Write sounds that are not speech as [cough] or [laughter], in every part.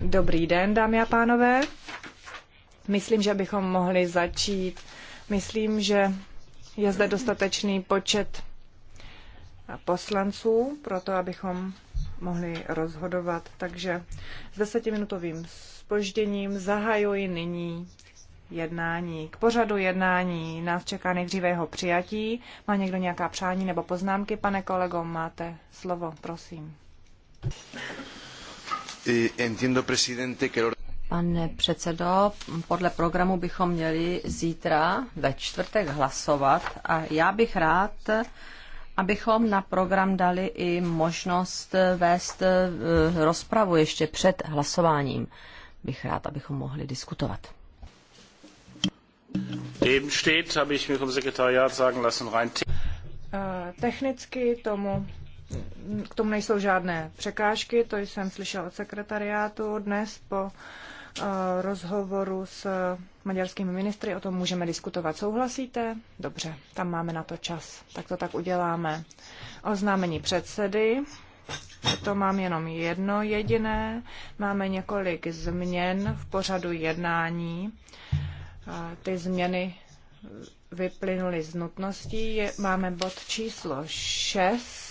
Dobrý den, dámy a pánové. Myslím, že bychom mohli začít. Myslím, že je zde dostatečný počet poslanců pro to, abychom mohli rozhodovat. Takže s desetiminutovým spožděním zahajuji nyní jednání. K pořadu jednání nás čeká nejdříve jeho přijatí. Má někdo nějaká přání nebo poznámky? Pane kolego, máte slovo, prosím. Eh, Pane předsedo, podle programu bychom měli zítra ve čtvrtek hlasovat a já bych rád, abychom na program dali i možnost vést eh, rozpravu ještě před hlasováním. Bych rád, abychom mohli diskutovat. Eben steht, habe ich mir vom Sekretariat sagen lassen, rein eh, technicky tomu k tomu nejsou žádné překážky, to jsem slyšela od sekretariátu dnes po eh, rozhovoru s maďarskými ministry, o tom můžeme diskutovat. Souhlasíte? Dobře, tam máme na to čas. Tak to tak uděláme. Oznámení předsedy. To mám jenom jedno jediné. Máme několik změn v pořadu jednání. Eh, ty změny vyplynuly z nutností. Máme bod číslo 6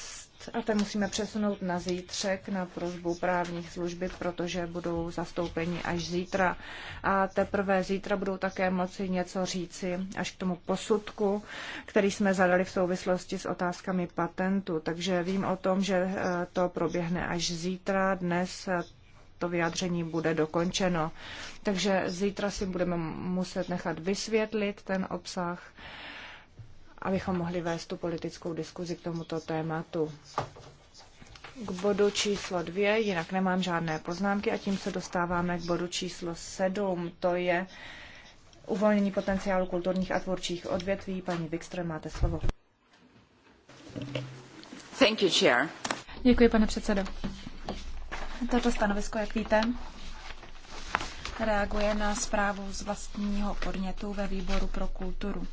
a ten musíme přesunout na zítřek na prozbu právních služby, protože budou zastoupeni až zítra. A teprve zítra budou také moci něco říci až k tomu posudku, který jsme zadali v souvislosti s otázkami patentu. Takže vím o tom, že eh, to proběhne až zítra. Dnes eh, to vyjádření bude dokončeno. Takže zítra si budeme muset nechat vysvětlit ten obsah abychom mohli vést tu politickou diskuzi k tomuto tématu. K bodu číslo dvě, jinak nemám žádné poznámky a tím se dostáváme k bodu číslo sedm. To je uvolnění potenciálu kulturních a tvůrčích odvětví. Paní Wikström, máte slovo. Thank you, Chair. Děkuji, pane předsedo. Toto stanovisko, jak víte, reaguje na zprávu z vlastního podnětu ve výboru pro kulturu.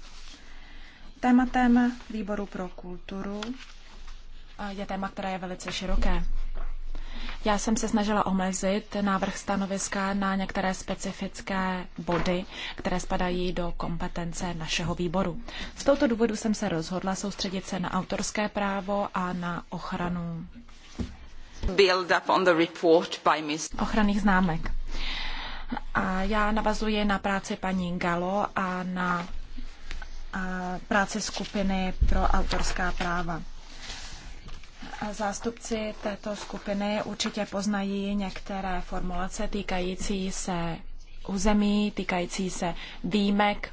Tématem výboru pro kulturu je téma, které je velice široké. Já jsem se snažila omezit návrh stanoviska na některé specifické body, které spadají do kompetence našeho výboru. Z tohoto důvodu jsem se rozhodla soustředit se na autorské právo a na ochranu build up on the report by Ms. ochranných známek. A já navazuji na práci paní Galo a na Práce skupiny pro autorská práva. Zástupci této skupiny určitě poznají některé formulace týkající se území, týkající se výjimek,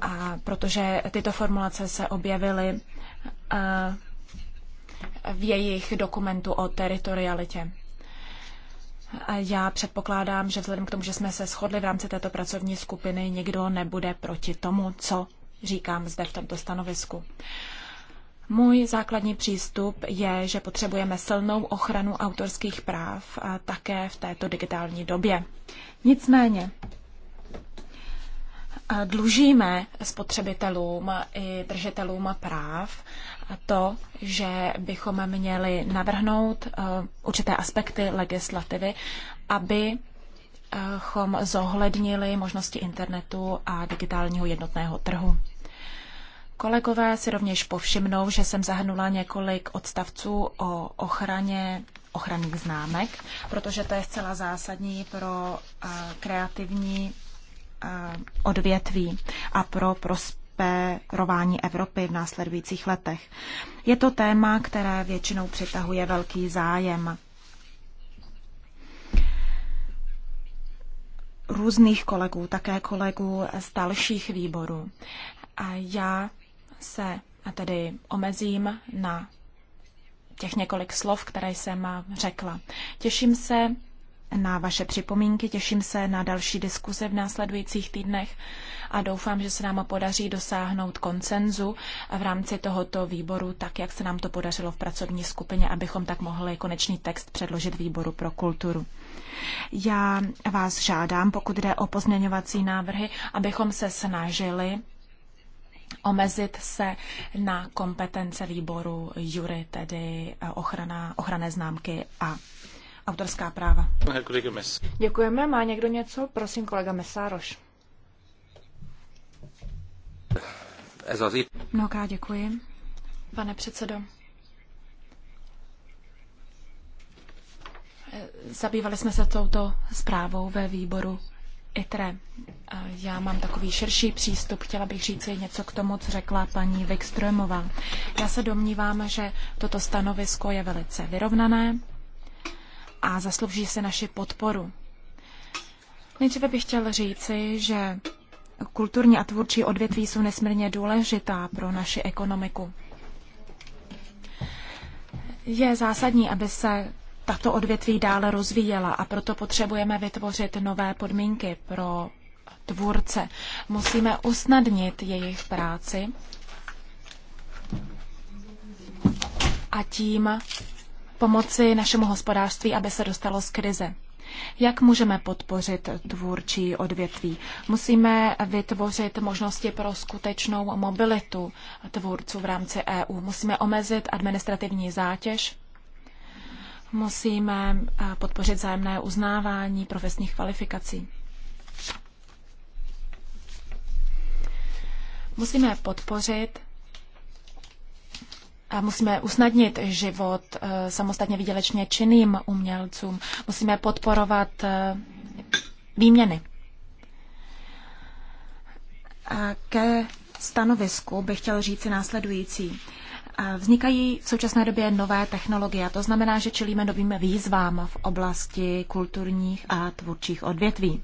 a protože tyto formulace se objevily eh, v jejich dokumentu o teritorialitě. Já předpokládám, že vzhledem k tomu, že jsme se shodli v rámci této pracovní skupiny, nikdo nebude proti tomu, co říkám zde v tomto stanovisku. Můj základní přístup je, že potřebujeme silnou ochranu autorských práv také v této digitální době. Nicméně, dlužíme spotřebitelům i držitelům práv to, že bychom měli navrhnout eh, určité aspekty legislativy, aby abychom eh, zohlednili možnosti internetu a digitálního jednotného trhu. Kolegové si rovněž povšimnou, že jsem zahrnula několik odstavců o ochraně ochranných známek, protože to je zcela zásadní pro eh, kreativní odvětví a pro prospěch prosperování Evropy v následujících letech. Je to téma, které většinou přitahuje velký zájem. různých kolegů, také kolegů z dalších výborů. A já se a tedy omezím na těch několik slov, které jsem řekla. Těším se na vaše připomínky. Těším se na další diskuze v následujících týdnech a doufám, že se nám podaří dosáhnout koncenzu v rámci tohoto výboru, tak jak se nám to podařilo v pracovní skupině, abychom tak mohli konečný text předložit výboru pro kulturu. Já vás žádám, pokud jde o pozměňovací návrhy, abychom se snažili omezit se na kompetence výboru jury, tedy eh, ochrana, ochranné známky a autorská práva. Děkujeme. Má někdo něco? Prosím, kolega Mesároš. Mnohokrát děkuji, pane předsedo. Zabývali jsme se touto zprávou ve výboru ITRE. Já mám takový širší přístup. Chtěla bych říct něco k tomu, co řekla paní Vikströmová. Já se domnívám, že toto stanovisko je velice vyrovnané a zaslouží se naši podporu. Nejdříve bych chtěl říci, že kulturní a tvůrčí odvětví jsou nesmírně důležitá pro naši ekonomiku. Je zásadní, aby se tato odvětví dále rozvíjela a proto potřebujeme vytvořit nové podmínky pro tvůrce. Musíme usnadnit jejich práci a tím pomoci našemu hospodářství, aby se dostalo z krize. Jak můžeme podpořit tvůrčí odvětví? Musíme vytvořit možnosti pro skutečnou mobilitu tvůrců v rámci EU. Musíme omezit administrativní zátěž. Musíme eh, podpořit zájemné uznávání profesních kvalifikací. Musíme podpořit Musíme usnadnit život eh, samostatně výdělečně činným umělcům. Musíme podporovat eh, výměny. A ke stanovisku bych chtěl říct následující. Eh, vznikají v současné době nové technologie a to znamená, že čelíme novým výzvám v oblasti kulturních a tvůrčích odvětví.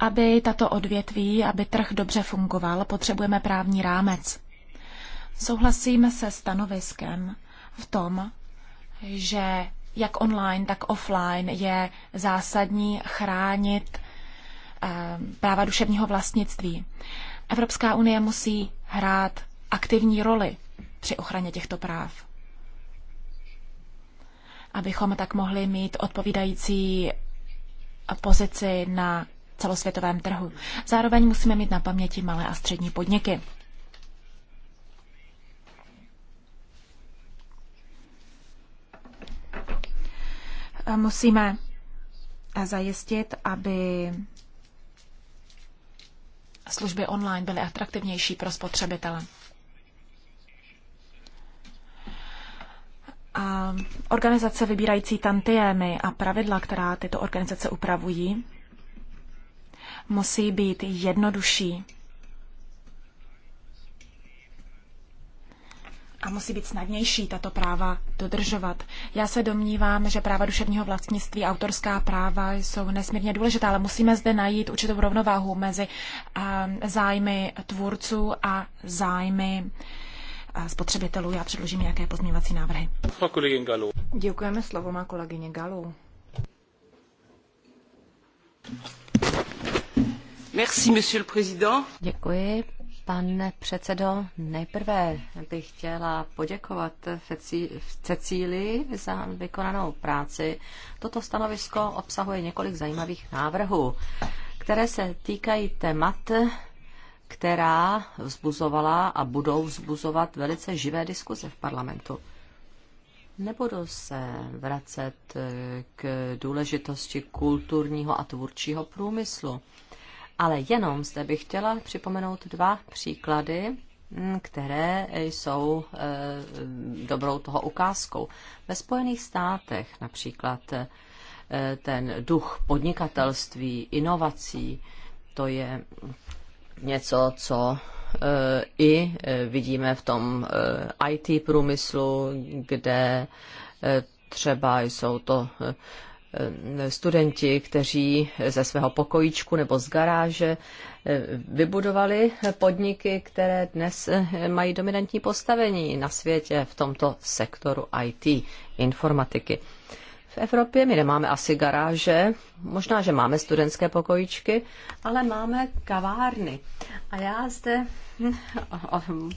Aby tato odvětví, aby trh dobře fungoval, potřebujeme právní rámec. Souhlasíme se stanoviskem v tom, že jak online, tak offline je zásadní chránit eh, práva duševního vlastnictví. Evropská unie musí hrát aktivní roli při ochraně těchto práv. Abychom tak mohli mít odpovídající pozici na celosvětovém trhu. Zároveň musíme mít na paměti malé a střední podniky. Musíme zajistit, aby služby online byly atraktivnější pro spotřebitele. A organizace vybírající tantiémy a pravidla, která tyto organizace upravují, musí být jednodušší. a musí být snadnější tato práva dodržovat. Já se domnívám, že práva duševního vlastnictví, autorská práva jsou nesmírně důležitá, ale musíme zde najít určitou rovnováhu mezi zájmy tvůrců a zájmy spotřebitelů. Já předložím nějaké pozměňovací návrhy. Děkujeme slovo má kolegyně Galu. Děkuji, pane předsedo. Nejprve bych chtěla poděkovat Cecílii za vykonanou práci. Toto stanovisko obsahuje několik zajímavých návrhů, které se týkají témat, která vzbuzovala a budou vzbuzovat velice živé diskuze v parlamentu. Nebudu se vracet k důležitosti kulturního a tvůrčího průmyslu. Ale jenom zde bych chtěla připomenout dva příklady, mm, které jsou eh, dobrou toho ukázkou. Ve Spojených státech například eh, ten duch podnikatelství, inovací, to je něco, co eh, i vidíme v tom IT průmyslu, kde třeba jsou to Eh, studenti, kteří ze svého pokojíčku nebo z garáže eh, vybudovali podniky, které dnes eh, mají dominantní postavení na světě v tomto sektoru IT, informatiky. V Evropě my nemáme asi garáže, možná, že máme studentské pokojíčky, ale máme kavárny. A já zde hm,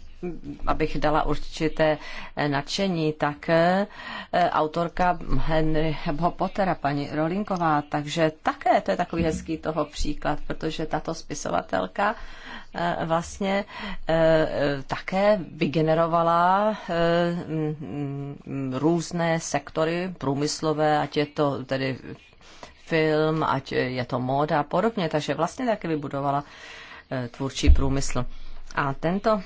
abych dala určité eh, nadšení, tak eh, autorka Henryho Pottera, paní Rolinková, takže také to je takový hezký toho příklad, protože tato spisovatelka eh, vlastně také vygenerovala mm, mm, různé sektory průmyslové, ať je to tedy film, ať je to móda a podobně, takže vlastně také vybudovala tvůrčí průmysl. A tento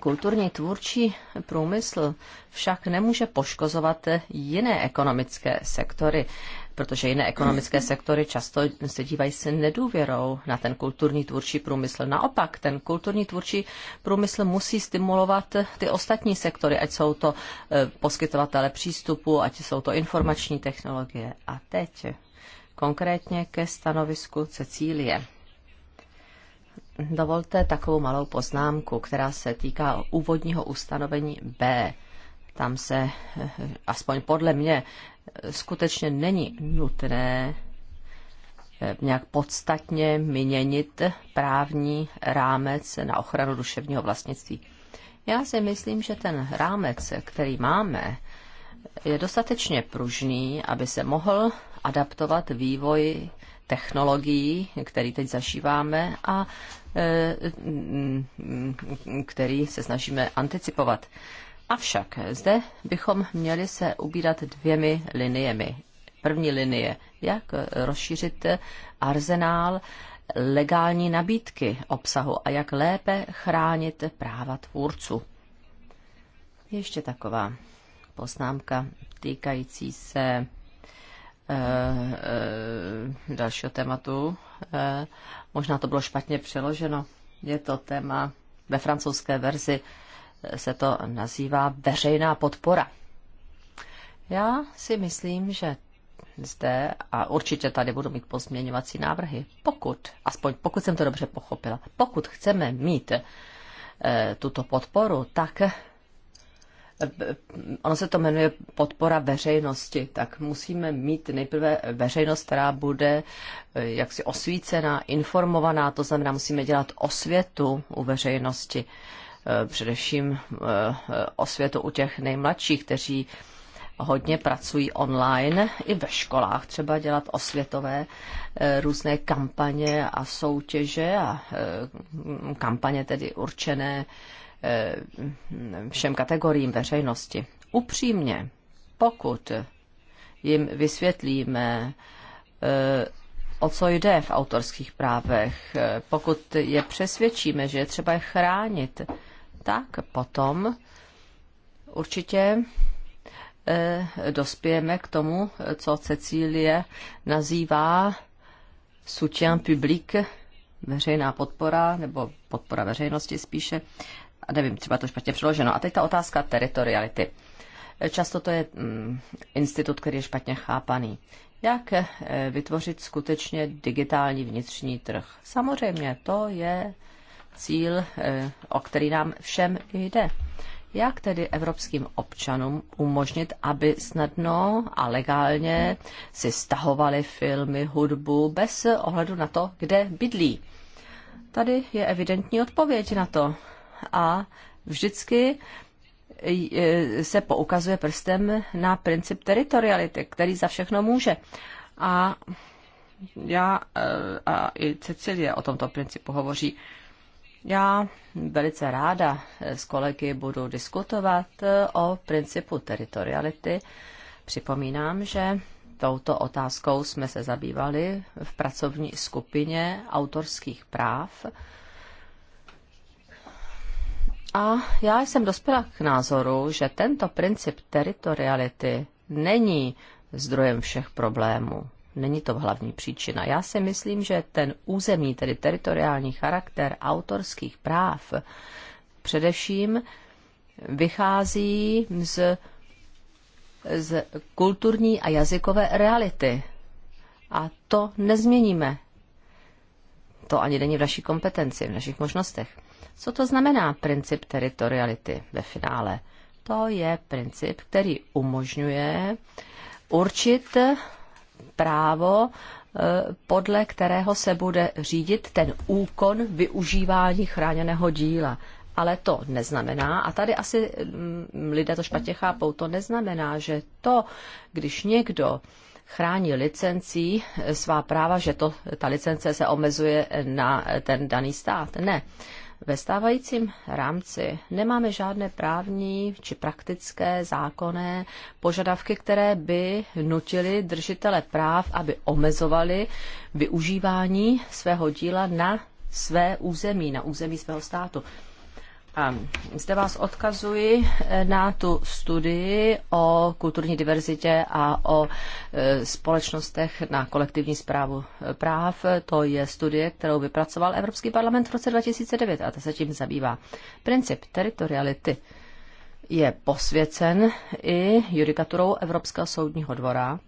Kulturní tvůrčí průmysl však nemůže poškozovat jiné ekonomické sektory, protože jiné ekonomické sektory často se dívají s nedůvěrou na ten kulturní tvůrčí průmysl. Naopak, ten kulturní tvůrčí průmysl musí stimulovat ty ostatní sektory, ať jsou to e, poskytovatele přístupu, ať jsou to informační technologie. A teď konkrétně ke stanovisku Cecílie. Dovolte takovou malou poznámku, která se týká úvodního ustanovení B. Tam se, eh, aspoň podle mě, skutečně není nutné eh, nějak podstatně měnit právní rámec na ochranu duševního vlastnictví. Já si myslím, že ten rámec, který máme, je dostatečně pružný, aby se mohl adaptovat vývoji technologií, který teď zažíváme a e, který se snažíme anticipovat. Avšak zde bychom měli se ubírat dvěmi liniemi. První linie, jak rozšířit arzenál legální nabídky obsahu a jak lépe chránit práva tvůrců. Ještě taková poznámka týkající se Eh, eh, dalšího tématu. Eh, možná to bylo špatně přeloženo. Je to téma ve francouzské verzi se to nazývá veřejná podpora. Já si myslím, že zde, a určitě tady budu mít pozměňovací návrhy, pokud, aspoň pokud jsem to dobře pochopila, pokud chceme mít e, tuto podporu, tak ono se to jmenuje podpora veřejnosti, tak musíme mít nejprve veřejnost, která bude eh, jaksi osvícená, informovaná, to znamená, musíme dělat osvětu u veřejnosti, eh, především eh, osvětu u těch nejmladších, kteří hodně pracují online, i ve školách třeba dělat osvětové různé kampaně a soutěže a kampaně tedy určené Eh, všem kategoriím veřejnosti. Upřímně, pokud jim vysvětlíme, eh, o co jde v autorských právech, eh, pokud je přesvědčíme, že je třeba je chránit, tak potom určitě dospějeme k tomu, co Cecílie nazývá soutien public, veřejná podpora, nebo podpora veřejnosti spíše. A nevím, třeba to špatně přeloženo. A teď ta otázka teritoriality. Často to je mm, institut, který je špatně chápaný. Jak eh, vytvořit skutečně digitální vnitřní trh? Samozřejmě, to je cíl, eh, o který nám všem jde. Jak tedy evropským občanům umožnit, aby snadno a legálně si stahovali filmy, hudbu bez ohledu na to, kde bydlí? Tady je evidentní odpověď na to a vždycky e, se poukazuje prstem na princip teritoriality, který za všechno může. A já e, a i Cecilie o tomto principu hovoří. Já velice ráda s kolegy budu diskutovat o principu teritoriality. Připomínám, že touto otázkou jsme se zabývali v pracovní skupině autorských práv a já jsem dospěla k názoru, že tento princip teritoriality není zdrojem všech problémů. Není to hlavní příčina. Já si myslím, že ten územní, tedy teritoriální charakter autorských práv především vychází z, z kulturní a jazykové reality. A to nezměníme. To ani není v naší kompetenci, v našich možnostech. Co to znamená princip teritoriality ve finále? To je princip, který umožňuje určit právo, eh, podle kterého se bude řídit ten úkon využívání chráněného díla. Ale to neznamená, a tady asi mm, lidé to špatně chápou, to neznamená, že to, když někdo chrání licencí eh, svá práva, že to, ta licence se omezuje na ten daný stát. Ne. Ve stávajícím rámci nemáme žádné právní či praktické zákonné požadavky, které by nutily držitele práv, aby omezovali využívání svého díla na své území, na území svého státu zde vás odkazuji eh, na tu studii o kulturní diverzitě a o eh, společnostech na kolektivní zprávu eh, práv. To je studie, kterou vypracoval Evropský parlament v roce 2009 a ta se tím zabývá. Princip teritoriality je posvěcen i judikaturou Evropského soudního dvora,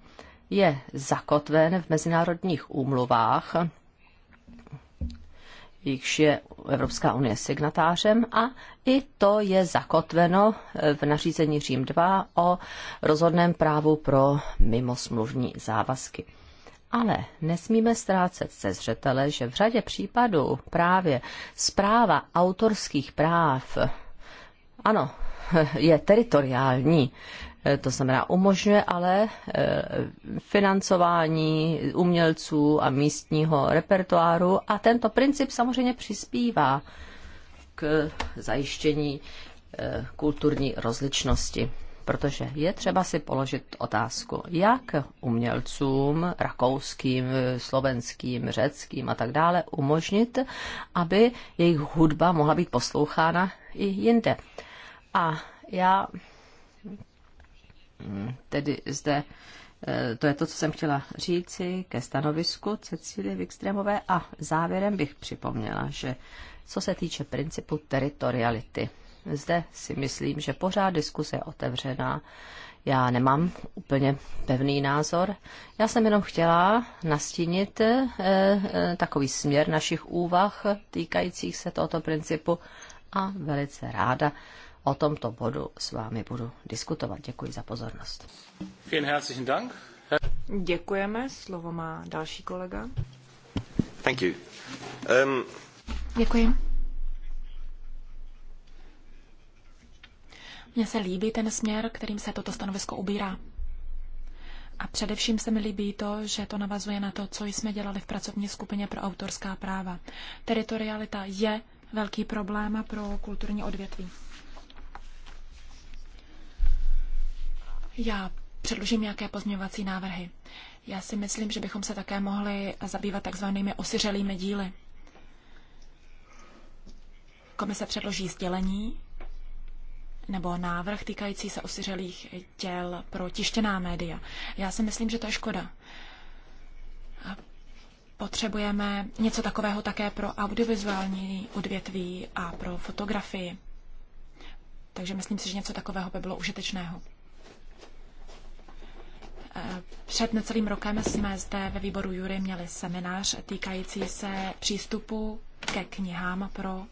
je zakotven v mezinárodních úmluvách jichž je Evropská unie signatářem a i to je zakotveno v nařízení Řím 2 o rozhodném právu pro mimosmluvní závazky. Ale nesmíme ztrácet se zřetele, že v řadě případů právě zpráva autorských práv, ano, [laughs] je teritoriální, Eh, to znamená umožňuje ale eh, financování umělců a místního repertoáru a tento princip samozřejmě přispívá k zajištění eh, kulturní rozličnosti. Protože je třeba si položit otázku, jak umělcům rakouským, slovenským, řeckým a tak dále umožnit, aby jejich hudba mohla být poslouchána i jinde. A já Mm, tedy zde eh, to je to, co jsem chtěla říci ke stanovisku Cecílie Vikstremové a závěrem bych připomněla, že co se týče principu teritoriality, zde si myslím, že pořád diskuse je otevřená. Já nemám úplně pevný názor. Já jsem jenom chtěla nastínit eh, eh takový směr našich úvah týkajících se tohoto principu a velice ráda o tomto bodu s vámi budu diskutovat. Děkuji za pozornost. Vielen herzlichen Dank. Děkujeme. Slovo má další kolega. Thank you. Um... Děkuji. Mně se líbí ten směr, kterým se toto stanovisko ubírá. A především se mi líbí to, že to navazuje na to, co jsme dělali v pracovní skupině pro autorská práva. Teritorialita je velký problém pro kulturní odvětví. Já předložím nějaké pozměňovací návrhy. Já si myslím, že bychom se také mohli zabývat takzvanými osiřelými díly. Komise předloží sdělení nebo návrh týkající se osiřelých děl pro tištěná média. Já si myslím, že to je škoda. Potřebujeme něco takového také pro audiovizuální odvětví a pro fotografii. Takže myslím si, že něco takového by bylo užitečného. Před necelým rokem jsme zde ve výboru Jury měli seminář týkající se přístupu ke knihám pro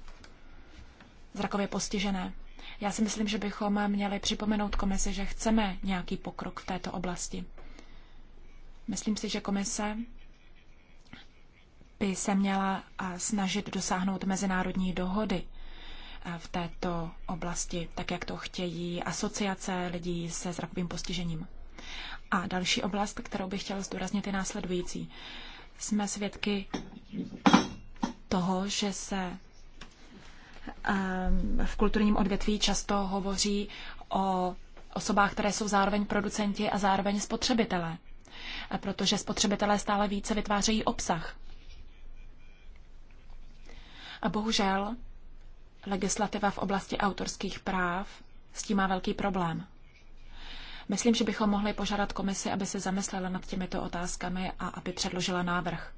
zrakově postižené. Já si myslím, že bychom měli připomenout komisi, že chceme nějaký pokrok v této oblasti. Myslím si, že komise by se měla snažit dosáhnout mezinárodní dohody v této oblasti, tak jak to chtějí asociace lidí se zrakovým postižením. A další oblast, kterou bych chtěl zdůraznit, je následující. Jsme svědky toho, že se ehm, v kulturním odvětví často hovoří o osobách, které jsou zároveň producenti a zároveň spotřebitelé. Protože spotřebitelé stále více vytvářejí obsah. A bohužel legislativa v oblasti autorských práv s tím má velký problém. Myslím, že bychom mohli požádat komisi, aby se zamyslela nad těmito otázkami a aby předložila návrh.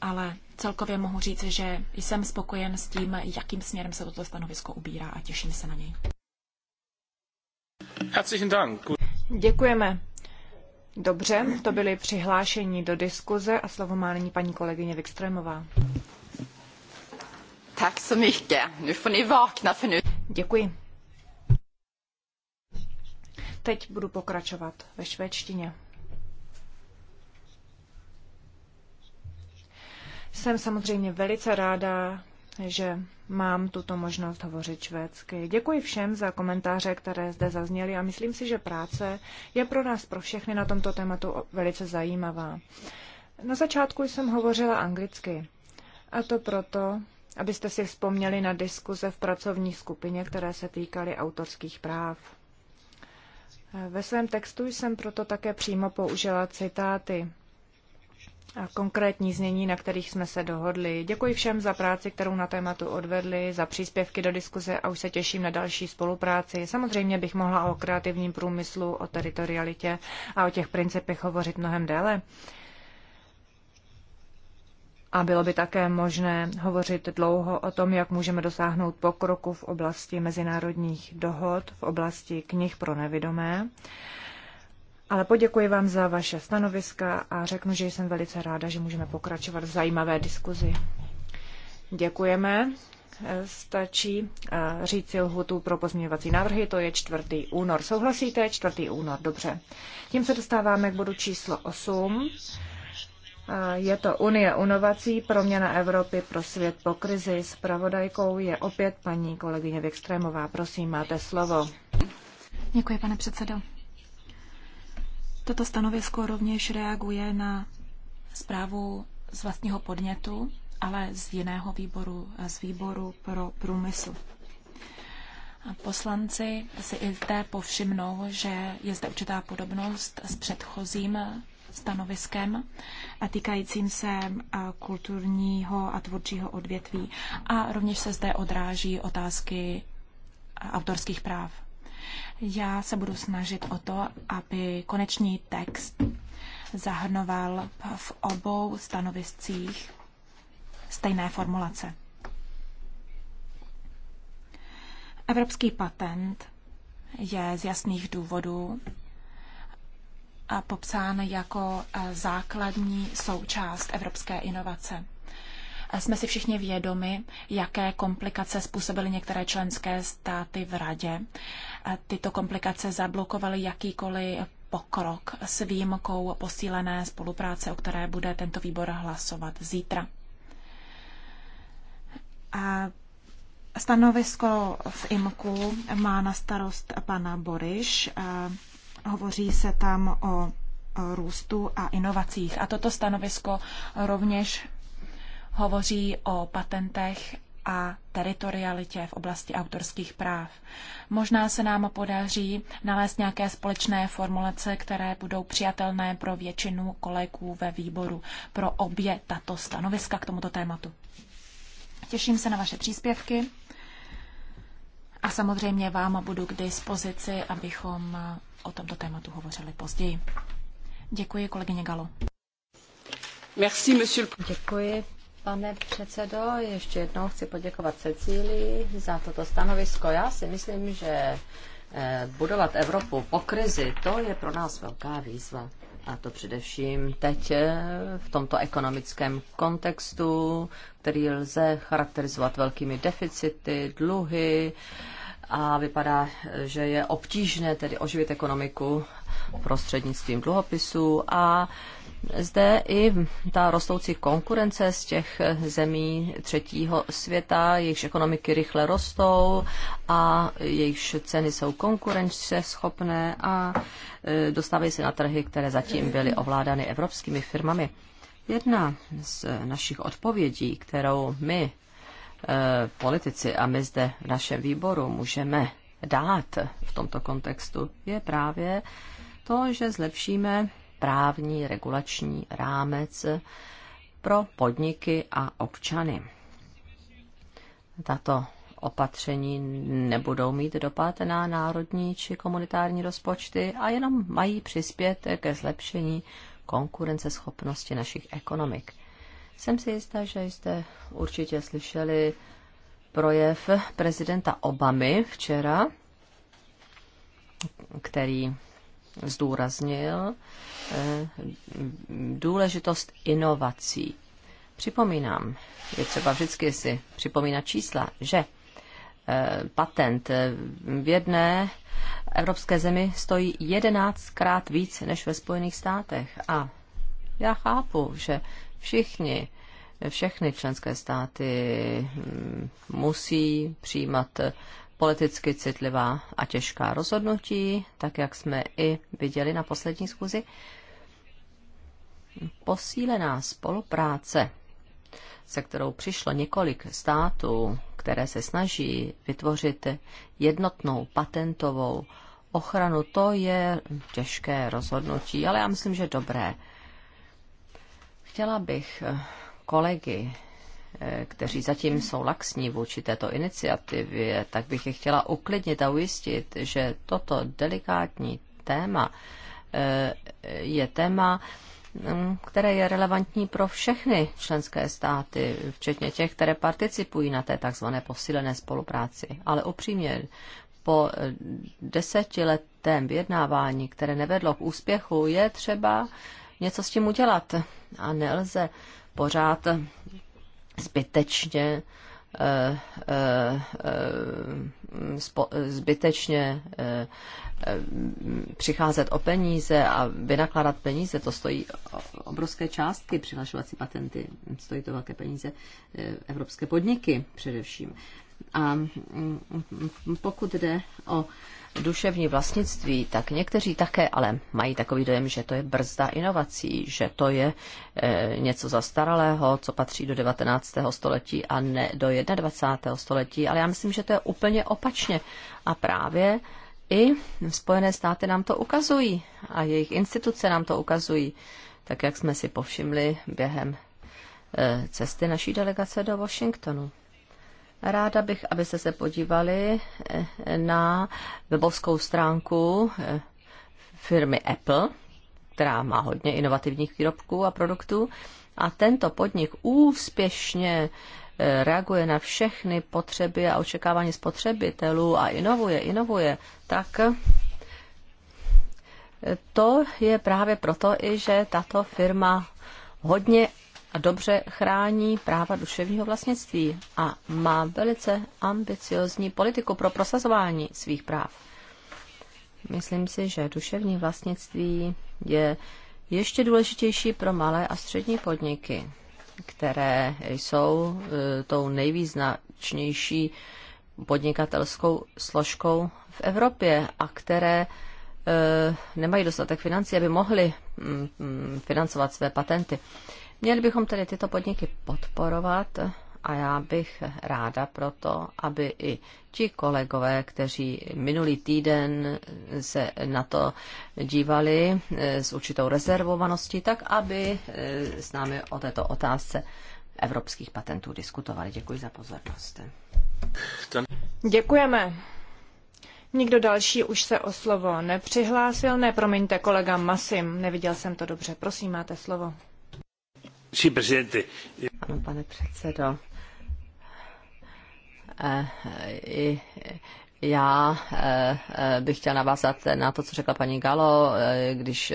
Ale celkově mohu říct, že jsem spokojen s tím, jakým směrem se toto stanovisko ubírá a těším se na něj. Děkujeme. Dobře, to byly přihlášení do diskuze a slovo má nyní paní kolegyně Vikstremová. Tak so mycket. Nu får ni vakna för nu. Děkuji. Teď budu pokračovat ve švédštině. Jsem samozřejmě velice ráda, že mám tuto možnost hovořit švédsky. Děkuji všem za komentáře, které zde zazněly a myslím si, že práce je pro nás, pro všechny na tomto tématu velice zajímavá. Na začátku jsem hovořila anglicky. A to proto, abyste si vzpomněli na diskuze v pracovní skupině, které se týkaly autorských práv. Ve svém textu jsem proto také přímo použila citáty a konkrétní znění, na kterých jsme se dohodli. Děkuji všem za práci, kterou na tématu odvedli, za příspěvky do diskuze a už se těším na další spolupráci. Samozřejmě bych mohla o kreativním průmyslu, o teritorialitě a o těch principech hovořit mnohem déle a bylo by také možné hovořit dlouho o tom, jak můžeme dosáhnout pokroku v oblasti mezinárodních dohod, v oblasti knih pro nevidomé. Ale poděkuji vám za vaše stanoviska a řeknu, že jsem velice ráda, že můžeme pokračovat v zajímavé diskuzi. Děkujeme. Stačí eh, říci lhutu pro pozměňovací návrhy, to je 4. únor. Souhlasíte? 4. únor, dobře. Tím se dostáváme k bodu číslo 8 je to Unie inovací, proměna Evropy pro svět po krizi. Spravodajkou je opět paní kolegyně Vikstrémová. Prosím, máte slovo. Děkuji, pane předsedo. Toto stanovisko rovněž reaguje na zprávu z vlastního podnětu, ale z jiného výboru, z výboru pro průmysl. Poslanci si i zde povšimnou, že je zde určitá podobnost s předchozím stanoviskem týkajícím se kulturního a tvůrčího odvětví a rovněž se zde odráží otázky autorských práv. Já se budu snažit o to, aby konečný text zahrnoval v obou stanoviscích stejné formulace. Evropský patent je z jasných důvodů popsán jako eh, základní součást evropské inovace. Eh, jsme si všichni vědomi, jaké komplikace způsobily některé členské státy v radě. Eh, tyto komplikace zablokovaly jakýkoliv pokrok s výjimkou posílené spolupráce, o které bude tento výbor hlasovat zítra. A stanovisko v IMKU má na starost pana Boriš. Hovoří se tam o růstu a inovacích. A toto stanovisko rovněž hovoří o patentech a teritorialitě v oblasti autorských práv. Možná se nám podaří nalézt nějaké společné formulace, které budou přijatelné pro většinu kolegů ve výboru pro obě tato stanoviska k tomuto tématu. Těším se na vaše příspěvky a samozřejmě vám budu k dispozici, abychom o tomto tématu hovořili později. Děkuji, kolegyně Galo. Merci, monsieur. Děkuji, pane předsedo. Ještě jednou chci poděkovat Cecílii za toto stanovisko. Já si myslím, že eh, budovat Evropu po krizi, to je pro nás velká výzva a to především teď eh, v tomto ekonomickém kontextu, který lze charakterizovat velkými deficity, dluhy a vypadá, že je obtížné tedy oživit ekonomiku prostřednictvím dluhopisů a zde i ta rostoucí konkurence z těch zemí třetího světa, jejichž ekonomiky rychle rostou a jejichž ceny jsou konkurenčně schopné a e, dostávají se na trhy, které zatím byly ovládány evropskými firmami. Jedna z našich odpovědí, kterou my, e, politici a my zde v našem výboru můžeme dát v tomto kontextu, je právě to, že zlepšíme právní regulační rámec pro podniky a občany. Tato opatření nebudou mít dopad na národní či komunitární rozpočty a jenom mají přispět ke zlepšení konkurenceschopnosti našich ekonomik. Jsem si jistá, že jste určitě slyšeli projev prezidenta Obamy včera, který zdůraznil eh, důležitost inovací. Připomínám, je třeba vždycky si připomínat čísla, že eh, patent eh, v jedné evropské zemi stojí jedenáctkrát víc než ve Spojených státech. A já chápu, že všichni, všechny členské státy hm, musí přijímat politicky citlivá a těžká rozhodnutí, tak jak jsme i viděli na poslední schůzi. Posílená spolupráce, se kterou přišlo několik států, které se snaží vytvořit jednotnou patentovou ochranu, to je těžké rozhodnutí, ale já myslím, že dobré. Chtěla bych kolegy kteří zatím jsou laxní vůči této iniciativě, tak bych je chtěla uklidnit a ujistit, že toto delikátní téma eh, je téma, mm, které je relevantní pro všechny členské státy, včetně těch, které participují na té takzvané posílené spolupráci. Ale upřímně, po eh, desetiletém vyjednávání, které nevedlo k úspěchu, je třeba něco s tím udělat. A nelze pořád zbytečně eh, eh, eh, zbytečně přicházet o peníze a vynakládat peníze, to stojí obrovské částky, přihlašovací patenty, stojí to velké peníze, evropské podniky především. A mm, mm, mm, pokud jde o duševní vlastnictví, tak někteří také ale mají takový dojem, že to je brzda inovací, že to je e, něco zastaralého, co patří do 19. století a ne do 21. století, ale já myslím, že to je úplně opačně. A právě i Spojené státy nám to ukazují a jejich instituce nám to ukazují, tak jak jsme si povšimli během eh, cesty naší delegace do Washingtonu. Ráda bych, abyste se podívali eh, na webovskou stránku eh, firmy Apple, která má hodně inovativních výrobků a produktů. A tento podnik úspěšně eh, reaguje na všechny potřeby a očekávání spotřebitelů a inovuje, inovuje, tak to je právě proto i, že tato firma hodně a dobře chrání práva duševního vlastnictví a má velice ambiciozní politiku pro prosazování svých práv. Myslím si, že duševní vlastnictví je ještě důležitější pro malé a střední podniky, které jsou e, tou nejvýznačnější podnikatelskou složkou v Evropě a které e, nemají dostatek financí, aby mohly mm, mm, financovat své patenty. Měli bychom tedy tyto podniky podporovat a já bych ráda proto, aby i ti kolegové, kteří minulý týden se na to dívali eh, s určitou rezervovaností, tak aby eh, s námi o této otázce evropských patentů diskutovali. Děkuji za pozornost. Děkujeme. Nikdo další už se o slovo nepřihlásil. Ne, promiňte, kolega Masim, neviděl jsem to dobře. Prosím, máte slovo. Ano, pane předsedající eh, I já eh, bych chtěla navázat na to, co řekla paní Galo, eh, když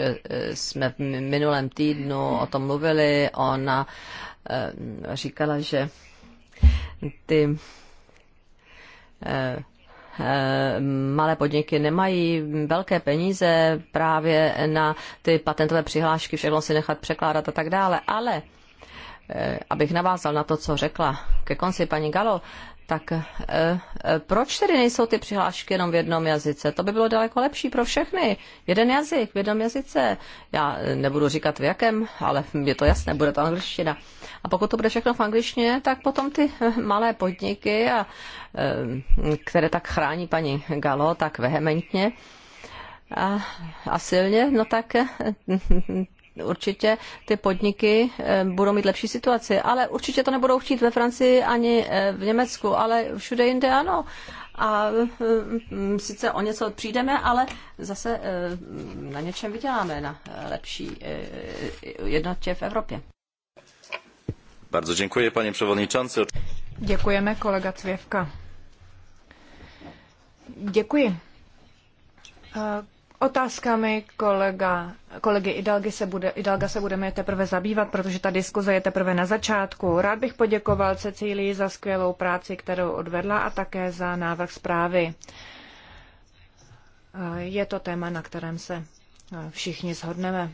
jsme v minulém týdnu o tom mluvili. Ona říkala, že ty Eh, malé podniky nemají velké peníze právě na ty patentové přihlášky, všechno si nechat překládat a tak dále. Ale eh, abych navázal na to, co řekla ke konci paní Galo, tak eh, eh, proč tedy nejsou ty přihlášky jenom v jednom jazyce? To by bylo daleko lepší pro všechny. Jeden jazyk, v jednom jazyce. Já eh, nebudu říkat v jakém, ale je to jasné, bude to angličtina. A pokud to bude všechno v angličtině, tak potom ty malé podniky, a, které tak chrání paní Galo tak vehementně, a, a silně, no tak určitě ty podniky eh, budou mít lepší situaci, ale určitě to nebudou chtít ve Francii ani eh, v Německu, ale všude jinde ano. A eh, sice o něco přijdeme, ale zase na něčem vyděláme, na lepší jednotě v Evropě. Bardzo děkuji, paní převodníčance. Děkujeme, kolega Cvěvka. Děkuji. Otázkami kolega, kolegy Idalgy se bude, Idalga se budeme teprve zabývat, protože ta diskuze je teprve na začátku. Rád bych poděkoval Cecílii za skvělou práci, kterou odvedla a také za návrh zprávy. Je to téma, na kterém se všichni shodneme.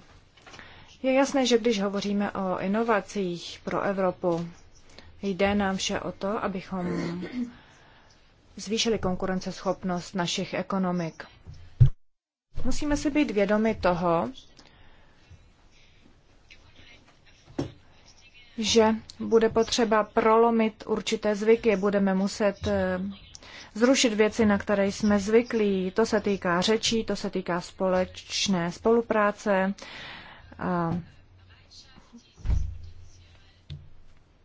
Je jasné, že když hovoříme o inovacích pro Evropu, jde nám vše o to, abychom zvýšili konkurenceschopnost našich ekonomik. Musíme si být vědomi toho, že bude potřeba prolomit určité zvyky, budeme muset eh, zrušit věci, na které jsme zvyklí. To se týká řečí, to se týká společné spolupráce,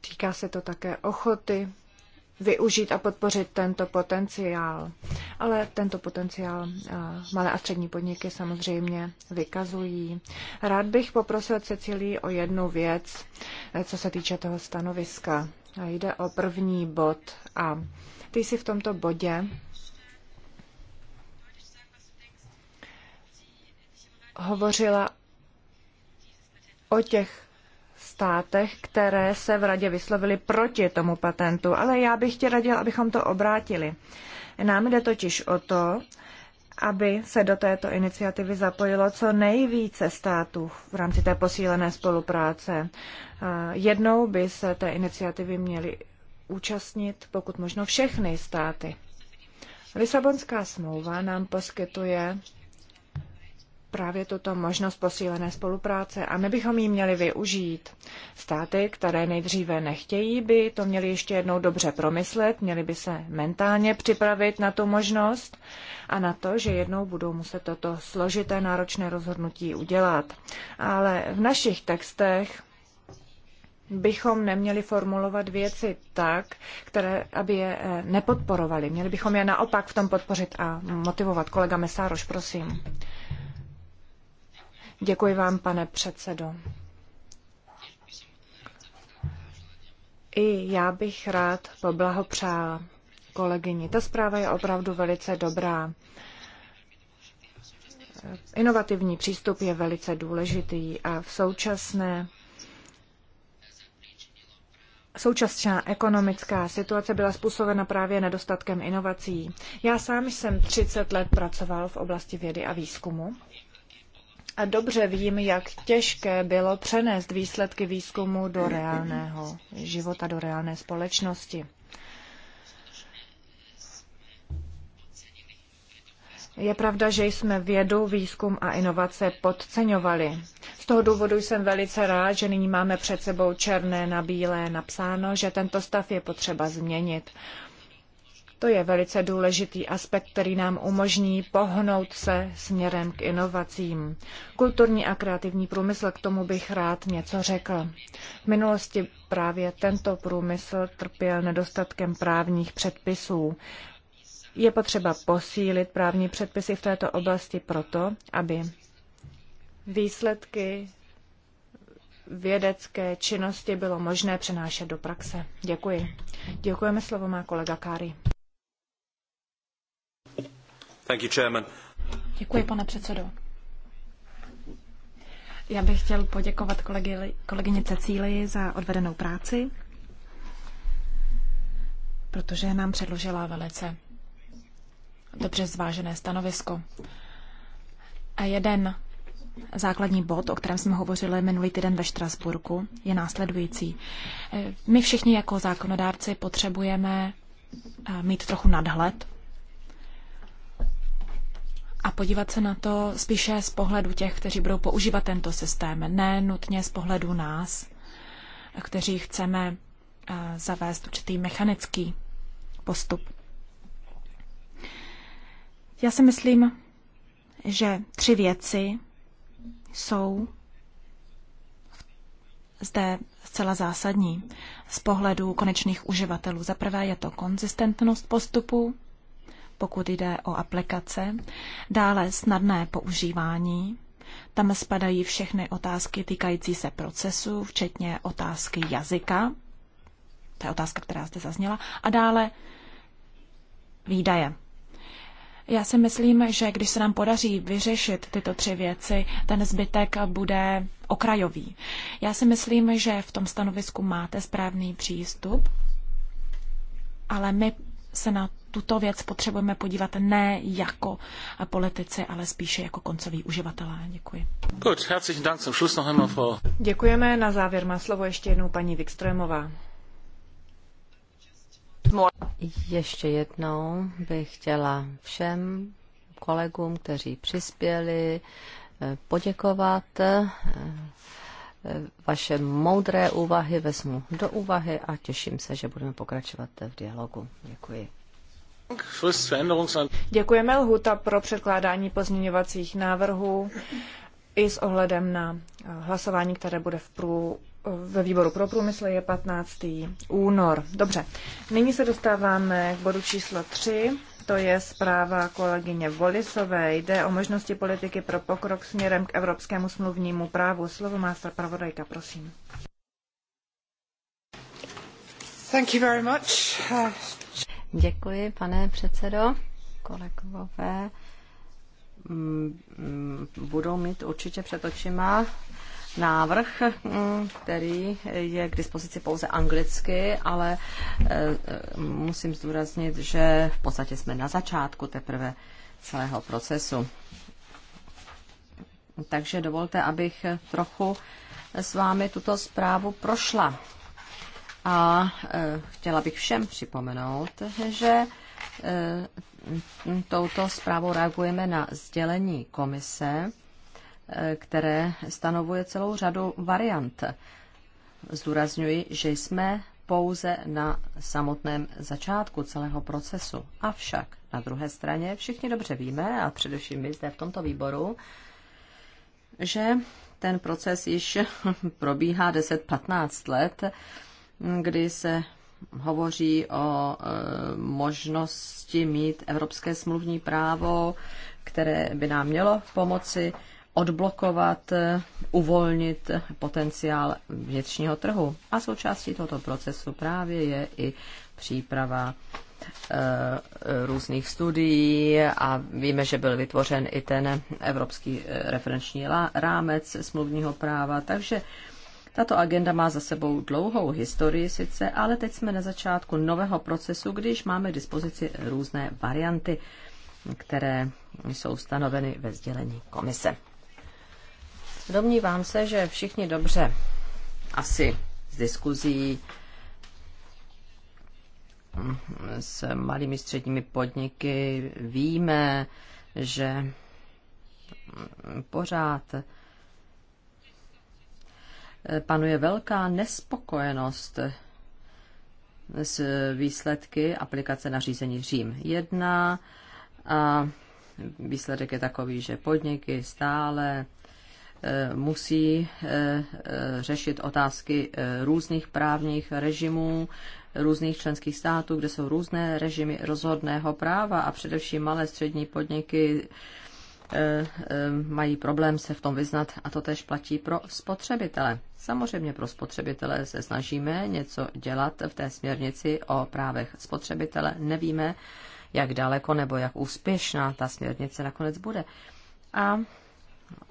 týká se to také ochoty využít a podpořit tento potenciál. Ale tento potenciál eh, malé a střední podniky samozřejmě vykazují. Rád bych poprosil Cecilii o jednu věc, eh, co se týče toho stanoviska. Eh, jde o první bod a ty jsi v tomto bodě hovořila o těch státech, které se v radě vyslovily proti tomu patentu, ale já bych tě radil, abychom to obrátili. Nám jde totiž o to, aby se do této iniciativy zapojilo co nejvíce států v rámci té posílené spolupráce. Jednou by se té iniciativy měly účastnit pokud možno všechny státy. Lisabonská smlouva nám poskytuje právě tuto možnost posílené spolupráce a my bychom ji měli využít. Státy, které nejdříve nechtějí, by to měly ještě jednou dobře promyslet, měly by se mentálně připravit na tu možnost a na to, že jednou budou muset toto složité náročné rozhodnutí udělat. Ale v našich textech bychom neměli formulovat věci tak, které, aby je eh, nepodporovali. Měli bychom je naopak v tom podpořit a motivovat. Kolega Mesároš, prosím. Děkuji vám, pane předsedo. I já bych rád poblahopřál kolegyni. Ta zpráva je opravdu velice dobrá. Inovativní přístup je velice důležitý a v současné Současná ekonomická situace byla způsobena právě nedostatkem inovací. Já sám jsem 30 let pracoval v oblasti vědy a výzkumu a dobře vím, jak těžké bylo přenést výsledky výzkumu do reálného života, do reálné společnosti. Je pravda, že jsme vědu, výzkum a inovace podceňovali. Z toho důvodu jsem velice rád, že nyní máme před sebou černé na bílé napsáno, že tento stav je potřeba změnit. To je velice důležitý aspekt, který nám umožní pohnout se směrem k inovacím. Kulturní a kreativní průmysl, k tomu bych rád něco řekl. V minulosti právě tento průmysl trpěl nedostatkem právních předpisů. Je potřeba posílit právní předpisy v této oblasti proto, aby výsledky vědecké činnosti bylo možné přenášet do praxe. Děkuji. Děkujeme slovo má kolega Kári. Děkuji, pane předsedo. Já bych chtěl poděkovat kolegy, kolegyni Cecílii za odvedenou práci, protože nám předložila velice dobře zvážené stanovisko. A jeden základní bod, o kterém jsme hovořili minulý týden ve Štrasburku, je následující. My všichni jako zákonodárci potřebujeme eh, mít trochu nadhled a podívat se na to spíše z pohledu těch, kteří budou používat tento systém, ne nutně z pohledu nás, kteří chceme eh, zavést určitý mechanický postup. Já si myslím, že tři věci jsou zde zcela zásadní z pohledu konečných uživatelů. Za prvé je to konzistentnost postupu, pokud jde o aplikace, dále snadné používání. Tam spadají všechny otázky týkající se procesu, včetně otázky jazyka. To je otázka, která zde zazněla. A dále výdaje. Já si myslím, že když se nám podaří vyřešit tyto tři věci, ten zbytek bude okrajový. Já si myslím, že v tom stanovisku máte správný přístup, ale my se na tuto věc potřebujeme podívat ne jako politici, ale spíše jako koncoví uživatelé. Děkuji. Gut, herzlichen Dank zum Schluss noch einmal, Frau. Děkujeme. Na závěr má slovo ještě jednou paní Vikströmová. Ještě jednou bych chtěla všem kolegům, kteří přispěli, eh, poděkovat eh, vaše moudré úvahy vezmu do úvahy a těším se, že budeme pokračovat v dialogu. Děkuji. Děkujeme lhuta pro předkládání pozměňovacích návrhů i s ohledem na eh, hlasování, které bude v prů, eh, ve výboru pro průmysl je 15. únor. Dobře, nyní se dostáváme k bodu číslo 3 to je zpráva kolegyně Volisové. Jde o možnosti politiky pro pokrok směrem k evropskému smluvnímu právu. Slovo má zpravodajka, prosím. Thank you very much. Děkuji, pane předsedo, kolegové mm, mm, budou mít určitě před očima návrh, mm, který je k dispozici pouze anglicky, ale e, e, musím zdůraznit, že v podstatě jsme na začátku teprve celého procesu. Takže dovolte, abych trochu s vámi tuto zprávu prošla. A e, chtěla bych všem připomenout, že touto zprávou reagujeme na sdělení komise Eh, které stanovuje celou řadu variant. Zdůrazňuji, že jsme pouze na samotném začátku celého procesu. Avšak na druhé straně všichni dobře víme, a především my zde v tomto výboru, že ten proces již [laughs] probíhá 10-15 let, kdy se hovoří o eh, možnosti mít evropské smluvní právo, které by nám mělo pomoci odblokovat, eh, uvolnit potenciál vnitřního trhu. A součástí tohoto procesu právě je i příprava eh, různých studií a víme, že byl vytvořen i ten evropský eh, referenční rámec smluvního práva, takže tato agenda má za sebou dlouhou historii sice, ale teď jsme na začátku nového procesu, když máme k dispozici různé varianty, které jsou stanoveny ve sdělení komise. Domnívám se, že všichni dobře asi z diskuzí s malými středními podniky víme, že pořád panuje velká nespokojenost s výsledky aplikace nařízení Řím 1 a výsledek je takový, že podniky stále Eh, musí eh, eh, řešit otázky různých právních režimů, různých členských států, kde jsou různé režimy rozhodného práva a především malé střední podniky mají problém se v tom vyznat a to tež platí pro spotřebitele. Samozřejmě pro spotřebitele se snažíme něco dělat v té směrnici o právech spotřebitele. Nevíme, jak daleko nebo jak úspěšná ta směrnice nakonec bude. A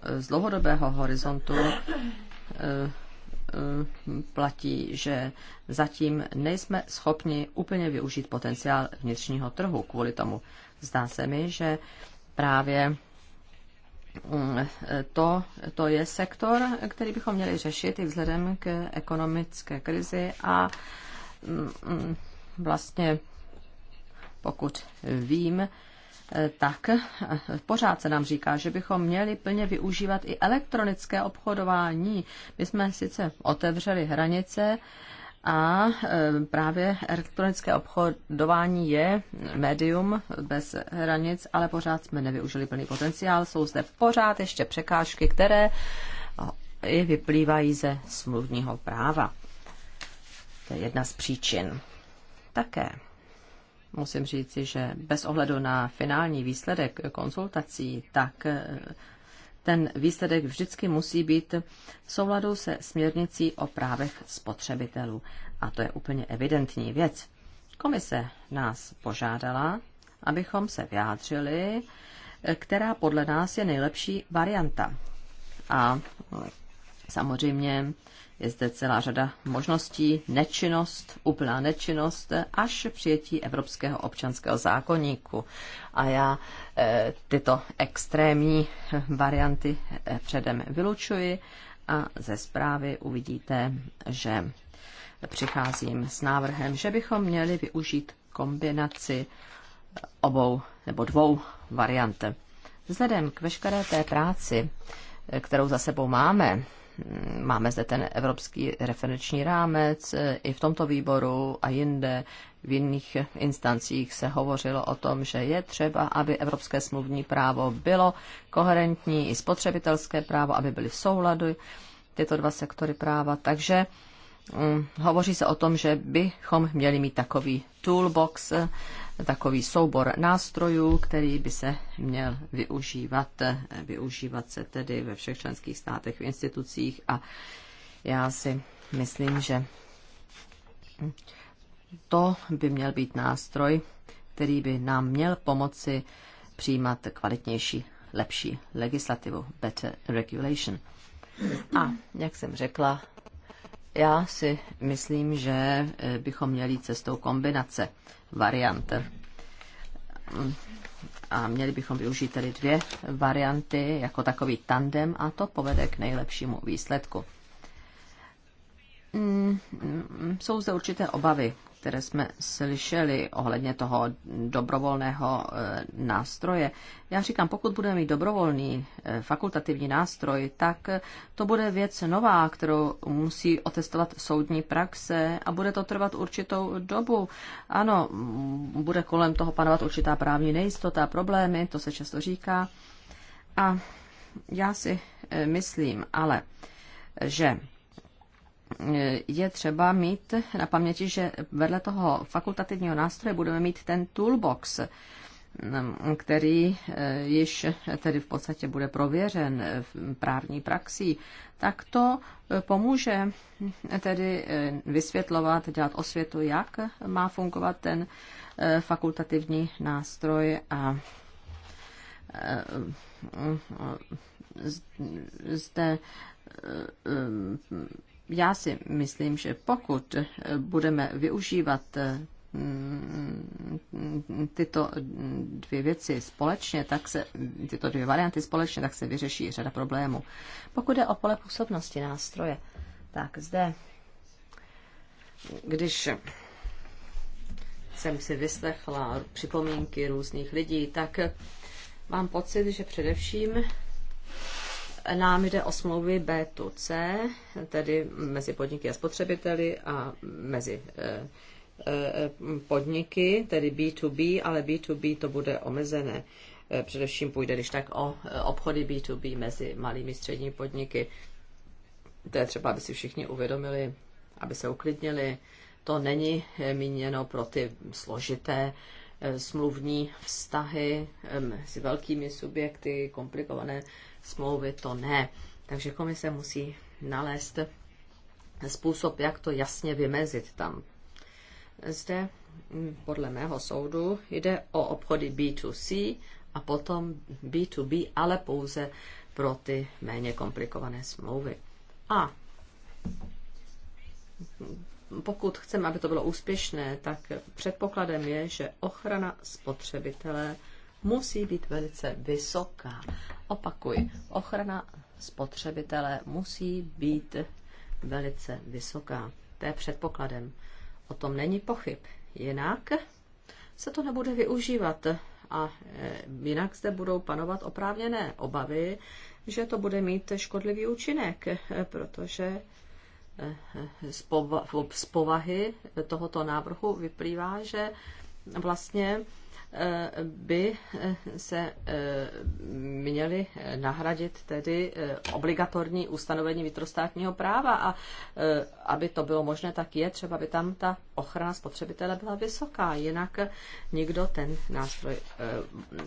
Eh, z dlouhodobého horizontu eh, eh, platí, že zatím nejsme schopni úplně využít potenciál vnitřního trhu kvůli tomu. Zdá se mi, že právě mm, to, to je sektor, který bychom měli řešit i vzhledem k ekonomické krizi a mm, mm, vlastně pokud vím, tak eh, pořád se nám říká, že bychom měli plně využívat i elektronické obchodování. My jsme sice otevřeli hranice, a eh, právě elektronické obchodování je médium bez hranic, ale pořád jsme nevyužili plný potenciál. Jsou zde pořád ještě překážky, které eh, i vyplývají ze smluvního práva. To je jedna z příčin. Také musím říci, že bez ohledu na finální výsledek konzultací, tak eh, ten výsledek vždycky musí být v souladu se směrnicí o právech spotřebitelů. A to je úplně evidentní věc. Komise nás požádala, abychom se vyjádřili, eh, která podle nás je nejlepší varianta. A eh, samozřejmě je zde celá řada možností, nečinnost, úplná nečinnost, až přijetí Evropského občanského zákonníku. A já e, tyto extrémní varianty eh, předem vylučuji a ze zprávy uvidíte, že přicházím s návrhem, že bychom měli využít kombinaci eh, obou nebo dvou variant. Vzhledem k veškeré té práci, kterou za sebou máme, máme zde ten evropský referenční rámec, e, i v tomto výboru a jinde v jiných instancích se hovořilo o tom, že je třeba, aby evropské smluvní právo bylo koherentní, i spotřebitelské právo, aby byly v souladu tyto dva sektory práva. Takže hm, hovoří se o tom, že bychom měli mít takový toolbox, e, takový soubor nástrojů, který by se měl využívat, využívat se tedy ve všech členských státech, v institucích a já si myslím, že to by měl být nástroj, který by nám měl pomoci přijímat kvalitnější, lepší legislativu, better regulation. A jak jsem řekla, já si myslím, že e, bychom měli cestou kombinace variant. A měli bychom využít tedy dvě varianty jako takový tandem a to povede k nejlepšímu výsledku. Mm, mm, mm, jsou zde určité obavy, které jsme slyšeli ohledně toho dobrovolného eh, nástroje. Já říkám, pokud budeme mít dobrovolný eh, fakultativní nástroj, tak eh, to bude věc nová, kterou musí otestovat soudní praxe a bude to trvat určitou dobu. Ano, bude kolem toho panovat určitá právní nejistota, problémy, to se často říká. A já si myslím, ale že je třeba mít na paměti, že vedle toho fakultativního nástroje budeme mít ten toolbox, mm, který eh, již tedy v podstatě bude prověřen eh, v právní praxí, tak to eh, pomůže tedy vysvětlovat, dělat osvětu, jak má fungovat ten fakultativní nástroj a mm, zde já si myslím, že pokud eh, budeme využívat eh, mm, tyto dvě věci společně, tak se, tyto dvě varianty společně, tak se vyřeší řada problémů. Pokud je o pole působnosti nástroje, tak zde, když jsem si vyslechla připomínky různých lidí, tak mám pocit, že především nám jde o smlouvy B to C, tedy mezi podniky a spotřebiteli a mezi eh, eh, podniky, tedy B2B, ale B2B to bude omezené. Eh, především půjde když tak o obchody B2B mezi malými střední podniky. To je třeba, aby si všichni uvědomili, aby se uklidnili. To není míněno pro ty složité smluvní vztahy s velkými subjekty, komplikované smlouvy to ne. Takže komise musí nalézt způsob, jak to jasně vymezit tam. Zde mm, podle mého soudu jde o obchody B2C a potom B2B, ale pouze pro ty méně komplikované smlouvy. A pokud chceme, aby to bylo úspěšné, tak předpokladem je, že ochrana spotřebitele musí být velice vysoká. Opakuji, ochrana spotřebitele musí být velice vysoká. To je předpokladem. O tom není pochyb. Jinak se to nebude využívat a eh, jinak zde budou panovat oprávněné obavy, že to bude mít škodlivý účinek, eh, protože eh, z povahy tohoto návrhu vyplývá, že vlastně by eh, se eh, měly nahradit tedy eh, obligatorní ustanovení vnitrostátního práva a aby to bylo možné, tak je třeba, aby tam ta ochrana spotřebitele byla vysoká, jinak nikdo ten nástroj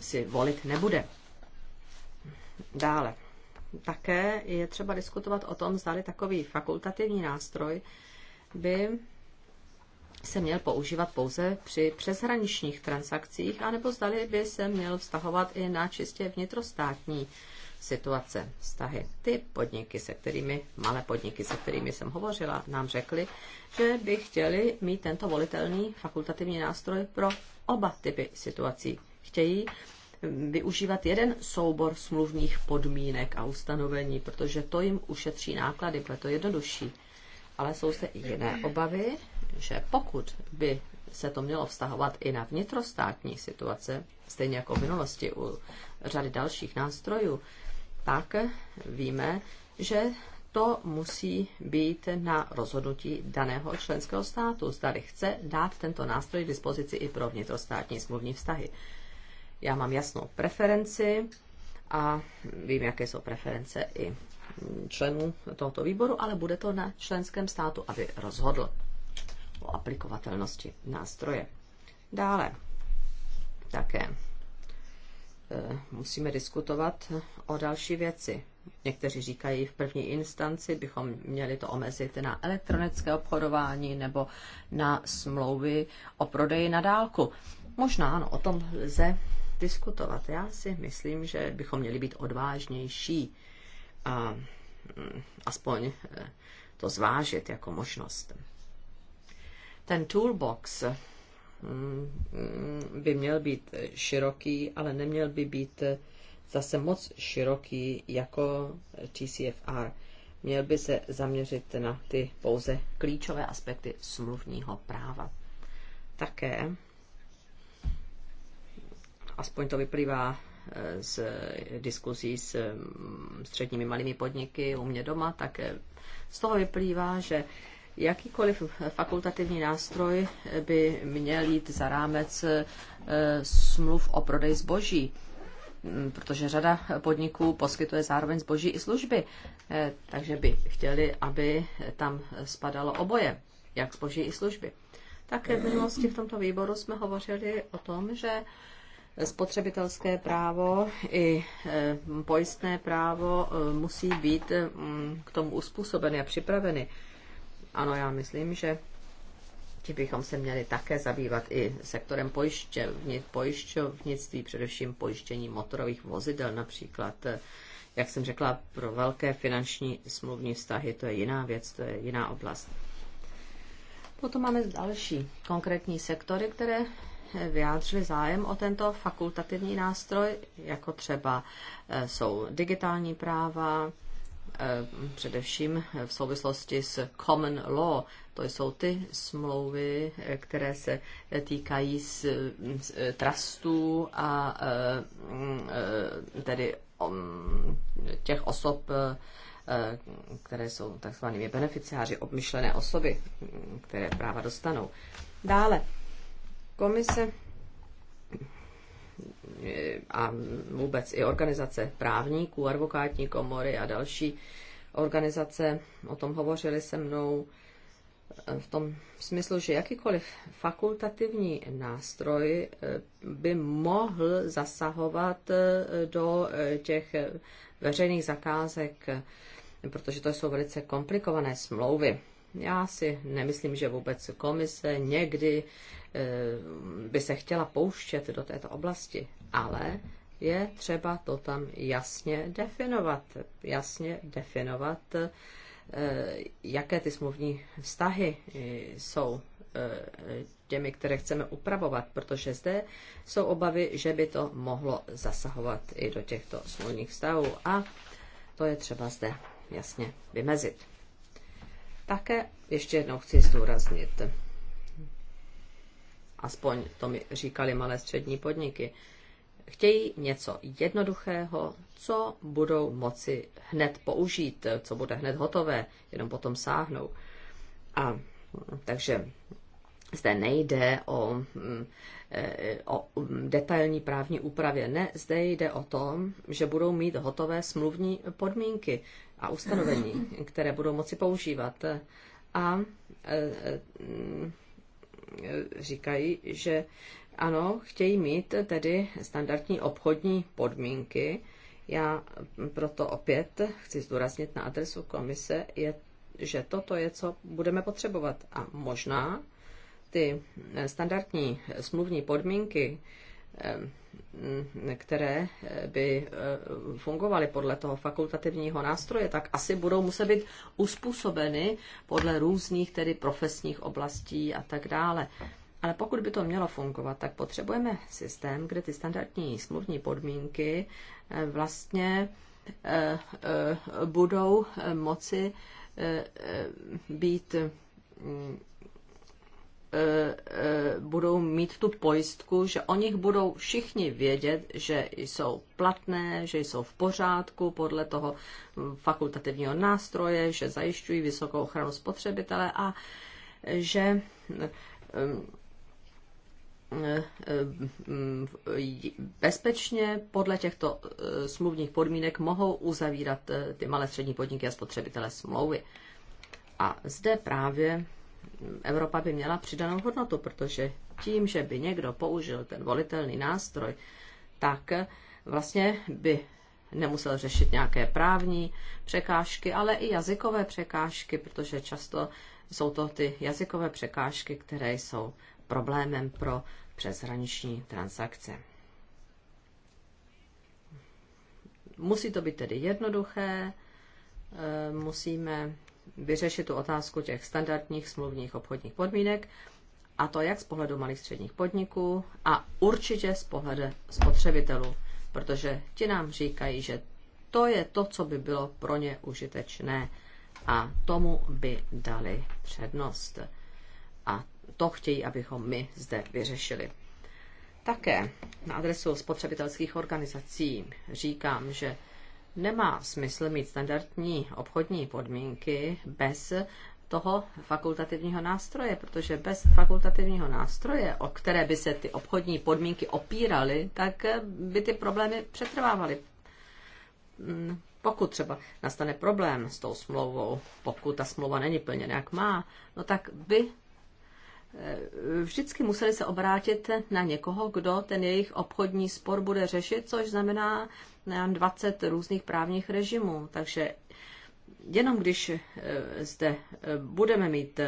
si volit nebude. Dále. Také je třeba diskutovat o tom, zda takový fakultativní nástroj by se měl používat pouze při přeshraničních transakcích, anebo zdali by se měl vztahovat i na čistě vnitrostátní situace, vztahy. Ty podniky, se kterými, malé podniky, se kterými jsem hovořila, nám řekly, že by chtěli mít tento volitelný fakultativní nástroj pro oba typy situací. Chtějí mm, využívat jeden soubor smluvních podmínek a ustanovení, protože to jim ušetří náklady, bude to jednodušší. Ale jsou se i jiné obavy, že pokud by se to mělo vztahovat i na vnitrostátní situace, stejně jako v minulosti u řady dalších nástrojů, tak víme, že to musí být na rozhodnutí daného členského státu, zda chce dát tento nástroj k dispozici i pro vnitrostátní smluvní vztahy. Já mám jasnou preferenci a vím, jaké jsou preference i členů tohoto výboru, ale bude to na členském státu, aby rozhodl o aplikovatelnosti nástroje. Dále také eh, musíme diskutovat o další věci. Někteří říkají, v první instanci bychom měli to omezit na elektronické obchodování nebo na smlouvy o prodeji na dálku. Možná ano, o tom lze diskutovat. Já si myslím, že bychom měli být odvážnější a mm, aspoň eh, to zvážit jako možnost. Ten toolbox mm, by měl být široký, ale neměl by být zase moc široký jako TCFR. Měl by se zaměřit na ty pouze klíčové aspekty smluvního práva. Také, aspoň to vyplývá eh, z diskuzí s mm, středními malými podniky u mě doma, tak eh, z toho vyplývá, že Jakýkoliv fakultativní nástroj by měl jít za rámec eh, smluv o prodej zboží, mm, protože řada podniků poskytuje zároveň zboží i služby, eh, takže by chtěli, aby tam spadalo oboje, jak zboží i služby. Také v minulosti v tomto výboru jsme hovořili o tom, že spotřebitelské právo i eh, pojistné právo musí být mm, k tomu uspůsobeny a připraveny. Ano, já myslím, že ti bychom se měli také zabývat i sektorem pojišťovni, pojišťovnictví, především pojištění motorových vozidel například. Jak jsem řekla, pro velké finanční smluvní vztahy to je jiná věc, to je jiná oblast. Potom máme další konkrétní sektory, které vyjádřili zájem o tento fakultativní nástroj, jako třeba eh, jsou digitální práva, Eh, především v souvislosti s common law. To jsou ty smlouvy, eh, které se týkají s z eh, trustů a mm, tedy mm, těch osob, které jsou takzvanými beneficiáři, obmyšlené osoby, mm, které práva dostanou. Dále, komise a vůbec i organizace právníků, advokátní komory a další organizace o tom hovořili se mnou v tom smyslu, že jakýkoliv fakultativní nástroj eh, by mohl zasahovat eh, do eh, těch veřejných zakázek, protože to jsou velice komplikované smlouvy. Já si nemyslím, že vůbec komise někdy by se chtěla pouštět do této oblasti, ale je třeba to tam jasně definovat. Jasně definovat, eh, jaké ty smluvní vztahy eh, jsou eh, těmi, které chceme upravovat, protože zde jsou obavy, že by to mohlo zasahovat i do těchto smluvních vztahů a to je třeba zde jasně vymezit. Také ještě jednou chci zdůraznit, aspoň to mi říkali malé střední podniky, chtějí něco jednoduchého, co budou moci hned použít, co bude hned hotové, jenom potom sáhnou. A takže zde nejde o, mm, e, o mm, detailní právní úpravě. Ne, zde jde o tom, že budou mít hotové smluvní podmínky a ustanovení, [clears throat] které budou moci používat. A e, e, mm, říkají, že ano, chtějí mít tedy standardní obchodní podmínky. Já proto opět chci zdůraznit na adresu komise, je, že toto je, co budeme potřebovat. A možná ty standardní smluvní podmínky Mm, které eh, by eh, fungovaly podle toho fakultativního nástroje, tak asi budou muset být uspůsobeny podle různých tedy profesních oblastí a tak dále. Ale pokud by to mělo fungovat, tak potřebujeme systém, kde ty standardní smluvní podmínky eh, vlastně budou moci být mm, E, e, budou mít tu pojistku, že o nich budou všichni vědět, že jsou platné, že jsou v pořádku podle toho fakultativního nástroje, že zajišťují vysokou ochranu spotřebitele a že e, bezpečně podle těchto smluvních podmínek mohou uzavírat ty malé střední podniky a spotřebitele smlouvy. A zde právě Evropa by měla přidanou hodnotu, protože tím, že by někdo použil ten volitelný nástroj, tak vlastně by nemusel řešit nějaké právní překážky, ale i jazykové překážky, protože často jsou to ty jazykové překážky, které jsou problémem pro přeshraniční transakce. Musí to být tedy jednoduché, e, musíme vyřešit tu otázku těch standardních smluvních obchodních podmínek, a to jak z pohledu malých středních podniků a určitě z pohledu spotřebitelů, protože ti nám říkají, že to je to, co by bylo pro ně užitečné a tomu by dali přednost. A to chtějí, abychom my zde vyřešili. Také na adresu spotřebitelských organizací říkám, že Nemá smysl mít standardní obchodní podmínky bez toho fakultativního nástroje, protože bez fakultativního nástroje, o které by se ty obchodní podmínky opíraly, tak by ty problémy přetrvávaly. Mm, pokud třeba nastane problém s tou smlouvou, pokud ta smlouva není plněna jak má, no tak by Eh, vždycky museli se obrátit na někoho, kdo ten jejich obchodní spor bude řešit, což znamená 20 různých právních režimů. Takže jenom když eh, zde eh, budeme mít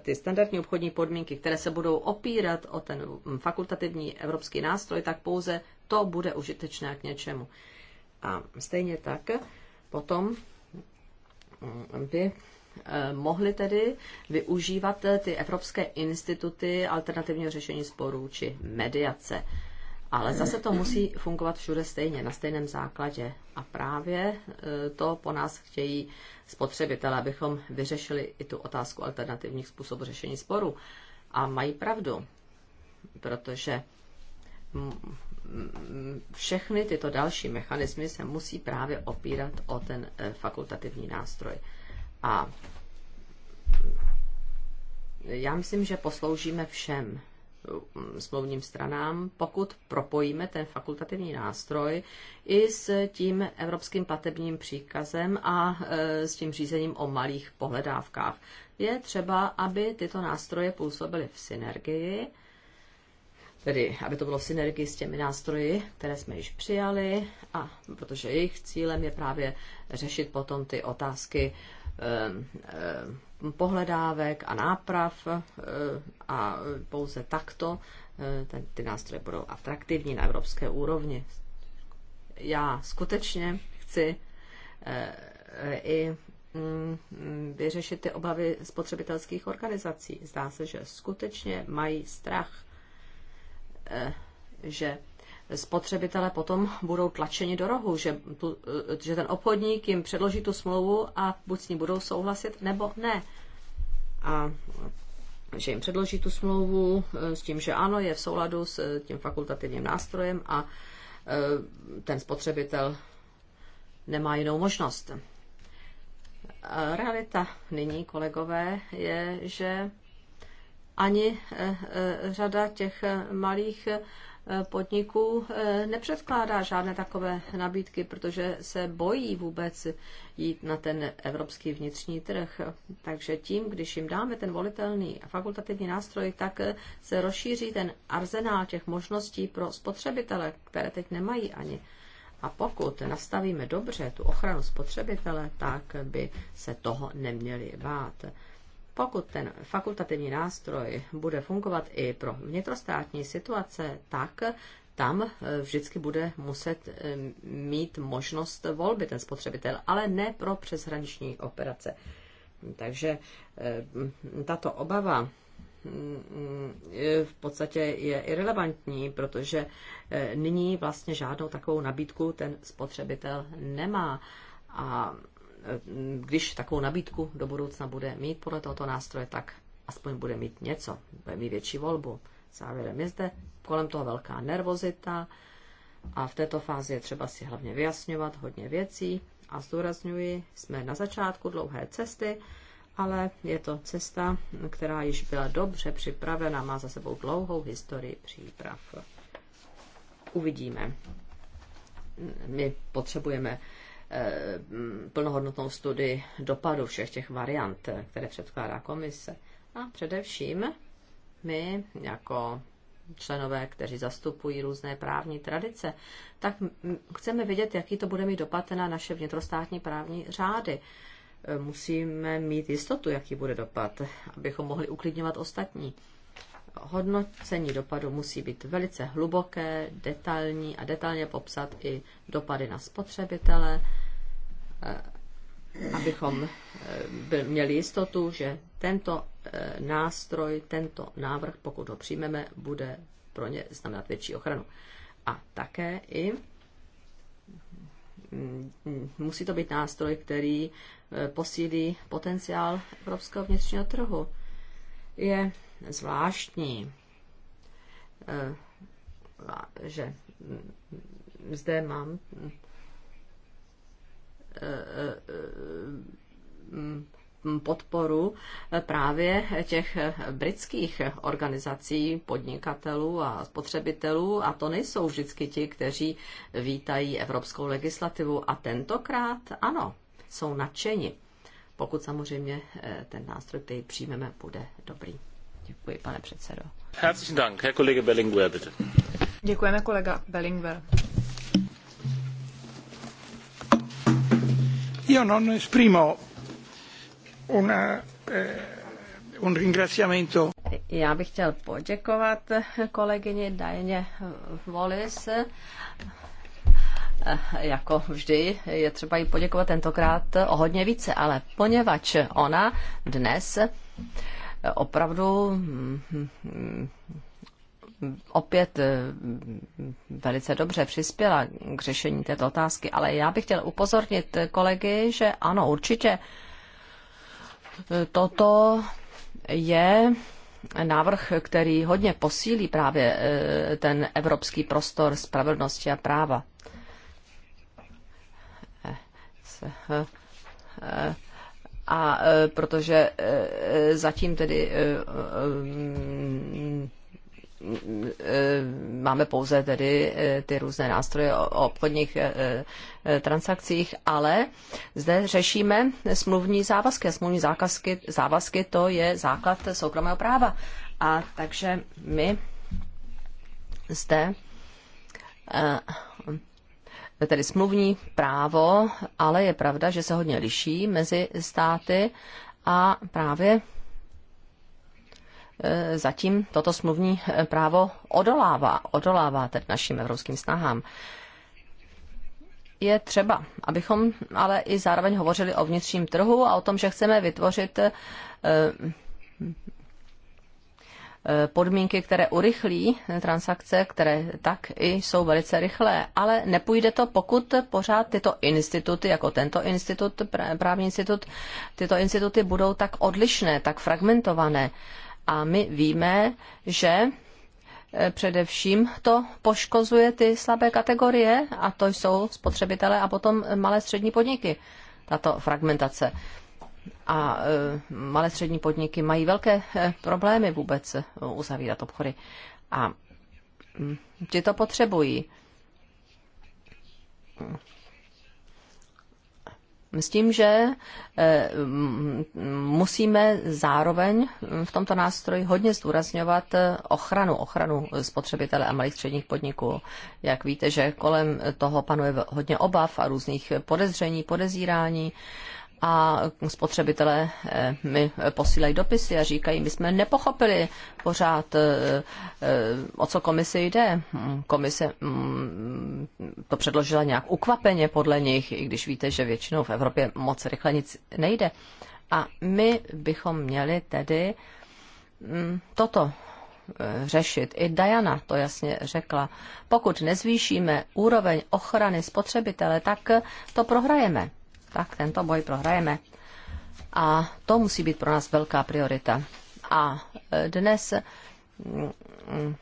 ty standardní obchodní podmínky, které se budou opírat o ten fakultativní evropský nástroj, tak pouze to bude užitečné k něčemu. A stejně tak potom by mm, Eh, mohli tedy využívat eh, ty evropské instituty alternativního řešení sporů či mediace. Ale zase to musí fungovat všude stejně, na stejném základě. A právě eh, to po nás chtějí spotřebitelé, abychom vyřešili i tu otázku alternativních způsobů řešení sporu. A mají pravdu, protože všechny tyto další mechanismy se musí právě opírat o ten fakultativní nástroj. A já myslím, že posloužíme všem mm, smluvním stranám, pokud propojíme ten fakultativní nástroj i s tím evropským platebním příkazem a e, s tím řízením o malých pohledávkách. Je třeba, aby tyto nástroje působily v synergii, tedy aby to bylo v synergii s těmi nástroji, které jsme již přijali, a protože jejich cílem je právě řešit potom ty otázky Eh, eh, pohledávek a náprav eh, a pouze takto ty nástroje budou atraktivní na evropské úrovni. Já skutečně chci i mm, vyřešit ty obavy spotřebitelských organizací. Zdá se, že skutečně mají strach, že spotřebitele potom budou tlačeni do rohu, že, tu, že ten obchodník jim předloží tu smlouvu a buď s ní budou souhlasit, nebo ne. A že jim předloží tu smlouvu eh, s tím, že ano, je v souladu s eh, tím fakultativním nástrojem a eh, ten spotřebitel nemá jinou možnost. Realita nyní, kolegové, je, že ani řada těch malých podniků eh, nepředkládá žádné takové nabídky, protože se bojí vůbec jít na ten evropský vnitřní trh. Takže tím, když jim dáme ten volitelný a fakultativní nástroj, tak eh, se rozšíří ten arzenál těch možností pro spotřebitele, které teď nemají ani. A pokud nastavíme dobře tu ochranu spotřebitele, tak by se toho neměli bát. Pokud ten fakultativní nástroj bude fungovat i pro vnitrostátní situace, tak tam eh, vždycky bude muset eh, mít možnost volby ten spotřebitel, ale ne pro přeshraniční operace. Takže eh, tato obava mm, v podstatě je irrelevantní, protože nyní vlastně žádnou takovou nabídku ten spotřebitel nemá. A když takovou nabídku do budoucna bude mít podle tohoto nástroje, tak aspoň bude mít něco, bude mít větší volbu. Závěrem je zde kolem toho velká nervozita a v této fázi je třeba si hlavně vyjasňovat hodně věcí a zdůrazňuji, jsme na začátku dlouhé cesty, ale je to cesta, která již byla dobře připravena, má za sebou dlouhou historii příprav. Uvidíme. My potřebujeme Eh, plnohodnotnou studii dopadu všech těch variant, eh, které předkládá komise. A především my jako členové, kteří zastupují různé právní tradice, tak chceme vědět, jaký to bude mít dopad na naše vnitrostátní právní řády. Eh, musíme mít jistotu, jaký bude dopad, abychom mohli uklidňovat ostatní hodnocení dopadu musí být velice hluboké, detailní a detailně popsat i dopady na spotřebitele, eh, abychom eh, měli jistotu, že tento eh, nástroj, tento návrh, pokud ho přijmeme, bude pro ně znamenat větší ochranu. A také i mm, musí to být nástroj, který posílí potenciál evropského vnitřního trhu. Je zvláštní, eh, že mm, zde mám eh, eh, mm, podporu právě těch britských organizací podnikatelů a spotřebitelů a to nejsou vždycky ti, kteří vítají evropskou legislativu a tentokrát ano, jsou nadšeni, pokud samozřejmě ten nástroj, který přijmeme, bude dobrý. Děkuji, pane předsedo. Herzlichen Dank, Herr Kollege Bellingwer, bitte. Děkujeme, kolega Bellingwer. Io non esprimo una, eh, un ringraziamento. Já bych chtěl poděkovat kolegyni Dajeně Wallis. Eh, jako vždy, je třeba jí poděkovat tentokrát o hodně více, ale poněvadž ona dnes opravdu mm, opět mm, velice dobře přispěla k řešení této otázky, ale já bych chtěl upozornit kolegy, že ano, určitě toto je návrh, který hodně posílí právě e, ten evropský prostor spravedlnosti a práva. E, e, a e, protože e, e, zatím tedy máme pouze tedy ty různé nástroje o obchodních transakcích, ale zde řešíme smluvní závazky a smluvní zákazky, závazky to je základ soukromého práva. A takže my zde tedy smluvní právo, ale je pravda, že se hodně liší mezi státy a právě e, zatím toto smluvní e, právo odolává, odolává tedy našim evropským snahám. Je třeba, abychom ale i zároveň hovořili o vnitřním trhu a o tom, že chceme vytvořit e, Eh, podmínky, které urychlí transakce, které tak i jsou velice rychlé, ale nepůjde to, pokud pořád tyto instituty, jako tento institut, právní institut, tyto instituty budou tak odlišné, tak fragmentované. A my víme, že eh, Především to poškozuje ty slabé kategorie, a to jsou spotřebitelé a potom malé střední podniky, tato fragmentace a e, malé střední podniky mají velké e, problémy vůbec e, uzavírat obchody. A mm, ti to potřebují. S tím, že mm, musíme zároveň v tomto nástroji hodně zdůrazňovat ochranu, ochranu spotřebitele a malých středních podniků. Jak víte, že kolem toho panuje hodně obav a různých podezření, podezírání a spotřebitelé eh, mi posílají dopisy a říkají, my jsme nepochopili pořád, eh, eh, o co Komise jde. Hmm, komise hmm, to předložila nějak ukvapeně podle nich, i když víte, že většinou v Evropě moc rychle nic nejde. A my bychom měli tedy hmm, toto řešit. I Diana to jasně řekla. Pokud nezvýšíme úroveň ochrany spotřebitele, tak to prohrajeme tak tento boj prohrajeme. A to musí být pro nás velká priorita. A e, dnes mm,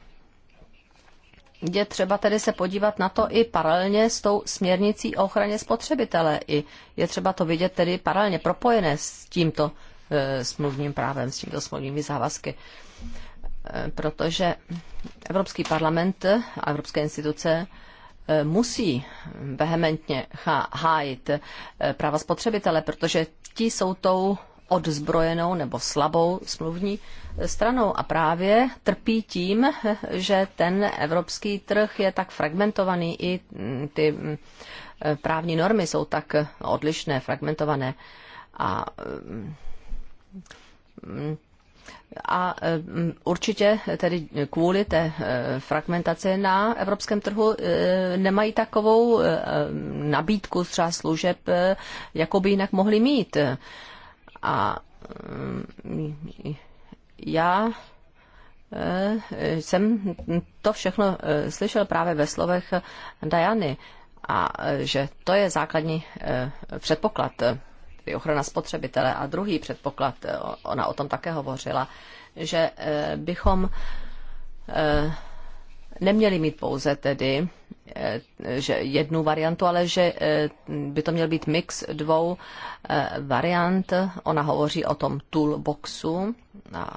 je třeba tedy se podívat na to i paralelně s tou směrnicí o ochraně spotřebitele. I je třeba to vidět tedy paralelně propojené s tímto e, smluvním právem, s tímto smluvními závazky. E, protože Evropský parlament a evropské instituce musí vehementně hájit eh, práva spotřebitele, protože ti jsou tou odzbrojenou nebo slabou smluvní eh, stranou a právě trpí tím, [laughs] že ten evropský trh je tak fragmentovaný i mm, ty mm, eh, právní normy jsou tak odlišné, fragmentované a mm, a mm, určitě tedy kvůli té e, fragmentaci na evropském trhu e, nemají takovou e, nabídku třeba služeb, jakou by jinak mohli mít. A mm, já jsem to všechno slyšel právě ve slovech Diany a že to je základní předpoklad spotřeby, ochrana spotřebitele. A druhý předpoklad, eh, ona o tom také hovořila, že eh, bychom eh, neměli mít pouze tedy že jednu variantu, ale že by to měl být mix dvou variant. Ona hovoří o tom toolboxu a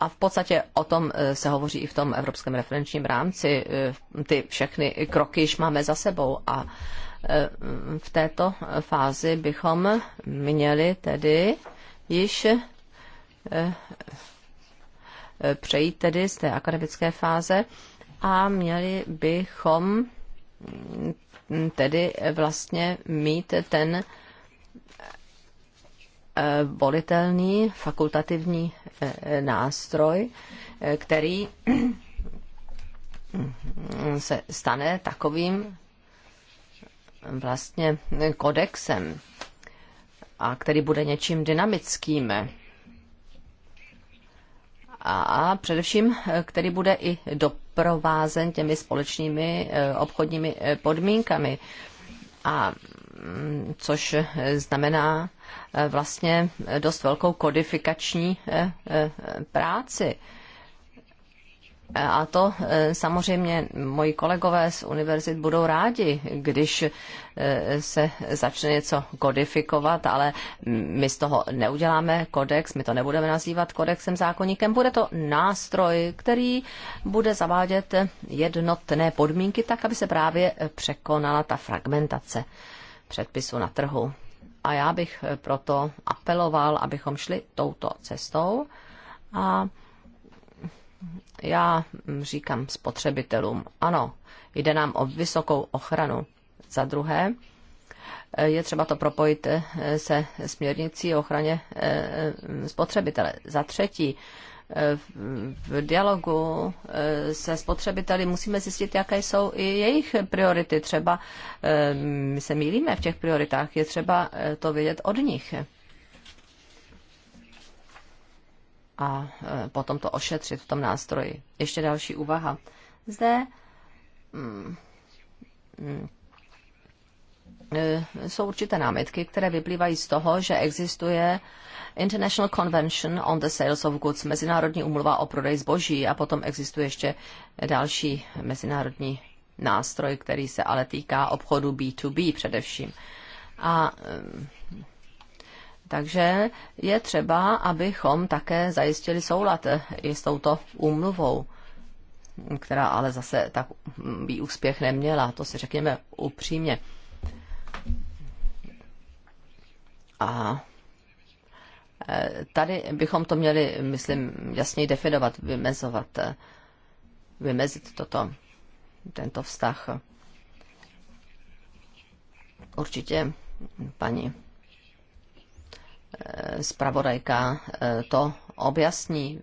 a v podstatě o tom e, se hovoří i v tom evropském referenčním rámci. E, ty všechny kroky již máme za sebou a e, v této fázi bychom měli tedy již přejít tedy z té akademické fáze a měli bychom tedy vlastně mít ten Eh, volitelný fakultativní eh, eh, nástroj, který [clears throat] se stane takovým vlastně kodexem, a který bude něčím dynamickým a především, který bude i doprovázen těmi společnými obchodními podmínkami. A což znamená eh, vlastně dost velkou kodifikační eh, eh, práci. A to samozřejmě moji kolegové z univerzit budou rádi, když se začne něco kodifikovat, ale my z toho neuděláme kodex, my to nebudeme nazývat kodexem zákonníkem, bude to nástroj, který bude zavádět jednotné podmínky tak, aby se právě překonala ta fragmentace předpisu na trhu. A já bych eh, proto apeloval, abychom šli touto cestou a já hm, říkám spotřebitelům, ano, jde nám o vysokou ochranu. Za druhé, eh, je třeba to propojit eh, se směrnicí o ochraně spotřebitele. Za třetí, v dialogu eh, se spotřebiteli musíme zjistit, jaké jsou i jejich priority. Třeba eh, my se mílíme v těch prioritách, je třeba eh, to vědět od nich. A potom to ošetřit v tom nástroji. Ještě další úvaha. Zde mm, mm, E, jsou určité námitky, které vyplývají z toho, že existuje International Convention on the Sales of Goods, Mezinárodní umluva o prodeji zboží a potom existuje ještě další mezinárodní nástroj, který se ale týká obchodu B2B především. A e, takže je třeba, abychom také zajistili soulad e, i s touto úmluvou, která ale zase tak úspěch neměla, to si řekněme upřímně. A e, tady bychom to měli, myslím, jasněji definovat, vymezovat, e, vymezit toto, tento vztah. Určitě paní e, zpravodajka to objasní,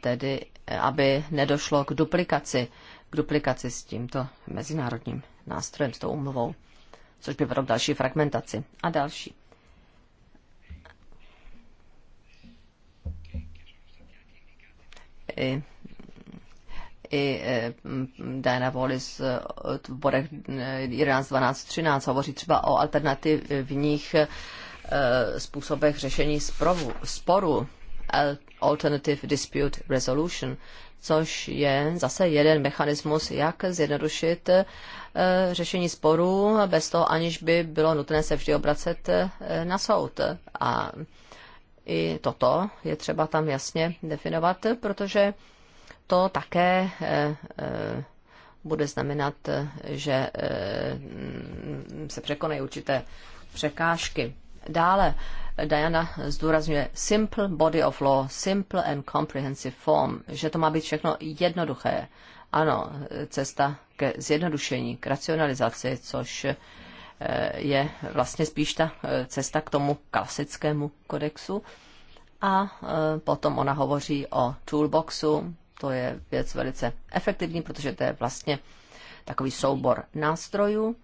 tedy aby nedošlo k duplikaci, k duplikaci s tímto mezinárodním nástrojem, s tou umluvou což by vedlo k další fragmentaci. A další. I, i e, Diana Wallis e, v bodech 11, 12, 13 hovoří třeba o alternativních e, způsobech řešení sporu, alternative dispute resolution což je zase jeden mechanismus, jak zjednodušit eh, řešení sporů bez toho, aniž by bylo nutné se vždy obracet eh, na soud. A i toto je třeba tam jasně definovat, protože to také eh, bude znamenat, že mm, se překonají určité překážky. Dále Diana zdůrazňuje simple body of law, simple and comprehensive form, že to má být všechno jednoduché. Ano, cesta ke zjednodušení, k racionalizaci, což eh, je vlastně spíš ta eh, cesta k tomu klasickému kodexu. A eh, potom ona hovoří o toolboxu, to je věc velice efektivní, protože to je vlastně takový soubor nástrojů.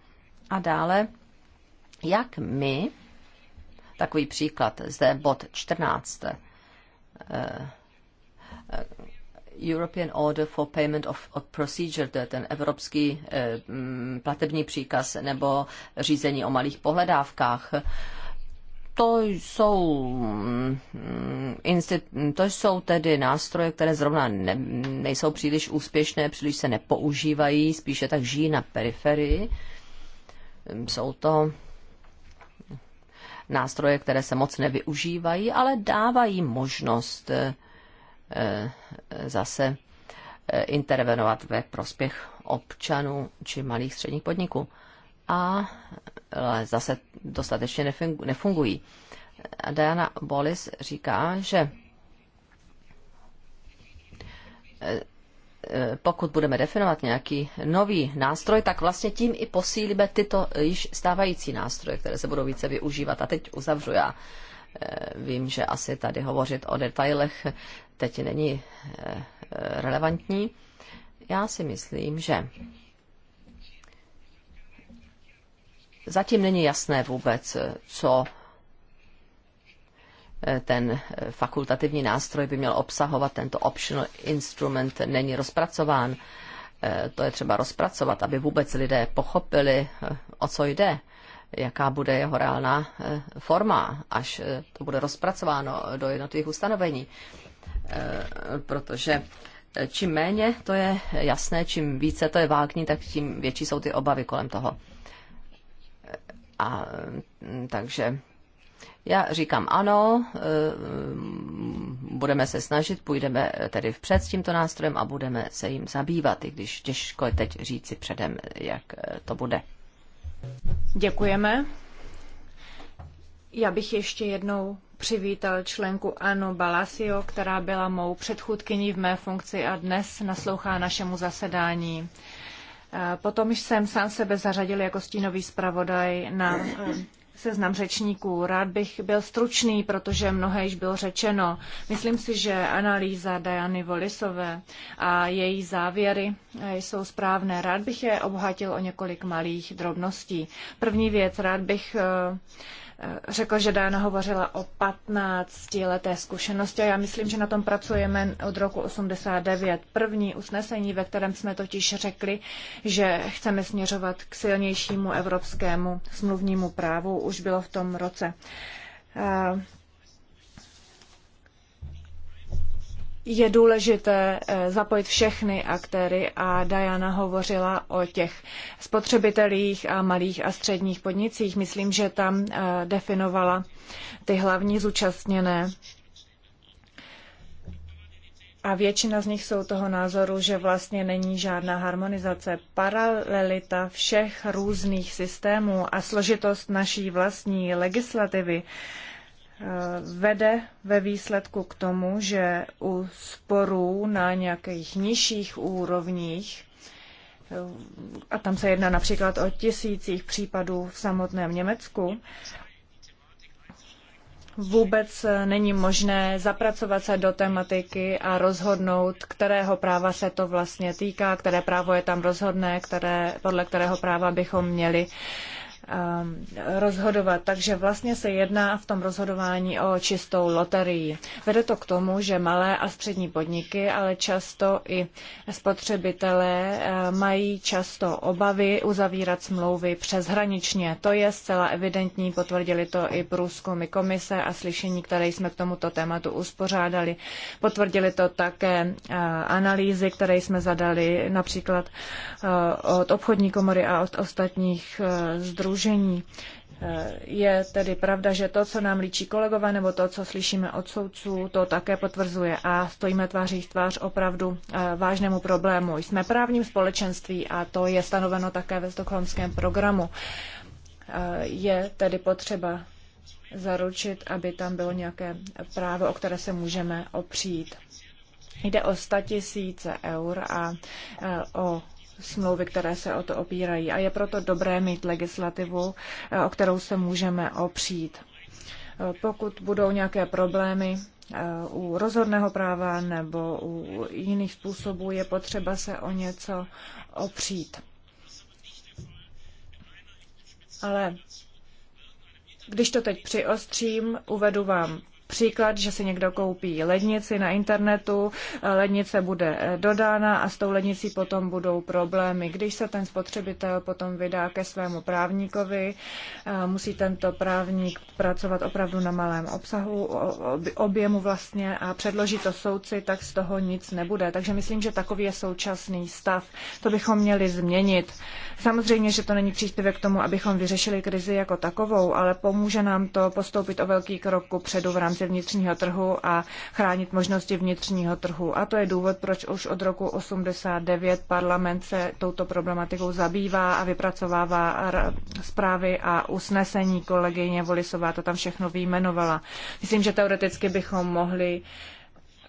A dále, jak my Takový příklad, zde bod 14. Eh, eh, European Order for Payment of, of Procedure, to je ten evropský eh, mm, platební příkaz nebo řízení o malých pohledávkách to jsou, mm, to jsou tedy nástroje, které zrovna ne, nejsou příliš úspěšné, příliš se nepoužívají, spíše tak žijí na periferii. Jsou to nástroje, které se moc nevyužívají, ale dávají možnost eh, eh, zase eh, intervenovat ve prospěch občanů či malých středních podniků. A zase dostatečně nefungují. Diana Bolis říká, že Eh, pokud budeme definovat nějaký nový nástroj, tak vlastně tím i posílíme tyto již stávající nástroje, které se budou více využívat. A teď uzavřu já. Eh, vím, že asi tady hovořit o detailech teď není eh, relevantní. Já si myslím, že zatím není jasné vůbec, co ten fakultativní nástroj by měl obsahovat, tento optional instrument není rozpracován. Eh, to je třeba rozpracovat, aby vůbec lidé pochopili, eh, o co jde, jaká bude jeho reálná eh, forma, až to bude rozpracováno do jednotlivých ustanovení. Protože čím méně to je jasné, čím více to je vágní, tak tím větší jsou ty obavy kolem toho. A mm, takže já říkám ano, eh, budeme se snažit, půjdeme tedy vpřed s tímto nástrojem a budeme se jim zabývat, i když těžko je teď říci předem, jak eh, to bude. Děkujeme. Já bych ještě jednou přivítal členku Anu Balasio, která byla mou předchůdkyní v mé funkci a dnes naslouchá našemu zasedání. Eh, potom jsem sám sebe zařadil jako stínový zpravodaj na seznam řečníků. Rád bych byl stručný, protože mnohé již bylo řečeno. Myslím si, že analýza Diany Volisové a její závěry eh, jsou správné. Rád bych je obohatil o několik malých drobností. První věc, rád bych uh, řekl, že Dána hovořila o 15 leté zkušenosti a já myslím, že na tom pracujeme od roku 89. První usnesení, ve kterém jsme totiž řekli, že chceme směřovat k silnějšímu evropskému smluvnímu právu, už bylo v tom roce. je důležité eh, zapojit všechny aktéry a Diana hovořila o těch spotřebitelích a malých a středních podnicích. Myslím, že tam eh, definovala ty hlavní zúčastněné. A většina z nich jsou toho názoru, že vlastně není žádná harmonizace. Paralelita všech různých systémů a složitost naší vlastní legislativy Eh, vede ve výsledku k tomu, že u sporů na nějakých nižších úrovních, eh, a tam se jedná například o tisících případů v samotném Německu, vůbec eh, není možné zapracovat se do tematiky a rozhodnout, kterého práva se to vlastně týká, které právo je tam rozhodné, které, podle kterého práva bychom měli uh, Um, rozhodovat. Takže vlastně se jedná v tom rozhodování o čistou loterii. Vede to k tomu, že malé a střední podniky, ale často i spotřebitelé uh, mají často obavy uzavírat smlouvy přeshraničně. To je zcela evidentní, potvrdili to i průzkumy komise a slyšení, které jsme k tomuto tématu uspořádali. Potvrdili to také uh, analýzy, které jsme zadali například uh, od obchodní komory a od ostatních združení združení. Eh, je tedy pravda, že to, co nám líčí kolegové, nebo to, co slyšíme od soudců, to také potvrzuje a stojíme tváří v tvář opravdu eh, vážnému problému. Jsme právním společenství a to je stanoveno také ve stokholmském programu. Eh, je tedy potřeba zaručit, aby tam bylo nějaké právo, o které se můžeme opřít. Jde o 100 tisíce eur a o smlouvy, které se o to opírají. A je proto dobré mít legislativu, eh, o kterou se můžeme opřít. Eh, pokud budou nějaké problémy eh, u rozhodného práva nebo u jiných způsobů, je potřeba se o něco opřít. Ale když to teď přiostřím, uvedu vám Příklad, že si někdo koupí lednici na internetu, eh, lednice bude eh, dodána a s tou lednicí potom budou problémy. Když se ten spotřebitel potom vydá ke svému právníkovi, eh, musí tento právník pracovat opravdu na malém obsahu, objemu vlastně a předloží to soudci, tak z toho nic nebude. Takže myslím, že takový je současný stav. To bychom měli změnit. Samozřejmě, že to není příspěvek k tomu, abychom vyřešili krizi jako takovou, ale pomůže nám to postoupit o velký krok ku předu v rámci rámci vnitřního trhu a chránit možnosti vnitřního trhu. A to je důvod, proč už od roku 89 parlament se touto problematikou zabývá a vypracovává zprávy a usnesení. Kolegyně Volisová to tam všechno vyjmenovala. Myslím, že teoreticky bychom mohli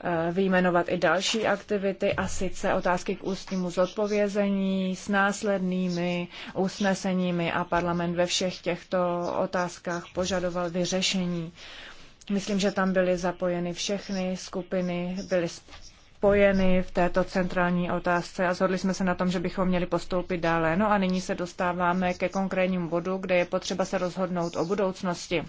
eh, vyjmenovat i další aktivity a sice otázky k ústnímu zodpovězení s následnými usneseními a parlament ve všech těchto otázkách požadoval vyřešení. Myslím, že tam byly zapojeny všechny skupiny, byly spojeny v této centrální otázce a shodli jsme se na tom, že bychom měli postoupit dále. No a nyní se dostáváme ke konkrétnímu bodu, kde je potřeba se rozhodnout o budoucnosti.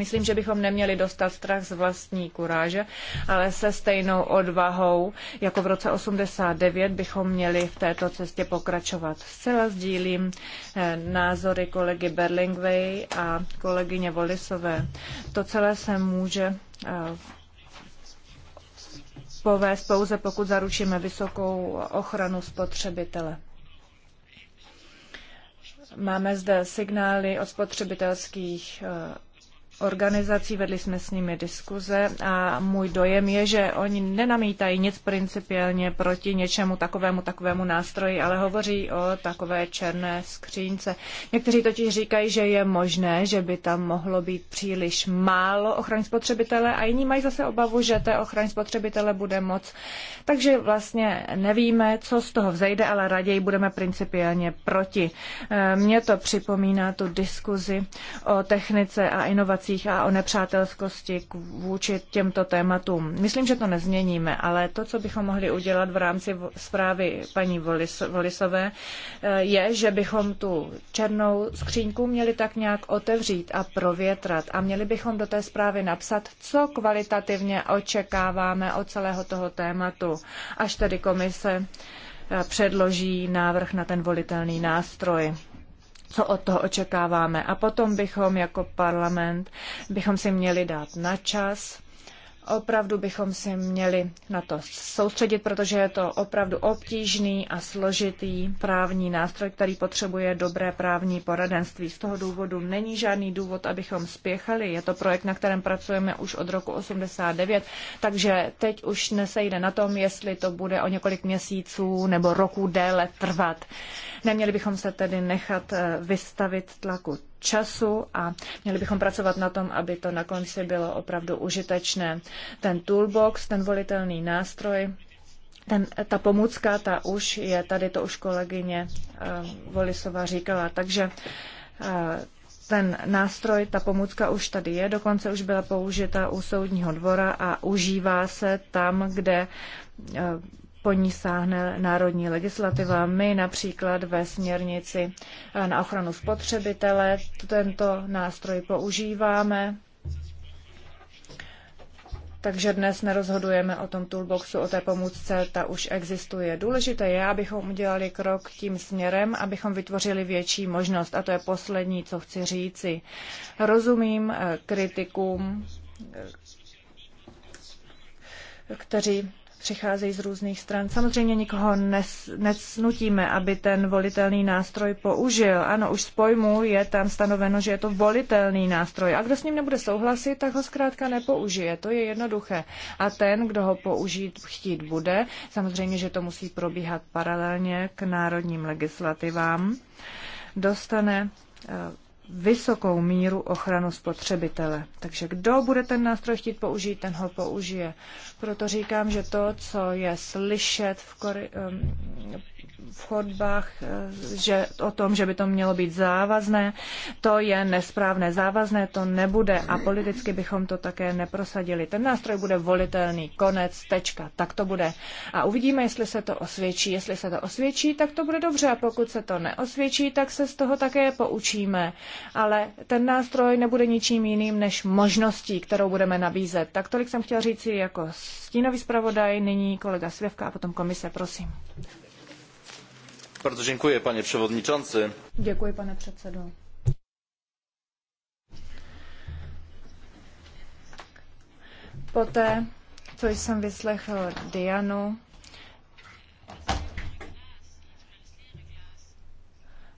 Myslím, že bychom neměli dostat strach z vlastní kuráže, ale se stejnou odvahou, jako v roce 89, bychom měli v této cestě pokračovat. Zcela sdílím eh, názory kolegy Berlingway a kolegyně Volisové. To celé se může eh, povést pouze, pokud zaručíme vysokou ochranu spotřebitele. Máme zde signály od spotřebitelských eh, organizací, vedli jsme s nimi diskuze a můj dojem je, že oni nenamítají nic principiálně proti něčemu takovému, takovému nástroji, ale hovoří o takové černé skřínce. Někteří totiž říkají, že je možné, že by tam mohlo být příliš málo ochrany spotřebitele a jiní mají zase obavu, že té ochrany spotřebitele bude moc. Takže vlastně nevíme, co z toho vzejde, ale raději budeme principiálně proti. Mně to připomíná tu diskuzi o technice a inovacích demonstracích a o nepřátelskosti vůči těmto tématům. Myslím, že to nezměníme, ale to, co bychom mohli udělat v rámci zprávy paní Volis, Volisové, eh, je, že bychom tu černou skřínku měli tak nějak otevřít a provětrat a měli bychom do té zprávy napsat, co kvalitativně očekáváme od celého toho tématu, až tedy komise eh, předloží návrh na ten volitelný nástroj co od toho očekáváme. A potom bychom jako parlament bychom si měli dát na čas. Opravdu bychom si měli na to soustředit, protože je to opravdu obtížný a složitý právní nástroj, který potřebuje dobré právní poradenství. Z toho důvodu není žádný důvod, abychom spěchali. Je to projekt, na kterém pracujeme už od roku 89, takže teď už nesejde na tom, jestli to bude o několik měsíců nebo roku déle trvat. Neměli bychom se tedy nechat eh, vystavit tlaku času a měli bychom pracovat na tom, aby to na konci bylo opravdu užitečné. Ten toolbox, ten volitelný nástroj, ten, ta pomůcka, ta už je tady, to už kolegyně uh, eh, Volisova říkala. Takže uh, ten nástroj, ta pomůcka už tady je, dokonce už byla použita u soudního dvora a užívá se tam, kde uh, po ní sáhne národní legislativa. My například ve směrnici na ochranu spotřebitele tento nástroj používáme. Takže dnes nerozhodujeme o tom toolboxu, o té pomůcce, ta už existuje. Důležité je, abychom udělali krok tím směrem, abychom vytvořili větší možnost. A to je poslední, co chci říci. Rozumím eh, kritikům, eh, kteří přicházejí z různých stran. Samozřejmě nikoho nes, nesnutíme, aby ten volitelný nástroj použil. Ano, už z pojmu je tam stanoveno, že je to volitelný nástroj. A kdo s ním nebude souhlasit, tak ho zkrátka nepoužije. To je jednoduché. A ten, kdo ho použít chtít bude, samozřejmě, že to musí probíhat paralelně k národním legislativám, dostane eh, vysokou míru ochranu spotřebitele. Takže kdo bude ten nástroj chtít použít, ten ho použije. Proto říkám, že to, co je slyšet v Kore- v chodbách, že o tom, že by to mělo být závazné, to je nesprávné. Závazné to nebude a politicky bychom to také neprosadili. Ten nástroj bude volitelný, konec, tečka, tak to bude. A uvidíme, jestli se to osvědčí. Jestli se to osvědčí, tak to bude dobře a pokud se to neosvědčí, tak se z toho také poučíme. Ale ten nástroj nebude ničím jiným než možností, kterou budeme nabízet. Tak tolik jsem chtěla říci jako stínový zpravodaj, nyní kolega Svěvka a potom komise, prosím. Bardzo dziękuję, Děkuji, pane předsedo. Poté, co jsem vyslechl Dianu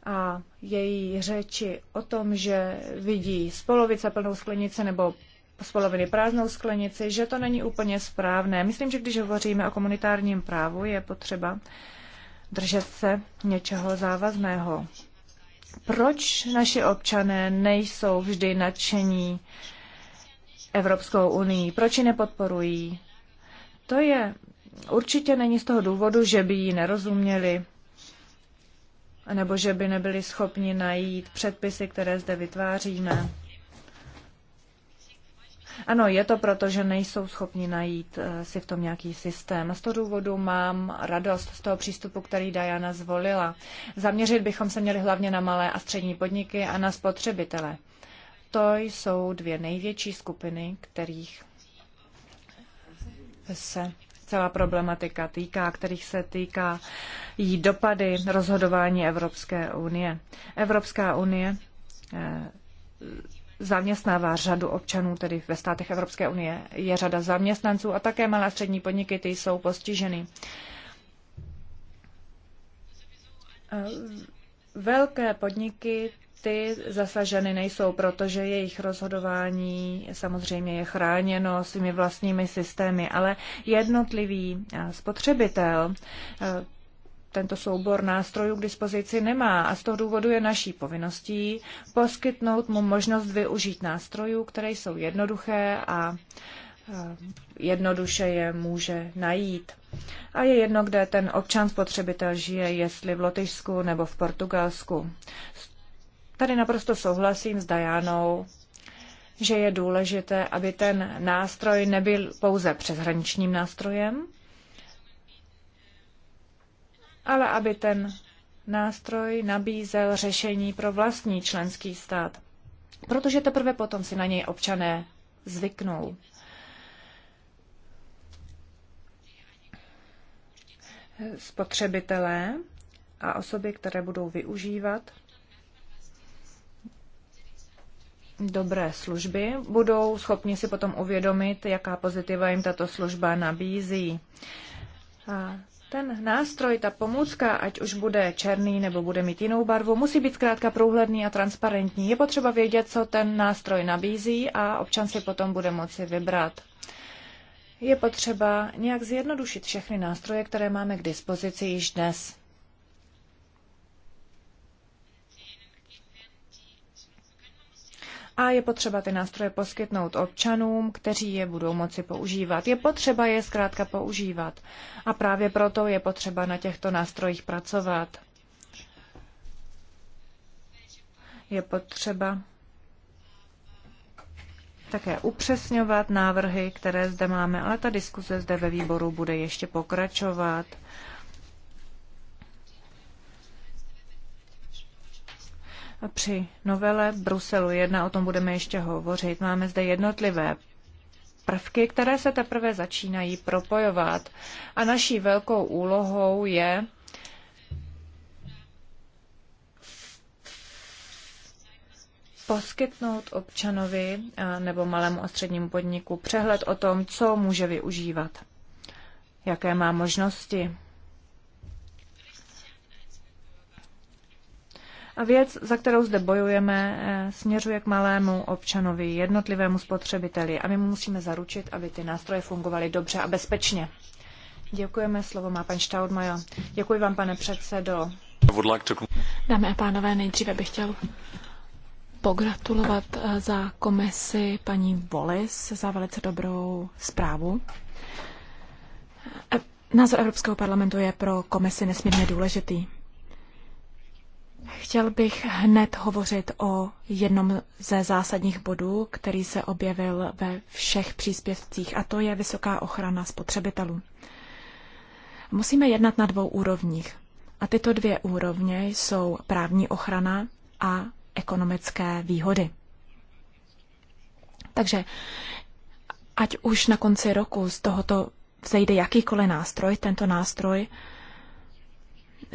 a její řeči o tom, že vidí z polovice plnou sklenici nebo z poloviny prázdnou sklenici, že to není úplně správné. Myslím, že když hovoříme o komunitárním právu, je potřeba držet se něčeho závazného. Proč naši občané nejsou vždy nadšení Evropskou unii? Proč ji nepodporují? To je určitě není z toho důvodu, že by ji nerozuměli nebo že by nebyli schopni najít předpisy, které zde vytváříme. Ano, je to proto, že nejsou schopni najít eh, si v tom nějaký systém. Z toho důvodu mám radost z toho přístupu, který Diana zvolila. Zaměřit bychom se měli hlavně na malé a střední podniky a na spotřebitele. To jsou dvě největší skupiny, kterých se celá problematika týká, kterých se týká jí dopady rozhodování Evropské unie. Evropská unie eh, zaměstnává řadu občanů, tedy ve státech Evropské unie je řada zaměstnanců a také malé a střední podniky, ty jsou postiženy. Velké podniky ty zasaženy nejsou, protože jejich rozhodování samozřejmě je chráněno svými vlastními systémy, ale jednotlivý spotřebitel, tento soubor nástrojů k dispozici nemá a z toho důvodu je naší povinností poskytnout mu možnost využít nástrojů, které jsou jednoduché a eh, jednoduše je může najít. A je jedno, kde ten občan spotřebitel žije, jestli v Lotyšsku nebo v Portugalsku. Tady naprosto souhlasím s Dajánou, že je důležité, aby ten nástroj nebyl pouze přeshraničním nástrojem, ale aby ten nástroj nabízel řešení pro vlastní členský stát, protože teprve potom si na něj občané zvyknou. Spotřebitelé a osoby, které budou využívat dobré služby, budou schopni si potom uvědomit, jaká pozitiva jim tato služba nabízí. A ten nástroj, ta pomůcka, ať už bude černý nebo bude mít jinou barvu, musí být zkrátka průhledný a transparentní. Je potřeba vědět, co ten nástroj nabízí a občan si potom bude moci vybrat. Je potřeba nějak zjednodušit všechny nástroje, které máme k dispozici již dnes. a je potřeba ty nástroje poskytnout občanům, kteří je budou moci používat. Je potřeba je zkrátka používat a právě proto je potřeba na těchto nástrojích pracovat. Je potřeba také upřesňovat návrhy, které zde máme, ale ta diskuze zde ve výboru bude ještě pokračovat. Při novele Bruselu 1 o tom budeme ještě hovořit. Máme zde jednotlivé prvky, které se teprve začínají propojovat. A naší velkou úlohou je poskytnout občanovi nebo malému a střednímu podniku přehled o tom, co může využívat, jaké má možnosti. A věc, za kterou zde bojujeme, eh, směřuje k malému občanovi, jednotlivému spotřebiteli a my mu musíme zaručit, aby ty nástroje fungovaly dobře a bezpečně. Děkujeme, slovo má pan Štaudmajo. Děkuji vám, pane předsedo. Dámy a pánové, nejdříve bych chtěl pogratulovat eh, za komisi paní Volis za velice dobrou zprávu. Eh, názor Evropského parlamentu je pro komisi nesmírně důležitý. Chtěl bych hned hovořit o jednom ze zásadních bodů, který se objevil ve všech příspěvcích, a to je vysoká ochrana spotřebitelů. Musíme jednat na dvou úrovních. A tyto dvě úrovně jsou právní ochrana a ekonomické výhody. Takže ať už na konci roku z tohoto vzejde jakýkoliv nástroj, tento nástroj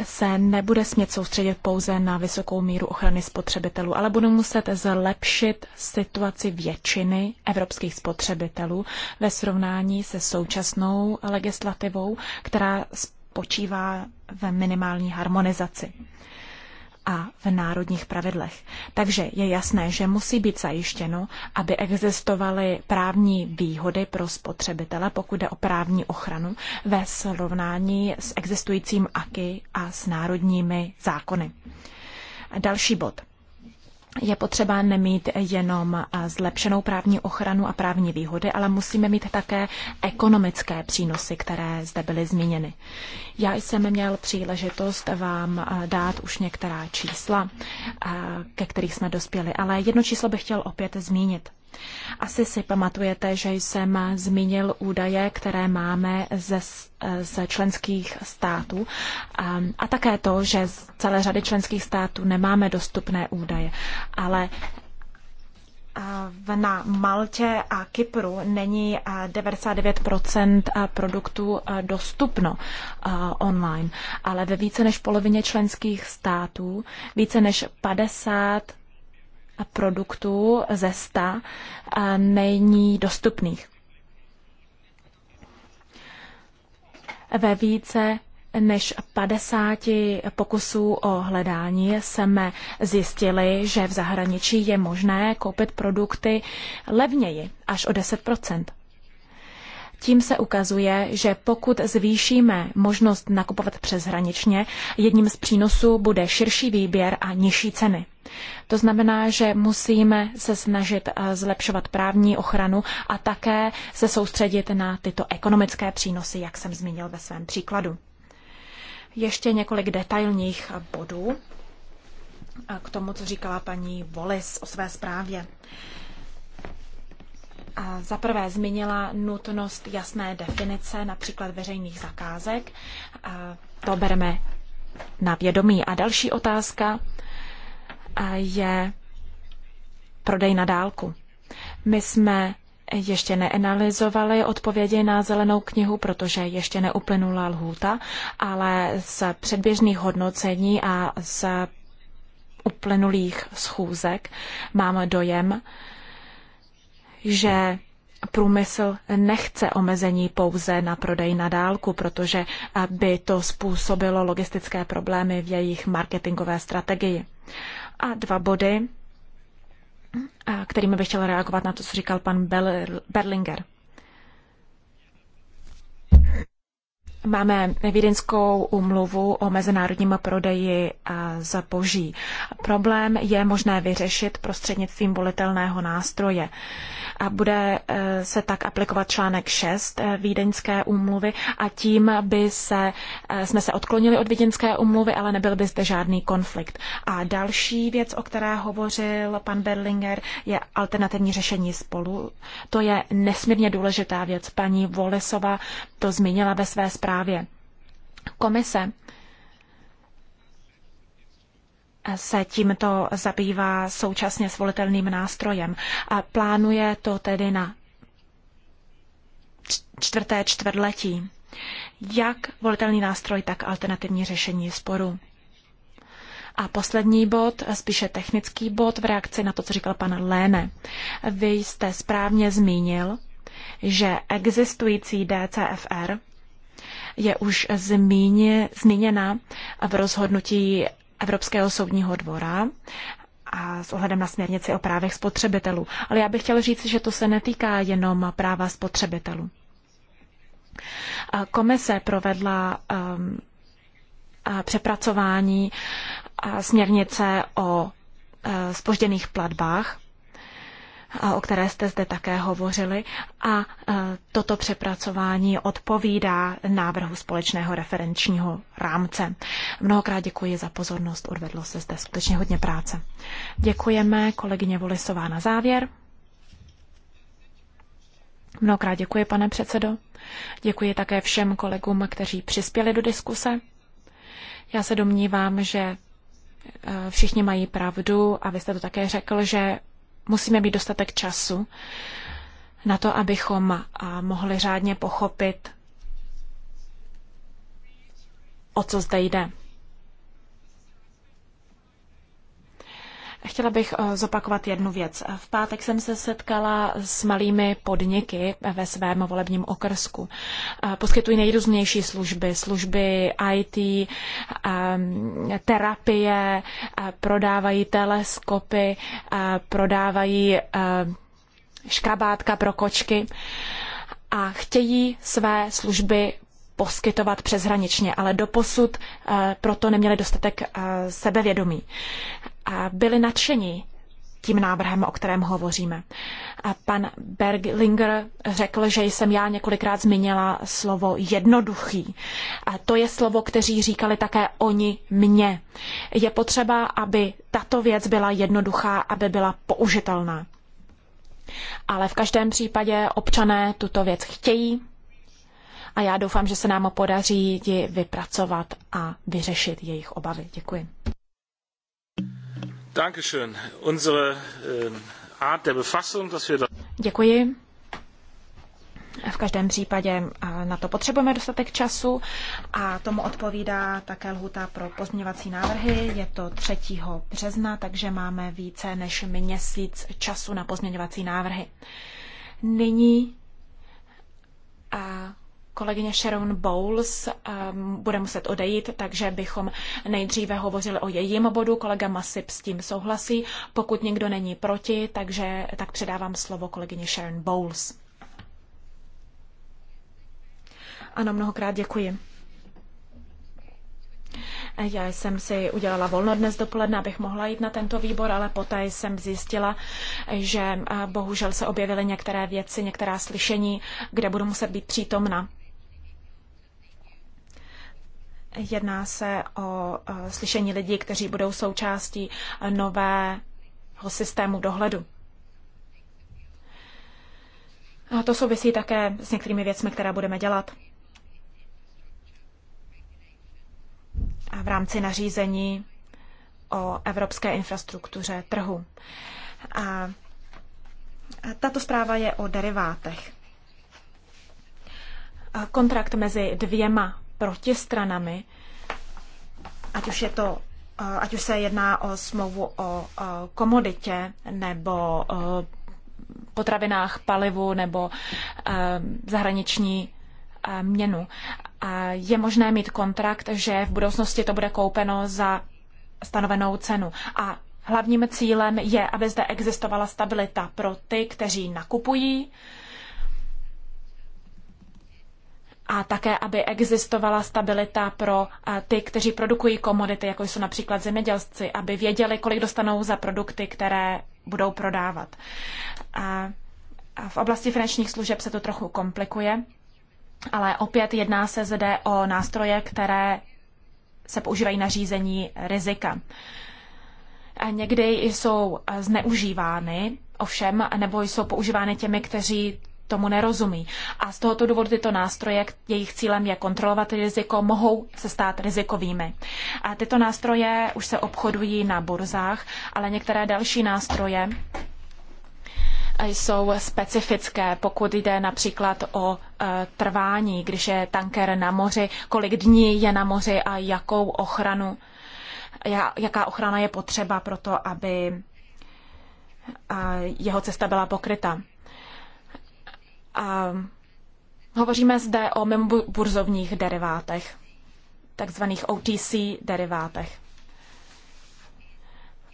se nebude smět soustředit pouze na vysokou míru ochrany spotřebitelů, ale bude muset zlepšit situaci většiny evropských spotřebitelů ve srovnání se současnou legislativou, která spočívá ve minimální harmonizaci a v národních pravidlech. Takže je jasné, že musí být zajištěno, aby existovaly právní výhody pro spotřebitele, pokud jde o právní ochranu, ve srovnání s existujícím AKY a s národními zákony. Další bod je potřeba nemít jenom eh, zlepšenou právní ochranu a právní výhody, ale musíme mít také ekonomické přínosy, které zde byly zmíněny. Já jsem měl příležitost vám eh, dát už některá čísla, eh, ke kterých jsme dospěli, ale jedno číslo bych chtěl opět zmínit. Asi si pamatujete, že jsem zmínil údaje, které máme ze, ze členských států a, a také to, že z celé řady členských států nemáme dostupné údaje. Ale na Maltě a Kypru není 99 produktů dostupno online, ale ve více než polovině členských států více než 50 produktů ze sta není dostupných. Ve více než 50 pokusů o hledání jsme zjistili, že v zahraničí je možné koupit produkty levněji, až o 10 tím se ukazuje, že pokud zvýšíme možnost nakupovat přeshraničně, jedním z přínosů bude širší výběr a nižší ceny. To znamená, že musíme se snažit eh, zlepšovat právní ochranu a také se soustředit na tyto ekonomické přínosy, jak jsem zmínil ve svém příkladu. Ještě několik detailních bodů eh, k tomu, co říkala paní Volis o své zprávě za prvé zmínila nutnost jasné definice, například veřejných zakázek. To bereme na vědomí. A další otázka je prodej na dálku. My jsme ještě neanalyzovali odpovědi na zelenou knihu, protože ještě neuplynula lhůta, ale z předběžných hodnocení a z uplynulých schůzek mám dojem, že průmysl nechce omezení pouze na prodej na dálku, protože by to způsobilo logistické problémy v jejich marketingové strategii. A dva body, kterými bych chtěla reagovat na to, co říkal pan Berlinger. Máme Vídeňskou umluvu o mezinárodním prodeji zboží. Problém je možné vyřešit prostřednictvím volitelného nástroje a bude eh, se tak aplikovat článek 6 eh, Vídeňské úmluvy a tím by se, eh, jsme se odklonili od Vídeňské úmluvy, ale nebyl by zde žádný konflikt. A další věc, o které hovořil pan Berlinger, je alternativní řešení spolu. To je nesmírně důležitá věc. Paní Volesova to zmínila ve své zprávě. Komise se tímto zabývá současně s volitelným nástrojem. A plánuje to tedy na čtvrté čtvrtletí. Jak volitelný nástroj, tak alternativní řešení sporu. A poslední bod, spíše technický bod v reakci na to, co říkal pan Léne. Vy jste správně zmínil, že existující DCFR je už zmíně, zmíněna v rozhodnutí Evropského soudního dvora a s ohledem na směrnici o právech spotřebitelů. Ale já bych chtěl říct, že to se netýká jenom práva spotřebitelů. Komise provedla um, přepracování směrnice o spožděných e, platbách o které jste zde také hovořili, a e, toto přepracování odpovídá návrhu společného referenčního rámce. Mnohokrát děkuji za pozornost, odvedlo se zde skutečně hodně práce. Děkujeme kolegyně Volisová na závěr. Mnohokrát děkuji, pane předsedo. Děkuji také všem kolegům, kteří přispěli do diskuse. Já se domnívám, že e, všichni mají pravdu a vy jste to také řekl, že musíme mít dostatek času na to, abychom mohli řádně pochopit, o co zde jde. Chtěla bych eh, zopakovat jednu věc. V pátek jsem se setkala s malými podniky ve svém volebním okrsku. Eh, poskytují nejrůznější služby, služby IT, ehm, terapie, eh, prodávají teleskopy, prodávají škrabátka pro kočky a chtějí své služby poskytovat přeshraničně, ale doposud proto neměli dostatek sebevědomí byli nadšeni tím návrhem, o kterém hovoříme. A pan Berglinger řekl, že jsem já několikrát zmínila slovo jednoduchý. A to je slovo, kteří říkali také oni mě. Je potřeba, aby tato věc byla jednoduchá, aby byla použitelná. Ale v každém případě občané tuto věc chtějí a já doufám, že se nám podaří ji vypracovat a vyřešit jejich obavy. Děkuji. Dankeschön. Unsere ähm, Art der Befassung, dass wir Děkuji. V každém případě äh, na to potřebujeme dostatek času a tomu odpovídá také lhuta pro pozměňovací návrhy. Je to 3. března, takže máme více než měsíc času na pozměňovací návrhy. Nyní a Kolegyně Sharon Bowles um, bude muset odejít, takže bychom nejdříve hovořili o jejím bodu. Kolega Masip s tím souhlasí. Pokud někdo není proti, takže tak předávám slovo kolegyně Sharon Bowles. Ano, mnohokrát děkuji. Já jsem si udělala volno dnes dopoledne, abych mohla jít na tento výbor, ale poté jsem zjistila, že eh, bohužel se objevily některé věci, některá slyšení, kde budu muset být přítomna. Jedná se o e, slyšení lidí, kteří budou součástí e, nového systému dohledu. A to souvisí také s některými věcmi, které budeme dělat. A v rámci nařízení o evropské infrastruktuře trhu. A tato zpráva je o derivátech. Kontrakt mezi dvěma protistranami, ať už je to eh, ať už se jedná o smlouvu o eh, komoditě nebo eh, potravinách, palivu nebo zahraniční měnu. Je možné mít kontrakt, že v budoucnosti to bude koupeno za stanovenou cenu. A hlavním cílem je, aby zde existovala stabilita pro ty, kteří nakupují, a také, aby existovala stabilita pro eh, ty, kteří produkují komodity, jako jsou například zemědělci, aby věděli, kolik dostanou za produkty, které budou prodávat. A v oblasti finančních služeb se to trochu komplikuje, ale opět jedná se zde o nástroje, které se používají na řízení rizika. A někdy jsou eh, zneužívány, ovšem, nebo jsou používány těmi, kteří tomu nerozumí. A z tohoto důvodu tyto nástroje, jejich cílem je kontrolovat riziko, mohou se stát rizikovými. A tyto nástroje už se obchodují na burzách, ale některé další nástroje jsou specifické, pokud jde například o e, trvání, když je tanker na moři, kolik dní je na moři a jakou ochranu, jaká ochrana je potřeba pro to, aby jeho cesta byla pokryta. A hovoříme zde o mimoburzovních derivátech, takzvaných OTC derivátech.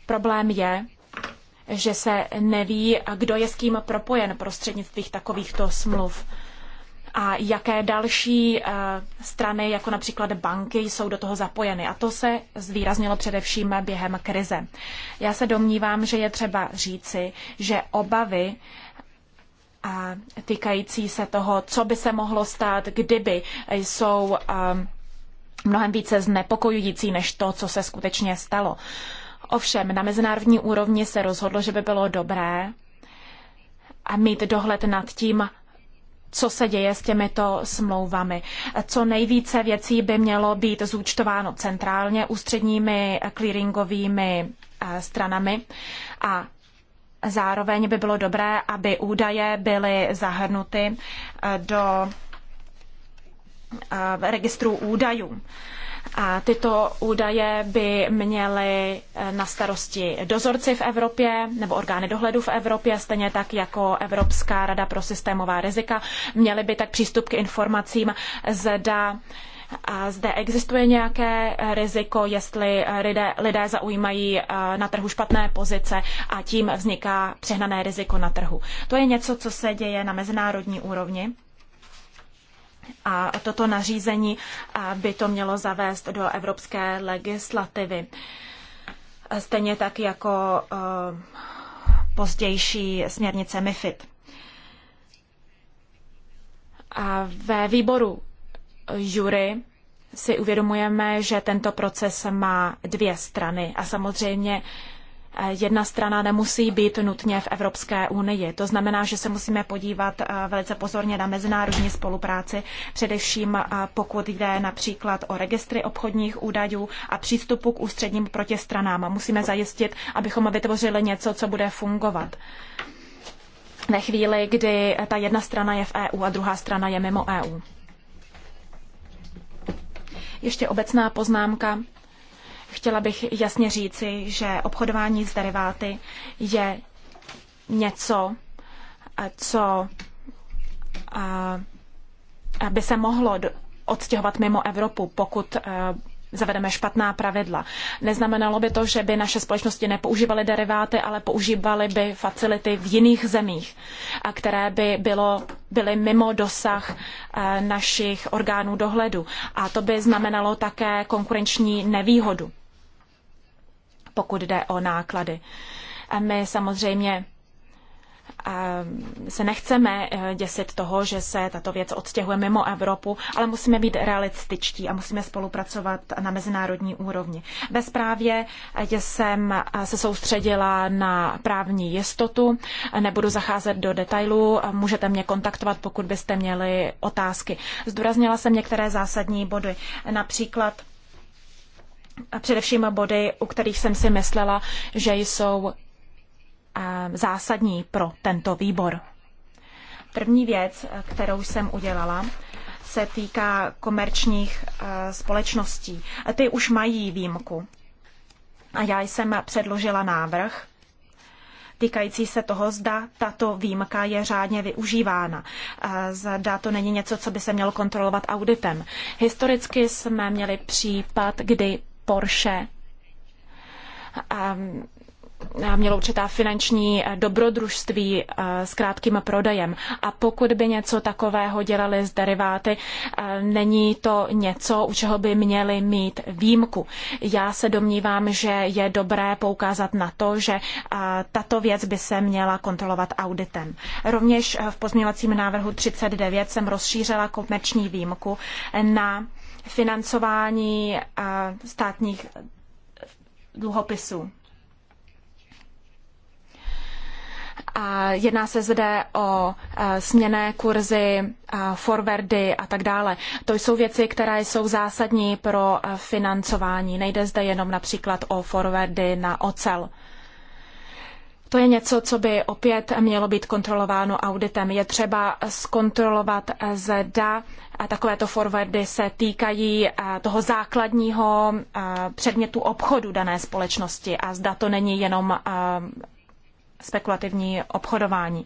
Problém je, že se neví, kdo je s kým propojen prostřednictvím takovýchto smluv a jaké další eh, strany, jako například banky, jsou do toho zapojeny. A to se zvýraznilo především během krize. Já se domnívám, že je třeba říci, že obavy týkající se toho, co by se mohlo stát, kdyby jsou um, mnohem více znepokojující než to, co se skutečně stalo. Ovšem, na mezinárodní úrovni se rozhodlo, že by bylo dobré a mít dohled nad tím, co se děje s těmito smlouvami. Co nejvíce věcí by mělo být zúčtováno centrálně ústředními clearingovými eh, stranami a Zároveň by bylo dobré, aby údaje byly zahrnuty eh, do eh, registru údajů. A tyto údaje by měly eh, na starosti dozorci v Evropě nebo orgány dohledu v Evropě, stejně tak jako Evropská rada pro systémová rizika. Měly by tak přístup k informacím, zda zde existuje nějaké eh, riziko, jestli eh, lidé, lidé zaujímají eh, na trhu špatné pozice a tím vzniká přehnané riziko na trhu. To je něco, co se děje na mezinárodní úrovni. A toto nařízení by to mělo zavést do evropské legislativy. Stejně tak jako pozdější směrnice MIFID. A ve výboru jury si uvědomujeme, že tento proces má dvě strany a samozřejmě eh, jedna strana nemusí být nutně v Evropské unii. To znamená, že se musíme podívat eh, velice pozorně na mezinárodní spolupráci, především eh, pokud jde například o registry obchodních údajů a přístupu k ústředním protistranám. Musíme zajistit, abychom vytvořili něco, co bude fungovat. Ve chvíli, kdy ta jedna strana je v EU a druhá strana je mimo EU. Ještě obecná poznámka. Chtěla bych jasně říci, že obchodování s deriváty je něco, co eh, by se mohlo odstěhovat mimo Evropu, pokud eh, zavedeme špatná pravidla. Neznamenalo by to, že by naše společnosti nepoužívaly deriváty, ale používaly by facility v jiných zemích, a které by bylo, byly mimo dosah eh, našich orgánů dohledu. A to by znamenalo také konkurenční nevýhodu, pokud jde o náklady. My samozřejmě Ehm, se nechceme eh, děsit toho, že se tato věc odstěhuje mimo Evropu, ale musíme být realističtí a musíme spolupracovat na mezinárodní úrovni. Ve zprávě eh, jsem eh, se soustředila na právní jistotu, nebudu zacházet do detailů, můžete mě kontaktovat, pokud byste měli otázky. Zdůraznila jsem některé zásadní body, například a především body, u kterých jsem si myslela, že jsou Eh, zásadní pro tento výbor. První věc, kterou jsem udělala, se týká komerčních eh, společností. Ty už mají výjimku. A já jsem předložila návrh týkající se toho, zda tato výjimka je řádně využívána. Eh, zda to není něco, co by se mělo kontrolovat auditem. Historicky jsme měli případ, kdy Porsche ehm, mělo určitá finanční eh, dobrodružství eh, s krátkým prodejem. A pokud by něco takového dělali s deriváty, eh, není to něco, u čeho by měli mít výjimku. Já se domnívám, že je dobré poukázat na to, že tato věc by se měla kontrolovat auditem. Rovněž v pozměňovacím návrhu 39 jsem rozšířila komerční výjimku na financování státních dluhopisů. Jedná se zde o e, směné kurzy, e, forwardy a tak dále. To jsou věci, které jsou zásadní pro e, financování. Nejde zde jenom například o forwardy na ocel. To je něco, co by opět mělo být kontrolováno auditem. Je třeba zkontrolovat, zda takovéto forwardy se týkají toho základního předmětu obchodu dané společnosti a zda to není jenom spekulativní obchodování.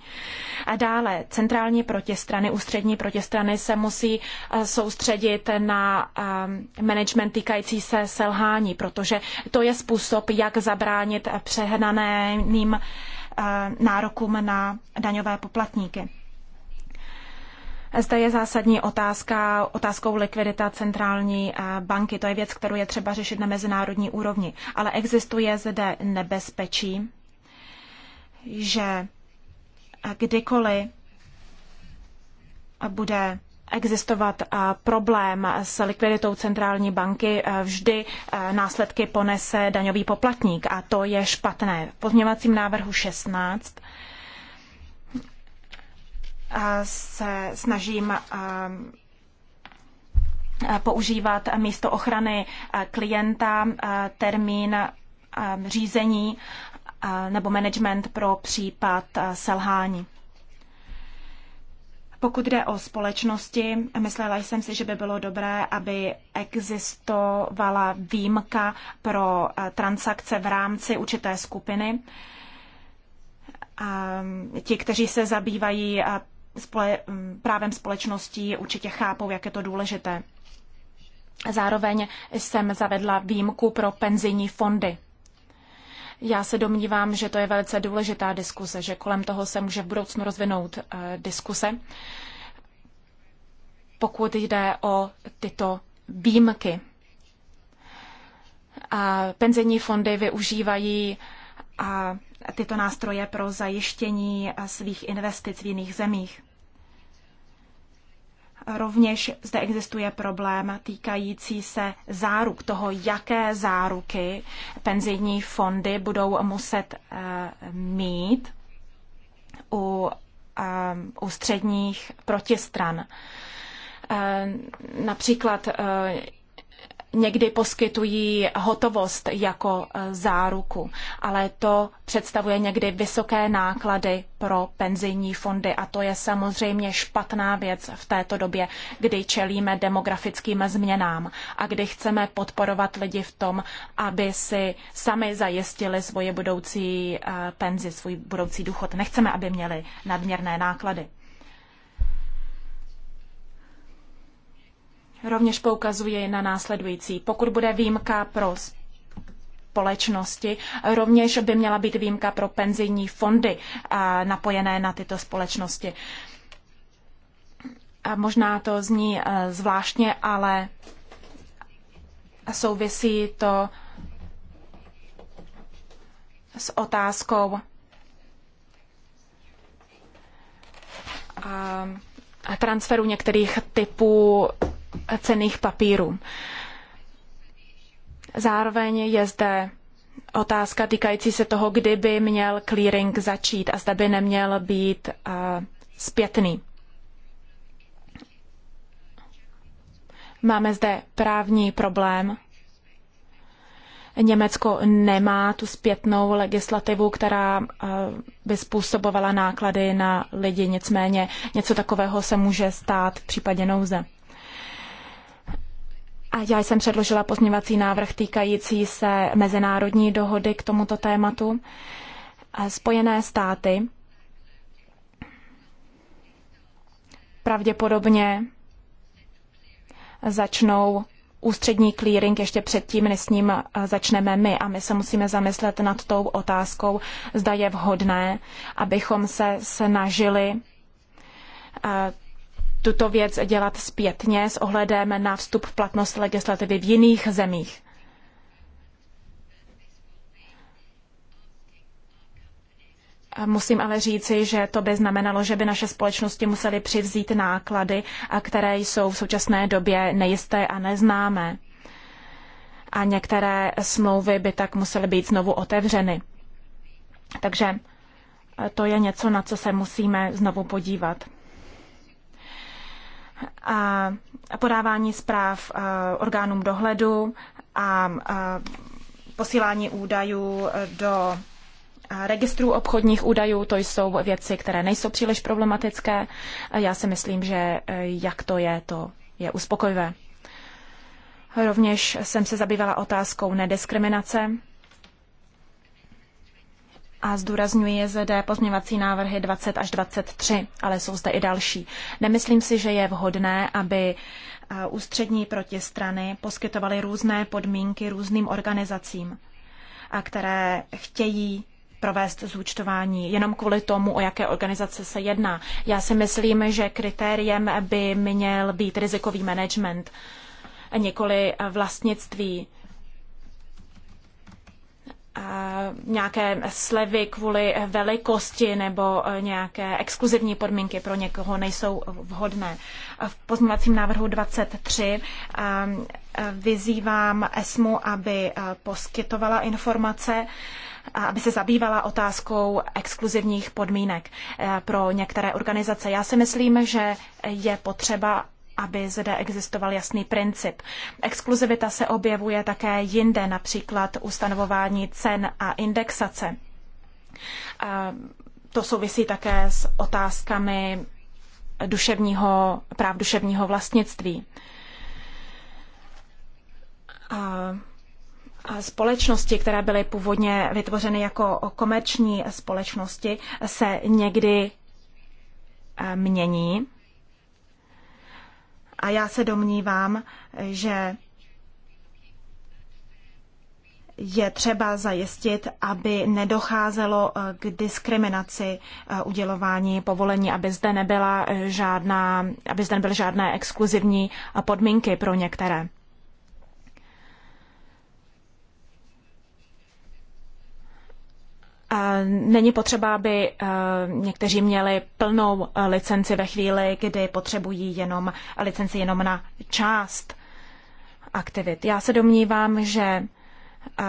A dále centrální protistrany, ústřední protistrany se musí eh, soustředit na eh, management týkající se selhání, protože to je způsob, jak zabránit přehnaným eh, nárokům na daňové poplatníky. Zde je zásadní otázka otázkou likvidita centrální banky. To je věc, kterou je třeba řešit na mezinárodní úrovni. Ale existuje zde nebezpečí, že kdykoliv bude existovat eh, problém s likviditou centrální banky, eh, vždy eh, následky ponese daňový poplatník a to je špatné. V pozměvacím návrhu 16 se snažím používat místo ochrany klienta termín řízení nebo management pro případ selhání. Pokud jde o společnosti, myslela jsem si, že by bylo dobré, aby existovala výjimka pro transakce v rámci určité skupiny. A ti, kteří se zabývají spole- právem společností, určitě chápou, jak je to důležité. Zároveň jsem zavedla výjimku pro penzijní fondy. Já se domnívám, že to je velice důležitá diskuse, že kolem toho se může v budoucnu rozvinout eh, diskuse, pokud jde o tyto výjimky. A penzijní fondy využívají a eh, tyto nástroje pro zajištění eh, svých investic v jiných zemích. Rovněž zde existuje problém týkající se záruk, toho, jaké záruky penzijní fondy budou muset eh, mít u, eh, u středních protistran. Eh, například někdy poskytují hotovost jako e, záruku, ale to představuje někdy vysoké náklady pro penzijní fondy a to je samozřejmě špatná věc v této době, kdy čelíme demografickým změnám a kdy chceme podporovat lidi v tom, aby si sami zajistili svoje budoucí e, penzi, svůj budoucí důchod. Nechceme, aby měli nadměrné náklady. rovněž poukazuje na následující. Pokud bude výjimka pro společnosti, rovněž by měla být výjimka pro penzijní fondy napojené na tyto společnosti. A možná to zní e, zvláštně, ale souvisí to s otázkou transferu některých typů cených papírů. Zároveň je zde otázka týkající se toho, kdy by měl clearing začít a zda by neměl být uh, zpětný. Máme zde právní problém. Německo nemá tu zpětnou legislativu, která eh, by způsobovala náklady na lidi, nicméně něco takového se může stát v případě nouze. A já jsem předložila pozměvací návrh týkající se mezinárodní dohody k tomuto tématu. Spojené státy pravděpodobně začnou ústřední clearing ještě předtím, než s ním eh, začneme my. A my se musíme zamyslet nad tou otázkou, zda je vhodné, abychom se snažili eh, tuto věc dělat zpětně s ohledem na vstup v platnost legislativy v jiných zemích. Musím ale říci, že to by znamenalo, že by naše společnosti musely přivzít náklady, které jsou v současné době nejisté a neznámé. A některé smlouvy by tak musely být znovu otevřeny. Takže to je něco, na co se musíme znovu podívat a podávání zpráv eh, orgánům dohledu a eh, posílání údajů eh, do registrů obchodních údajů, to jsou věci, které nejsou příliš problematické. Já si myslím, že jak to je, to je uspokojivé. Rovněž jsem se zabývala otázkou nediskriminace a zdůrazňuji zde pozměňovací návrhy 20 až 23, ale jsou zde i další. Nemyslím si, že je vhodné, aby eh, ústřední protistrany poskytovaly různé podmínky různým organizacím, a které chtějí provést zúčtování jenom kvůli tomu, o jaké organizace se jedná. Já si myslím, že kritériem by měl být rizikový management, nikoli eh, vlastnictví nějaké slevy kvůli velikosti nebo eh, nějaké exkluzivní podmínky pro někoho nejsou vhodné. V pozměňovacím návrhu 23 eh, eh, vyzývám ESMu, aby poskytovala informace aby se zabývala otázkou exkluzivních podmínek pro některé organizace. Já si myslím, že je potřeba aby zde existoval jasný princip. Exkluzivita se objevuje také jinde, například ustanovování cen a indexace. A to souvisí také s otázkami duševního, práv duševního vlastnictví. A společnosti, které byly původně vytvořeny jako komerční společnosti, se někdy mění a já se domnívám, že je třeba zajistit, aby nedocházelo eh, k diskriminaci eh, udělování povolení, aby zde, nebyla eh, žádná, aby zde nebyly žádné exkluzivní podmínky pro některé. Není potřeba, aby eh, někteří měli plnou eh, licenci ve chvíli, kdy potřebují jenom licenci jenom na část aktivit. Já se domnívám, že eh,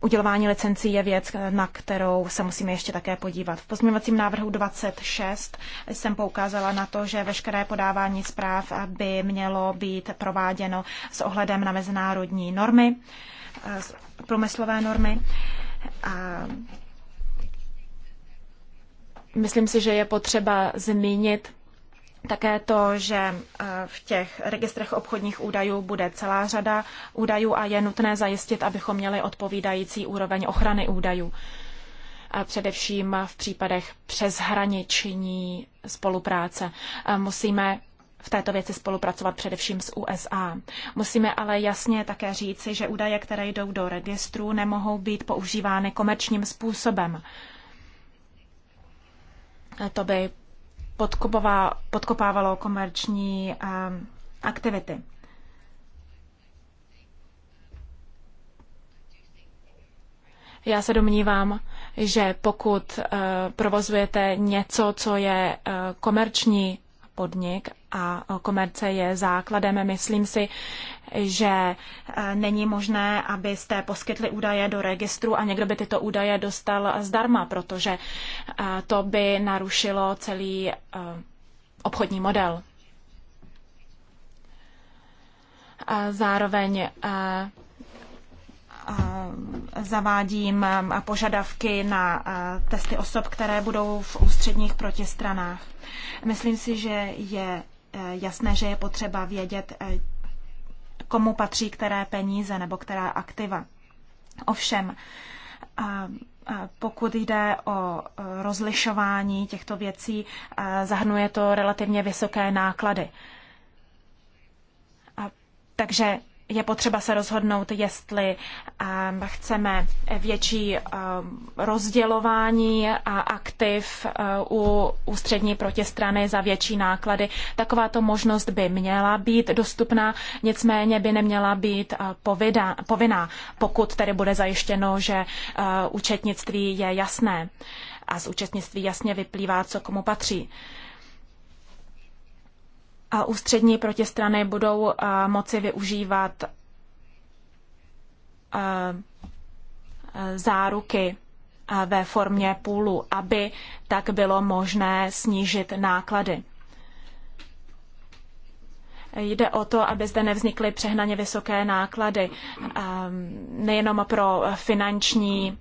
udělování licencí je věc, na kterou se musíme ještě také podívat. V pozměňovacím návrhu 26 jsem poukázala na to, že veškeré podávání zpráv by mělo být prováděno s ohledem na mezinárodní normy, průmyslové normy. A Myslím si, že je potřeba zmínit také to, že eh, v těch registrech obchodních údajů bude celá řada údajů a je nutné zajistit, abychom měli odpovídající úroveň ochrany údajů. A eh, především v případech přeshraniční spolupráce. Eh, musíme v této věci spolupracovat především s USA. Musíme ale jasně také říci, že údaje, které jdou do registru, nemohou být používány komerčním způsobem to by podkopávalo komerční um, aktivity. Já se domnívám, že pokud uh, provozujete něco, co je uh, komerční podnik a komerce je základem. Myslím si, že e, není možné, abyste poskytli údaje do registru a někdo by tyto údaje dostal zdarma, protože e, to by narušilo celý e, obchodní model. Zároveň zavádím požadavky na testy osob, které budou v ústředních protistranách. Myslím si, že je e, jasné, že je potřeba vědět, e, komu patří které peníze nebo která aktiva. Ovšem, pokud jde o rozlišování těchto věcí, e, zahrnuje to relativně vysoké náklady. Takže je potřeba se rozhodnout, jestli ehm, chceme větší ehm, rozdělování a aktiv eh, u ústřední protistrany za větší náklady. Takováto možnost by měla být dostupná, nicméně by neměla být eh, povinná, pokud tedy bude zajištěno, že eh, účetnictví je jasné a z účetnictví jasně vyplývá, co komu patří a ústřední protistrany budou a, eh, moci využívat a, eh, a, eh, záruky ve formě půlu, aby tak bylo možné snížit náklady. Jde o to, aby zde nevznikly přehnaně vysoké náklady ehm, nejenom pro finanční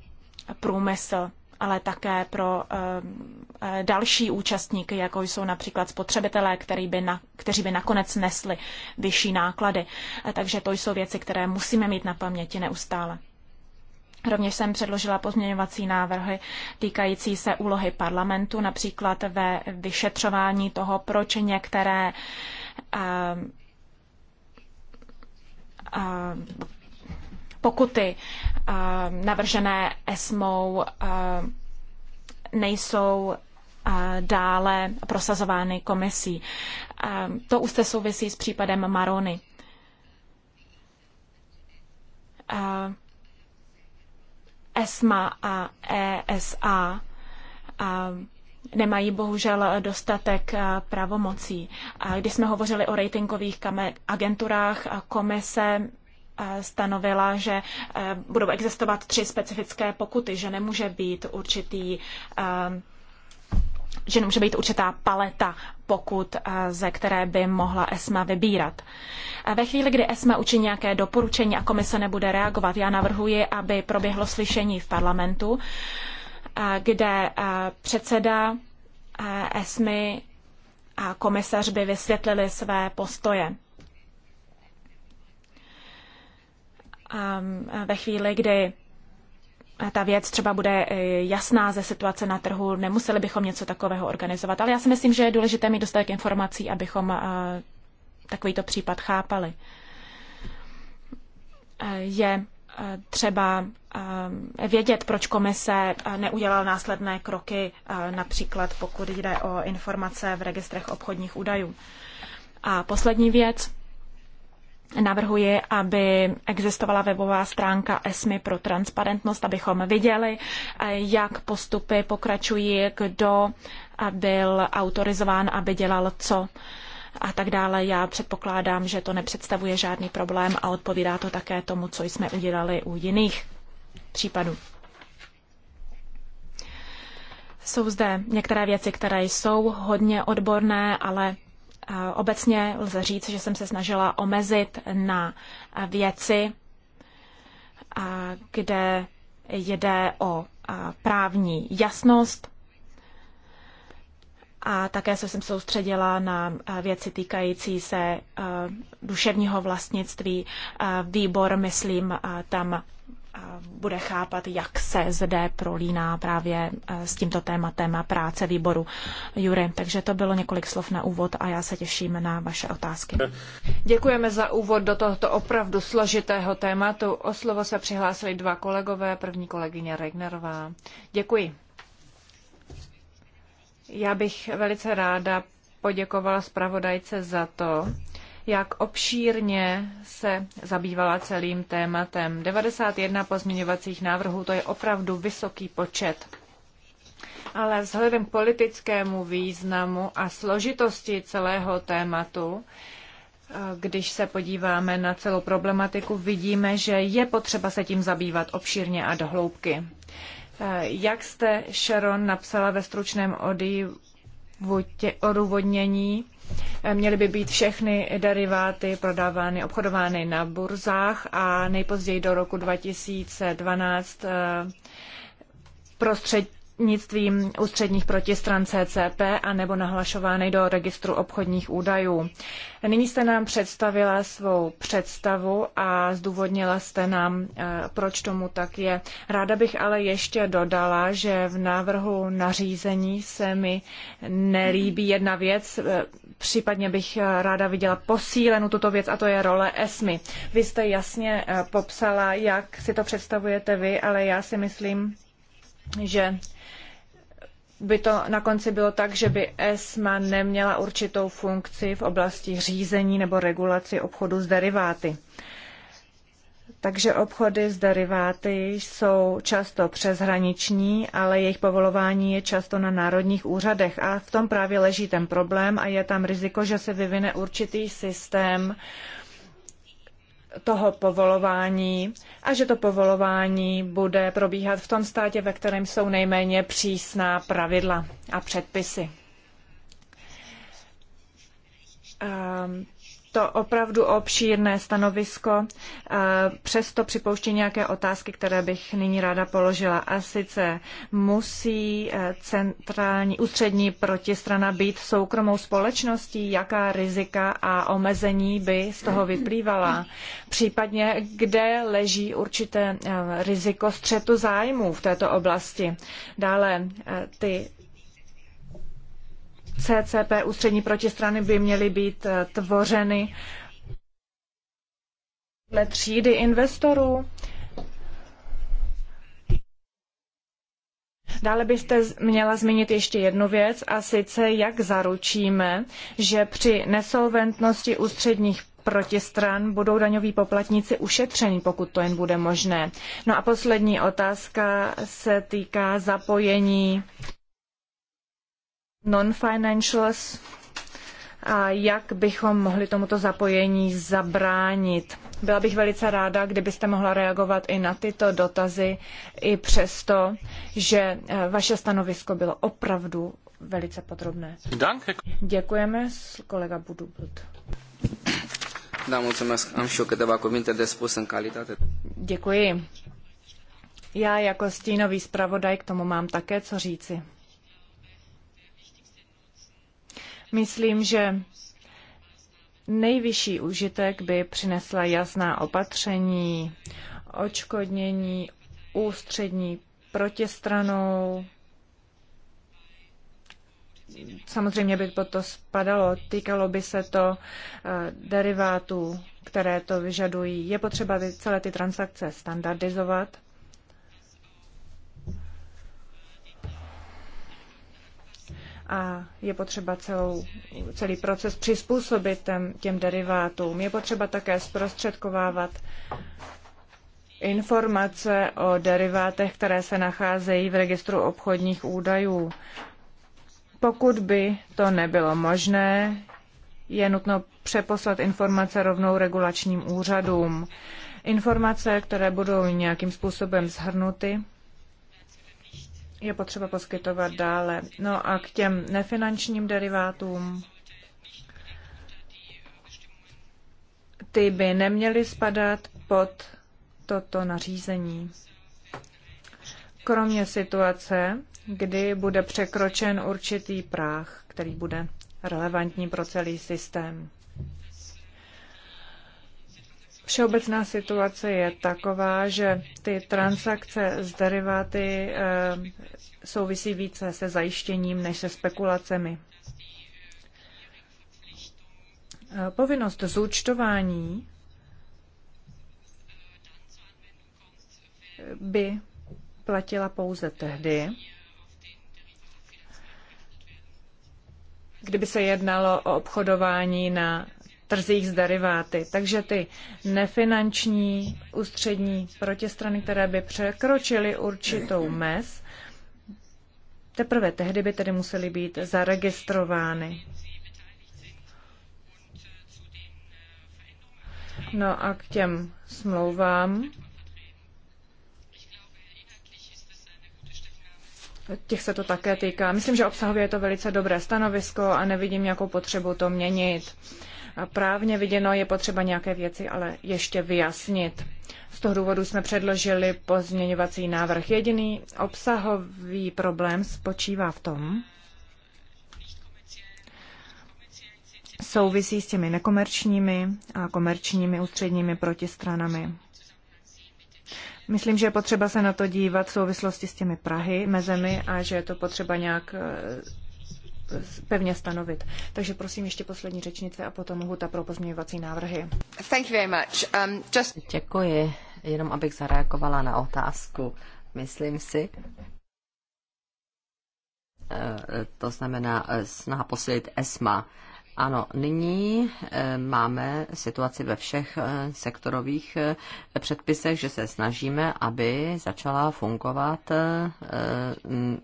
průmysl, ale také pro ehm, Eh, další účastníky, jako jsou například spotřebitelé, který by na, kteří by nakonec nesli vyšší náklady. Eh, takže to jsou věci, které musíme mít na paměti neustále. Rovněž jsem předložila pozměňovací návrhy týkající se úlohy parlamentu, například ve vyšetřování toho, proč některé uh, uh, pokuty uh, navržené ESMou nejsou dále prosazovány komisí. To už se souvisí s případem Marony. ESMA a ESA nemají bohužel dostatek pravomocí. Když jsme hovořili o ratingových agenturách, komise stanovila, že budou existovat tři specifické pokuty, že nemůže být určitý že může být určitá paleta pokud eh, ze které by mohla ESMA vybírat. Eh, ve chvíli, kdy ESMA učiní nějaké doporučení a komise nebude reagovat, já navrhuji, aby proběhlo slyšení v parlamentu, eh, kde předseda ESMA a komisař by vysvětlili své postoje. Ehm, ve chvíli, kdy ta věc třeba bude e, jasná ze situace na trhu, nemuseli bychom něco takového organizovat. Ale já si myslím, že je důležité mít dostatek informací, abychom e, takovýto případ chápali. E, je třeba vědět, proč komise neudělal následné kroky, například pokud jde o informace v registrech obchodních údajů. A poslední věc, Navrhuji, aby existovala webová stránka ESMI pro transparentnost, abychom viděli, eh, jak postupy pokračují, kdo eh, byl autorizován, aby dělal co a tak dále. Já předpokládám, že to nepředstavuje žádný problém a odpovídá to také tomu, co jsme udělali u jiných případů. Jsou zde některé věci, které jsou hodně odborné, ale Obecně lze říct, že jsem se snažila omezit na věci, kde jde o právní jasnost. A také se jsem soustředila na věci týkající se duševního vlastnictví. Výbor, myslím, tam bude chápat, jak se zde prolíná právě eh, s tímto tématem a práce výboru Jury. Takže to bylo několik slov na úvod a já se těším na vaše otázky. Děkujeme za úvod do tohoto opravdu složitého tématu. O slovo se přihlásili dva kolegové, první kolegyně Regnerová. Děkuji. Já bych velice ráda poděkovala zpravodajce za to, jak obšírně se zabývala celým tématem. 91 pozměňovacích návrhů, to je opravdu vysoký počet. Ale vzhledem k politickému významu a složitosti celého tématu, když se podíváme na celou problematiku, vidíme, že je potřeba se tím zabývat obšírně a dohloubky. Jak jste, Sharon, napsala ve stručném odůvodnění, Měly by být všechny deriváty prodávány, obchodovány na burzách a nejpozději do roku 2012 eh, prostřed, prostřednictvím ústředních protistran CCP a nebo nahlašovány do registru obchodních údajů. Nyní jste nám představila svou představu a zdůvodnila jste nám, eh, proč tomu tak je. Ráda bych ale ještě dodala, že v návrhu nařízení se mi nelíbí jedna věc, eh, případně bych eh, ráda viděla posílenou tuto věc a to je role ESMI. Vy jste jasně popsala, jak si to představujete vy, ale já si myslím, že by to na konci bylo tak, že by ESMA neměla určitou funkci v oblasti řízení nebo regulaci obchodu s deriváty. Takže obchody s deriváty jsou často přeshraniční, ale jejich povolování je často na národních úřadech a v tom právě leží ten problém a je tam riziko, že se vyvine určitý systém uh, toho povolování a že to povolování bude probíhat v tom státě, ve kterém jsou nejméně přísná pravidla a předpisy. Ehm, to opravdu obšírné stanovisko, přesto připouští nějaké otázky, které bych nyní ráda položila. A sice musí e, centrální ústřední protistrana být soukromou společností, jaká rizika a omezení by z toho vyplývala, případně kde leží určité e, riziko střetu zájmů v této oblasti. Dále e, ty CCP ústřední protistrany by měly být eh, tvořeny podle třídy investorů. Dále byste měla zmínit ještě jednu věc, a sice jak zaručíme, že při nesolventnosti ústředních protistran budou daňoví poplatníci ušetřeni, pokud to jen bude možné. No a poslední otázka se týká zapojení non-financials a jak bychom mohli tomuto zapojení zabránit. Byla bych velice ráda, kdybyste mohla reagovat i na tyto dotazy, i přesto, že eh, vaše stanovisko bylo opravdu velice podrobné. Danke. Děkujeme, kolega Budublut. Da, mulțumesc. Am și eu câteva cuvinte de spus în calitate. Děkuji. Já jako stínový zpravodaj k tomu mám také co říci. Myslím, že nejvyšší užitek by přinesla jasná opatření, očkodnění ústřední protistranou. Samozřejmě by pod to spadalo, týkalo by se to eh, derivátů, které to vyžadují. Je potřeba celé ty transakce standardizovat a je potřeba celou, celý proces přizpůsobit těm derivátům. Je potřeba také zprostředkovávat informace o derivátech, které se nacházejí v registru obchodních údajů. Pokud by to nebylo možné, je nutno přeposlat informace rovnou regulačním úřadům. Informace, které budou nějakým způsobem zhrnuty, je potřeba poskytovat dále. No a k těm nefinančním derivátům, ty by neměly spadat pod toto nařízení. Kromě situace, kdy bude překročen určitý práh, který bude relevantní pro celý systém. Všeobecná situace je taková, že ty transakce s deriváty eh, souvisí více se zajištěním než se spekulacemi. Eh, povinnost zúčtování by platila pouze tehdy, kdyby se jednalo o obchodování na trzích s deriváty. Takže ty nefinanční ústřední protistrany, které by překročily určitou mez, teprve tehdy by tedy musely být zaregistrovány. No a k těm smlouvám. Těch se to také týká. Myslím, že obsahově je to velice dobré stanovisko a nevidím nějakou potřebu to měnit. Právně viděno je potřeba nějaké věci ale ještě vyjasnit. Z toho důvodu jsme předložili pozměňovací návrh. Jediný obsahový problém spočívá v tom, souvisí s těmi nekomerčními a komerčními ústředními protistranami. Myslím, že je potřeba se na to dívat v souvislosti s těmi Prahy, mezemi a že je to potřeba nějak eh, pevně stanovit. Takže prosím ještě poslední řečnice a potom lhuta pro pozměňovací návrhy. Thank you very much. Um, just... Děkuji. Jenom abych zareagovala na otázku. Myslím si, eh, to znamená eh, snaha posilit ESMA. Ano, nyní eh, máme situaci ve všech sektorových předpisech, že se snažíme, aby začala fungovat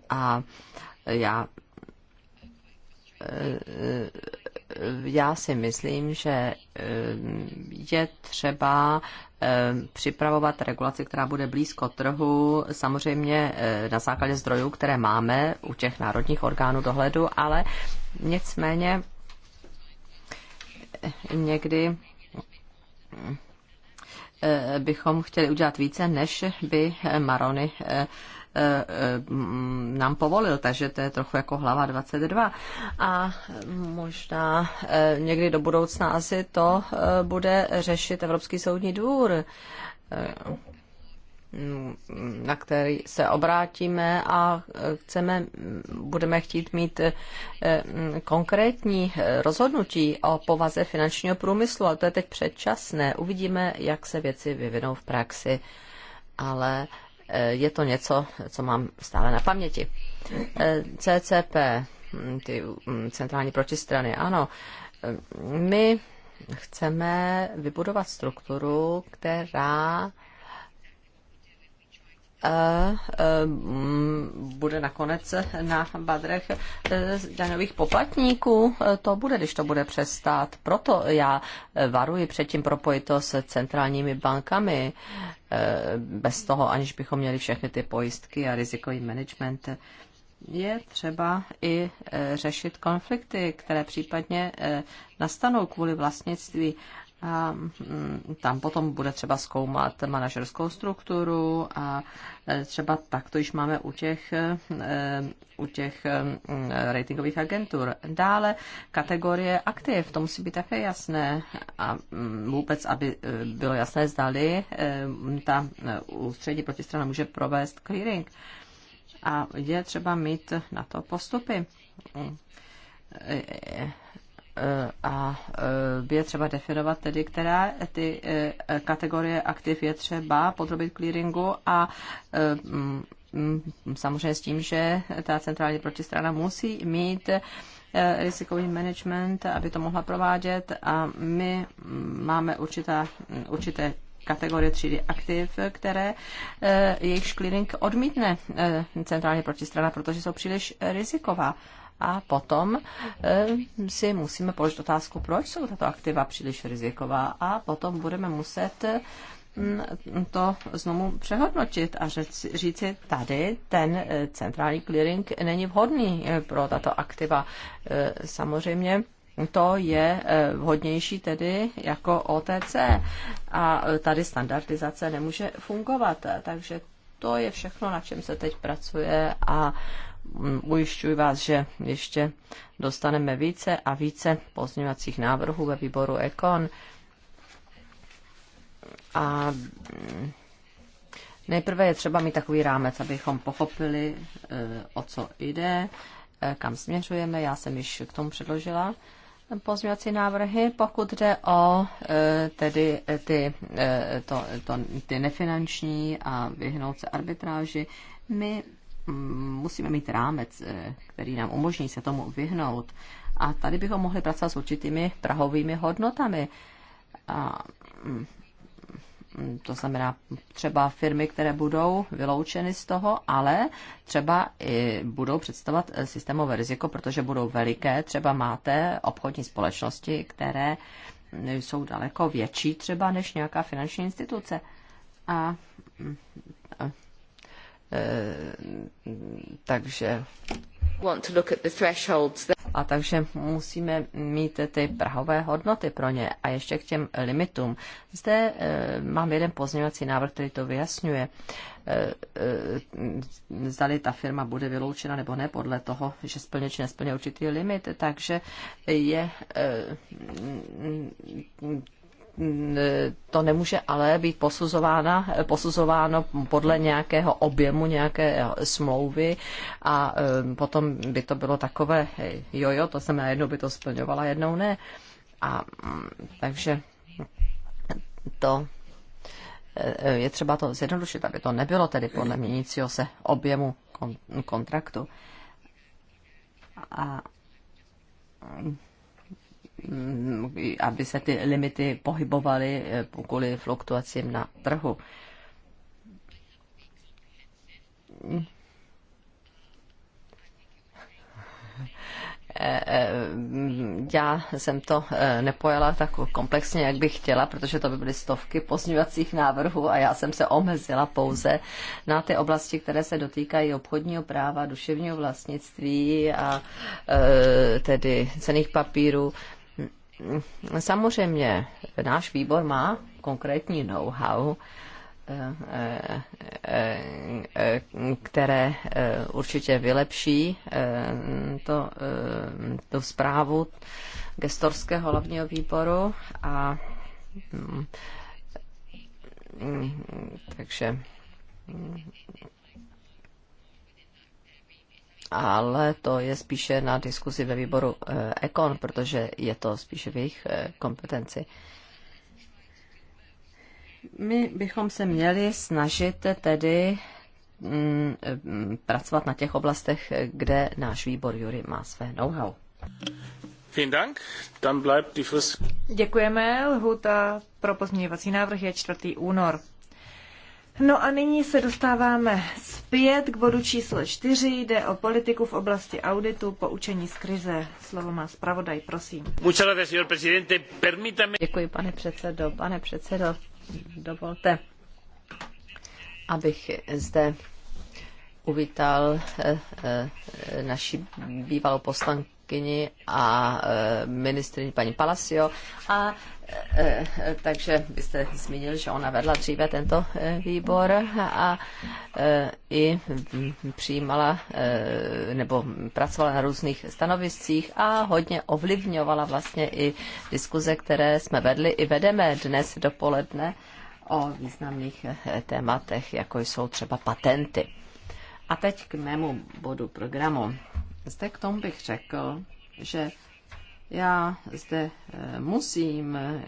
a já já si myslím, že eh, je třeba eh, připravovat regulaci, která bude blízko trhu, samozřejmě eh, na základě zdrojů, které máme u těch národních orgánů dohledu, ale nicméně někdy bychom chtěli udělat více, než by Marony Eh, nám povolil, takže to je trochu jako hlava 22. A možná eh, někdy do budoucna asi to eh, bude řešit Evropský soudní dvůr na který se obrátíme a chceme, budeme chtít mít konkrétní rozhodnutí o povaze finančního průmyslu, ale to je teď předčasné. Uvidíme, jak se věci vyvinou v praxi. Ale Eh, je to něco, co mám stále na paměti. Eh, CCP, hm, ty hm, centrální protistrany, ano, eh, my chceme vybudovat strukturu, která E, bude nakonec na badrech e, daňových poplatníků. E, to bude, když to bude přestát. Proto já varuji předtím propojit to s centrálními bankami bez toho, aniž bychom měli všechny ty pojistky a rizikový management je třeba i řešit konflikty, které případně nastanou kvůli vlastnictví a mm, tam potom bude třeba zkoumat manažerskou strukturu a e, třeba tak to již máme u těch, e, u těch e, mm, ratingových agentur. Dále kategorie aktiv, to musí být také jasné a mm, vůbec, aby bylo jasné, zdali ta ústřední protistrana může provést clearing. A je třeba mít na to postupy a je třeba definovat tedy, která ty e, kategorie aktiv je třeba podrobit clearingu a e, mm, samozřejmě s tím, že ta centrální protistrana musí mít e, rizikový management, aby to mohla provádět a my máme určitá, určité kategorie třídy aktiv, které jejich clearing odmítne centrálně protistrana, protože jsou příliš riziková. A potom eh, si musíme položit otázku, proč jsou tato aktiva příliš riziková a potom budeme muset mm, to znovu přehodnotit a říci, tady ten eh, centrální clearing není vhodný eh, pro tato aktiva. Samozřejmě to je vhodnější tedy jako OTC a tady standardizace nemůže fungovat, takže to je všechno, na čem se teď pracuje a ujišťuji vás, že ještě dostaneme více a více pozměňovacích návrhů ve výboru Ekon. A mm, nejprve je třeba mít takový rámec, abychom pochopili, e, o co jde, e, kam směřujeme. Já jsem již k tomu předložila pozměňovací návrhy, pokud jde o e, tedy ty, to, to, ty nefinanční a vyhnout se arbitráži. My Mm, musíme mít rámec, eh, který nám umožní se tomu vyhnout. A tady bychom mohli pracovat s určitými prahovými hodnotami. A, mm, to znamená třeba firmy, které budou vyloučeny z toho, ale třeba i budou představovat eh, systémové riziko, protože budou veliké. Třeba máte obchodní společnosti, které jsou daleko větší třeba než nějaká finanční instituce. A mm, Eh, takže a takže musíme mít ty prahové hodnoty pro ně. A ještě k těm limitům. Zde e, mám jeden pozměňovací návrh, který to vyjasňuje. E, e, zdali ta firma bude vyloučena nebo ne podle toho, že splně či nesplně určitý limit. Takže je to nemůže ale být posuzována, posuzováno podle nějakého objemu, nějaké smlouvy a potom by to bylo takové jojo, to znamená jednou by to splňovala, jednou ne. A mm, takže to eh, je třeba to zjednodušit, aby to nebylo tedy podle měnícího se objemu kontraktu. A mm, Mm, aby se ty limity pohybovaly eh, kvůli fluktuacím na trhu. Eh, eh, já jsem to nepojala tak komplexně, jak bych chtěla, protože to by byly stovky pozňovacích návrhů a já jsem se omezila pouze na ty oblasti, které se dotýkají obchodního práva, duševního vlastnictví a tedy cených papírů samozřejmě náš výbor má konkrétní know-how, eh, eh, eh, které určitě vylepší to, tu zprávu gestorského hlavního výboru a mm, mm, takže mm, ale to je spíše na diskuzi ve výboru Ekon, eh, protože je to spíše v jejich eh, kompetenci. My bychom se měli snažit tedy mm, mm, pracovat na těch oblastech, kde náš výbor Jury má své know-how. Děkujeme. Lhuta pro pozměňovací návrh je 4. únor. No a nyní se dostáváme zpět k bodu číslo čtyři. Jde o politiku v oblasti auditu, učení z krize. Slovo má zpravodaj, prosím. Děkuji, pane předsedo. Pane předsedo, dovolte, abych zde uvítal eh, eh, naši bývalou poslanku předsedkyni a e, ministrině paní Palacio. A e, e, takže byste zmínil, že ona vedla dříve tento výbor a i přijímala nebo pracovala na různých stanoviscích a hodně ovlivňovala vlastně i diskuze, které jsme vedli i vedeme dnes dopoledne o významných tématech, jako jsou třeba patenty. A teď k mému bodu programu. Zde k tomu bych řekl, že já zde eh, musím eh,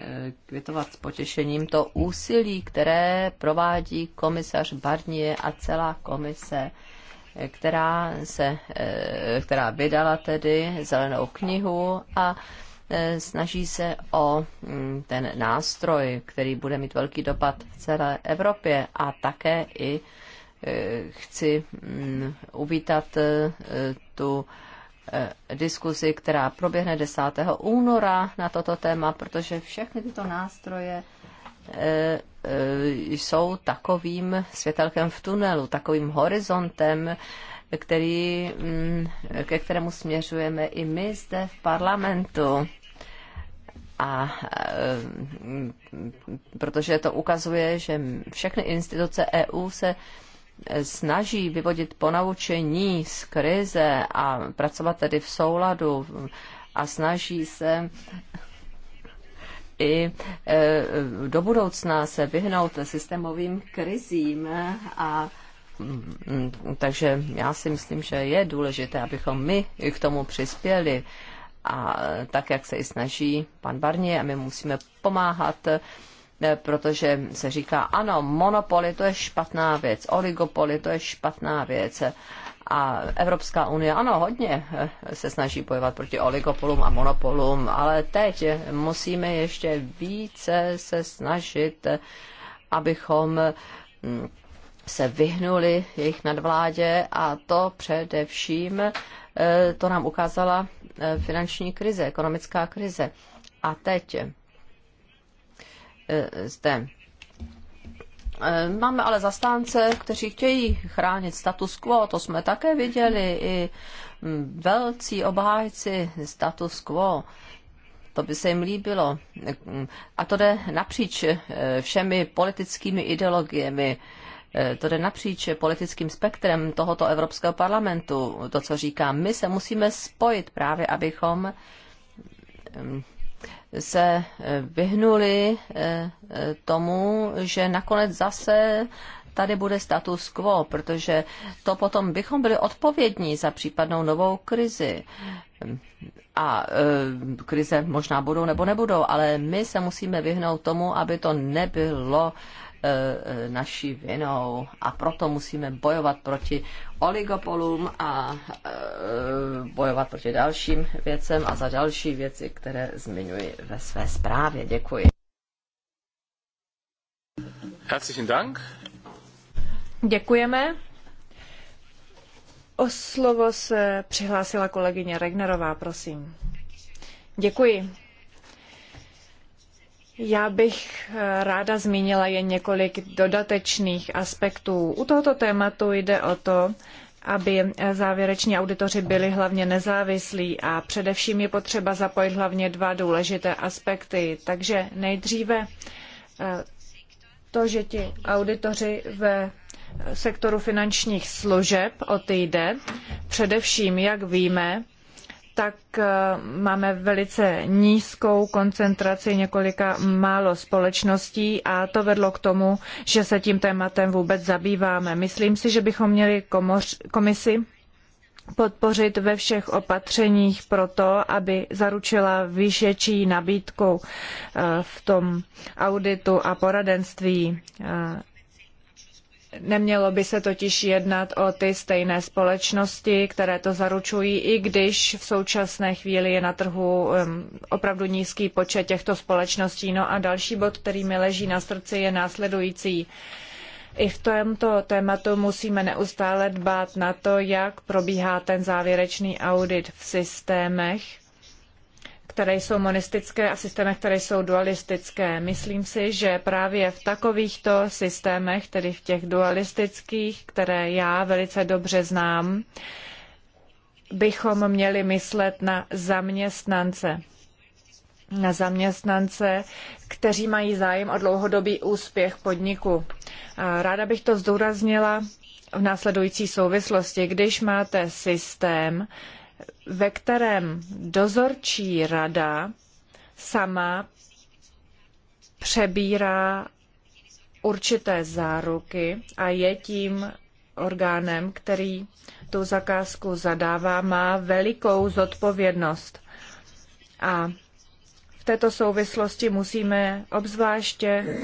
kvitovat s potěšením to úsilí, které provádí komisař Barnier a celá komise, eh, která, se, která vydala tedy zelenou knihu a snaží se o mm, ten nástroj, který bude mít velký dopad v celé Evropě a také i chci mm, uvítat eh, tu eh, diskuzi, která proběhne 10. února na toto téma, protože všechny tyto nástroje eh, jsou takovým světelkem v tunelu, takovým horizontem, který, mm, ke kterému směřujeme i my zde v parlamentu. A protože to ukazuje, že všechny instituce EU se snaží vyvodit ponaučení z krize a pracovat tedy v souladu a snaží se i e, do budoucna se vyhnout systémovým krizím a mm, takže já si myslím, že je důležité, abychom my k tomu přispěli a tak, jak se i snaží pan Barnier, a my musíme pomáhat Eh, protože se říká, ano, monopoly to je špatná věc, oligopoly to je špatná věc. A Evropská unie, ano, hodně eh, se snaží bojovat proti oligopolům a monopolům, ale teď musíme ještě více se snažit, eh, abychom hm, se vyhnuli jejich nadvládě a to především to nám ukázala finanční krize, ekonomická krize. A teď Eh, zde. Eh, máme ale zastánce, kteří chtějí chránit status quo, to jsme také viděli, i hm, velcí obhájci status quo. To by se jim líbilo. A to jde napříč eh, všemi politickými ideologiemi. To jde napříč politickým spektrem tohoto Evropského parlamentu. To, co říkám, my se musíme spojit právě, abychom hm, se eh, vyhnuli eh, eh, tomu, že nakonec zase tady bude status quo, protože to potom bychom byli odpovědní za případnou novou krizi. A e, krize možná budou nebo nebudou, ale my se musíme vyhnout tomu, aby to nebylo e, E, e, naší vinou a proto musíme bojovat proti oligopolům a e, bojovat proti dalším věcem a za další věci, které zmiňuji ve své zprávě. Děkuji. Herzlichen Dank. Děkujeme. O slovo se přihlásila kolegyně Regnerová, prosím. Děkuji. Já bych eh, ráda zmínila jen několik dodatečných aspektů. U tohoto tématu jde o to, aby eh, závěreční auditoři byli hlavně nezávislí a především je potřeba zapojit hlavně dva důležité aspekty. Takže nejdříve eh, to, že ti auditoři ve sektoru finančních služeb, o ty jde, především, jak víme, tak eh, máme velice nízkou koncentraci několika málo společností a to vedlo k tomu, že se tím tématem vůbec zabýváme. Myslím si, že bychom měli komoř, komisi podpořit ve všech opatřeních pro to, aby zaručila vyšší nabídku eh, v tom auditu a poradenství eh, Nemělo by se totiž jednat o ty stejné společnosti, které to zaručují, i když v současné chvíli je na trhu opravdu nízký počet těchto společností. No a další bod, který mi leží na srdci, je následující. I v tomto tématu musíme neustále dbát na to, jak probíhá ten závěrečný audit v systémech, které jsou monistické a systémy, které jsou dualistické. Myslím si, že právě v takovýchto systémech, tedy v těch dualistických, které já velice dobře znám, bychom měli myslet na zaměstnance. Na zaměstnance, kteří mají zájem o dlouhodobý úspěch podniku. Ráda bych to zdůraznila v následující souvislosti. Když máte systém, ve kterém dozorčí rada sama přebírá určité záruky a je tím orgánem, který tu zakázku zadává, má velikou zodpovědnost. A v této souvislosti musíme obzvláště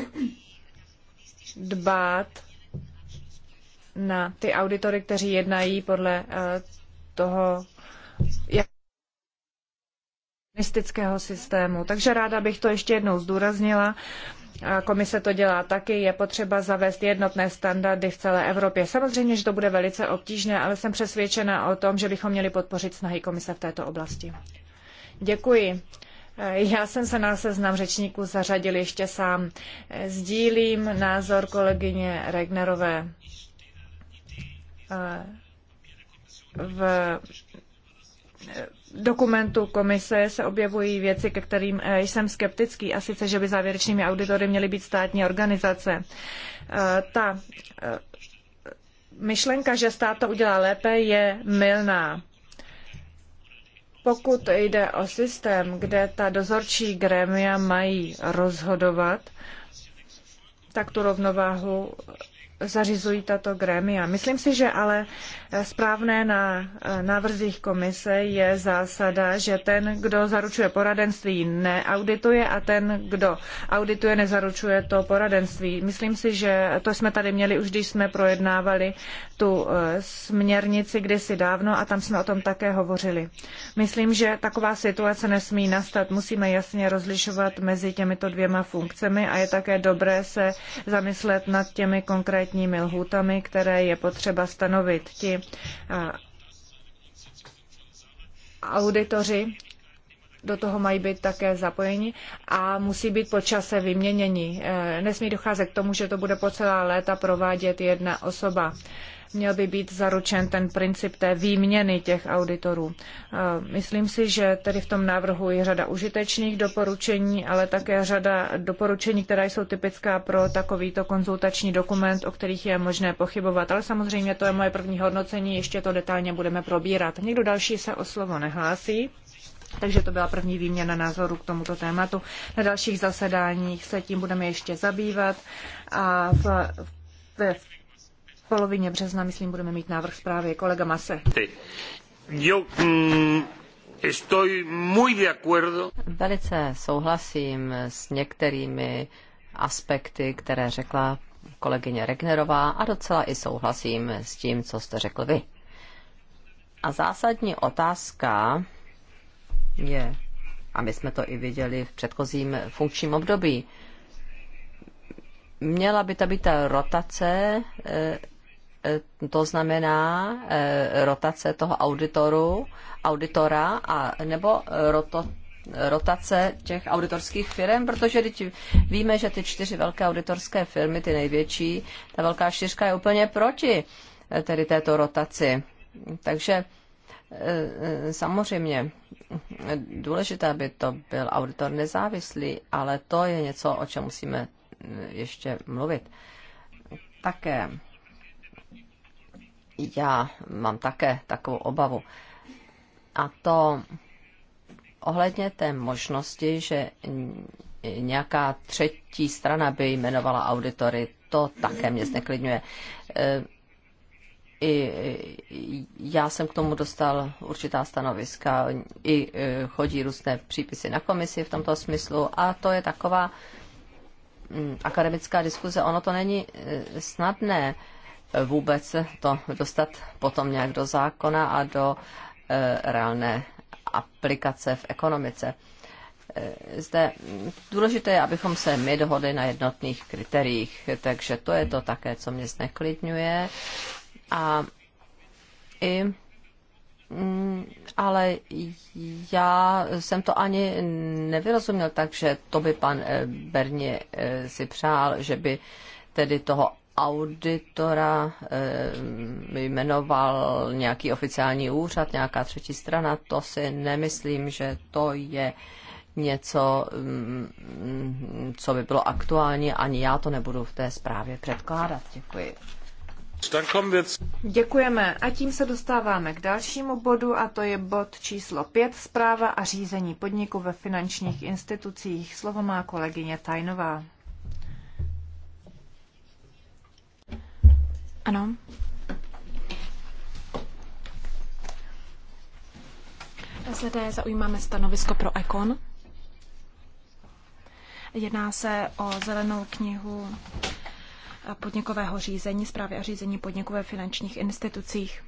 dbát na ty auditory, kteří jednají podle eh, toho komunistického systému. Takže ráda bych to ještě jednou zdůraznila. A komise to dělá taky, je potřeba zavést jednotné standardy v celé Evropě. Samozřejmě, že to bude velice obtížné, ale jsem přesvědčena o tom, že bychom měli podpořit snahy komise v této oblasti. Děkuji. Já jsem se na seznam řečníků zařadil ještě sám. Sdílím názor kolegyně Regnerové. V dokumentu komise se objevují věci, ke kterým eh, jsem skeptický, a sice, že by závěrečnými auditory měly být státní organizace. Eh, ta eh, myšlenka, že stát to udělá lépe, je mylná. Pokud jde o systém, kde ta dozorčí grémia mají rozhodovat, tak tu rovnováhu zařizují tato grémia. Myslím si, že ale správné na eh, návrzích komise je zásada, že ten, kdo zaručuje poradenství, neaudituje a ten, kdo audituje, nezaručuje to poradenství. Myslím si, že to jsme tady měli už, když jsme projednávali tu eh, směrnici kdysi dávno a tam jsme o tom také hovořili. Myslím, že taková situace nesmí nastat. Musíme jasně rozlišovat mezi těmito dvěma funkcemi a je také dobré se zamyslet nad těmi konkrétními lhůtami, které je potřeba stanovit. Ti eh, auditoři do toho mají být také zapojeni a musí být po čase vyměněni. Eh, nesmí docházet k tomu, že to bude po celá léta provádět jedna osoba měl by být zaručen ten princip té výměny těch auditorů. E, myslím si, že tedy v tom návrhu je řada užitečných doporučení, ale také řada doporučení, která jsou typická pro takovýto konzultační dokument, o kterých je možné pochybovat. Ale samozřejmě to je moje první hodnocení, ještě to detailně budeme probírat. Někdo další se o slovo nehlásí. Takže to byla první výměna názorů k tomuto tématu. Na dalších zasedáních se tím budeme ještě zabývat a v, v, v polovině března, myslím, budeme mít návrh zprávy. Kolega Mase. Yo, mm, estoy muy de acuerdo. Velice souhlasím s některými aspekty, které řekla kolegyně Regnerová a docela i souhlasím s tím, co jste řekl vy. A zásadní otázka je, a my jsme to i viděli v předchozím funkčním období, měla by ta být ta rotace eh, Eh, to znamená eh, rotace toho auditoru, auditora a nebo eh, roto, rotace těch auditorských firm, protože teď víme, že ty čtyři velké auditorské firmy, ty největší, ta velká čtyřka je úplně proti tedy této rotaci. Takže samozřejmě důležité, aby to byl auditor nezávislý, ale to je něco, o čem musíme ještě mluvit. Také já mám také takovou obavu. A to ohledně té možnosti, že nějaká třetí strana by jmenovala auditory, to také mě zneklidňuje. E, I já jsem k tomu dostal určitá stanoviska, i e, chodí různé přípisy na komisi v tomto smyslu a to je taková mm, akademická diskuze. Ono to není e, snadné vůbec to dostat potom nějak do zákona a do eh, reálné aplikace v ekonomice. Eh, zde důležité je, abychom se my dohodli na jednotných kritériích, takže to je to také, co mě zneklidňuje. A i mm, ale já jsem to ani nevyrozuměl, takže to by pan eh, Berně si přál, že by tedy toho auditora eh, jmenoval nějaký oficiální úřad, nějaká třetí strana, to si nemyslím, že to je něco, mm, co by bylo aktuální, ani já to nebudu v té zprávě předkládat. Děkuji. Děkujeme a tím se dostáváme k dalšímu bodu a to je bod číslo 5, zpráva a řízení podniku ve finančních institucích. Slovo má kolegyně Tajnová. Ano. SED zaujímáme stanovisko pro Ekon. Jedná se o zelenou knihu podnikového řízení, zprávy a řízení podniků ve finančních institucích.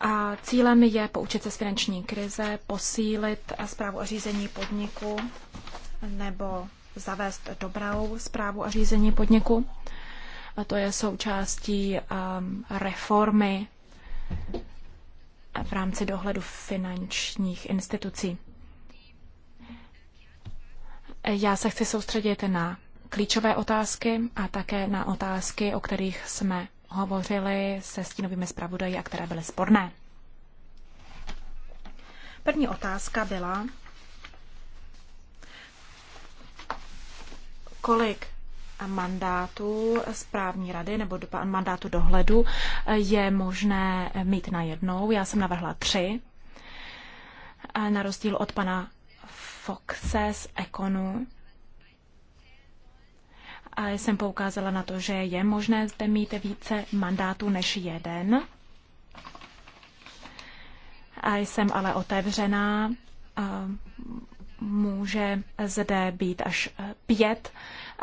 A cílem je poučit se z finanční krize, posílit zprávu a řízení podniku nebo zavést dobrou zprávu a řízení podniku a to je součástí um, reformy v rámci dohledu finančních institucí. Já se chci soustředit na klíčové otázky a také na otázky, o kterých jsme hovořili se stínovými zpravodaji a které byly sporné. První otázka byla, kolik mandátu správní rady nebo do, mandátu dohledu eh, je možné mít na jednou. Já jsem navrhla tři, eh, na rozdíl od pana Foxe z Econu. A jsem poukázala na to, že je možné zde mít více mandátů než jeden. A jsem ale otevřená. Eh, může zde být až pět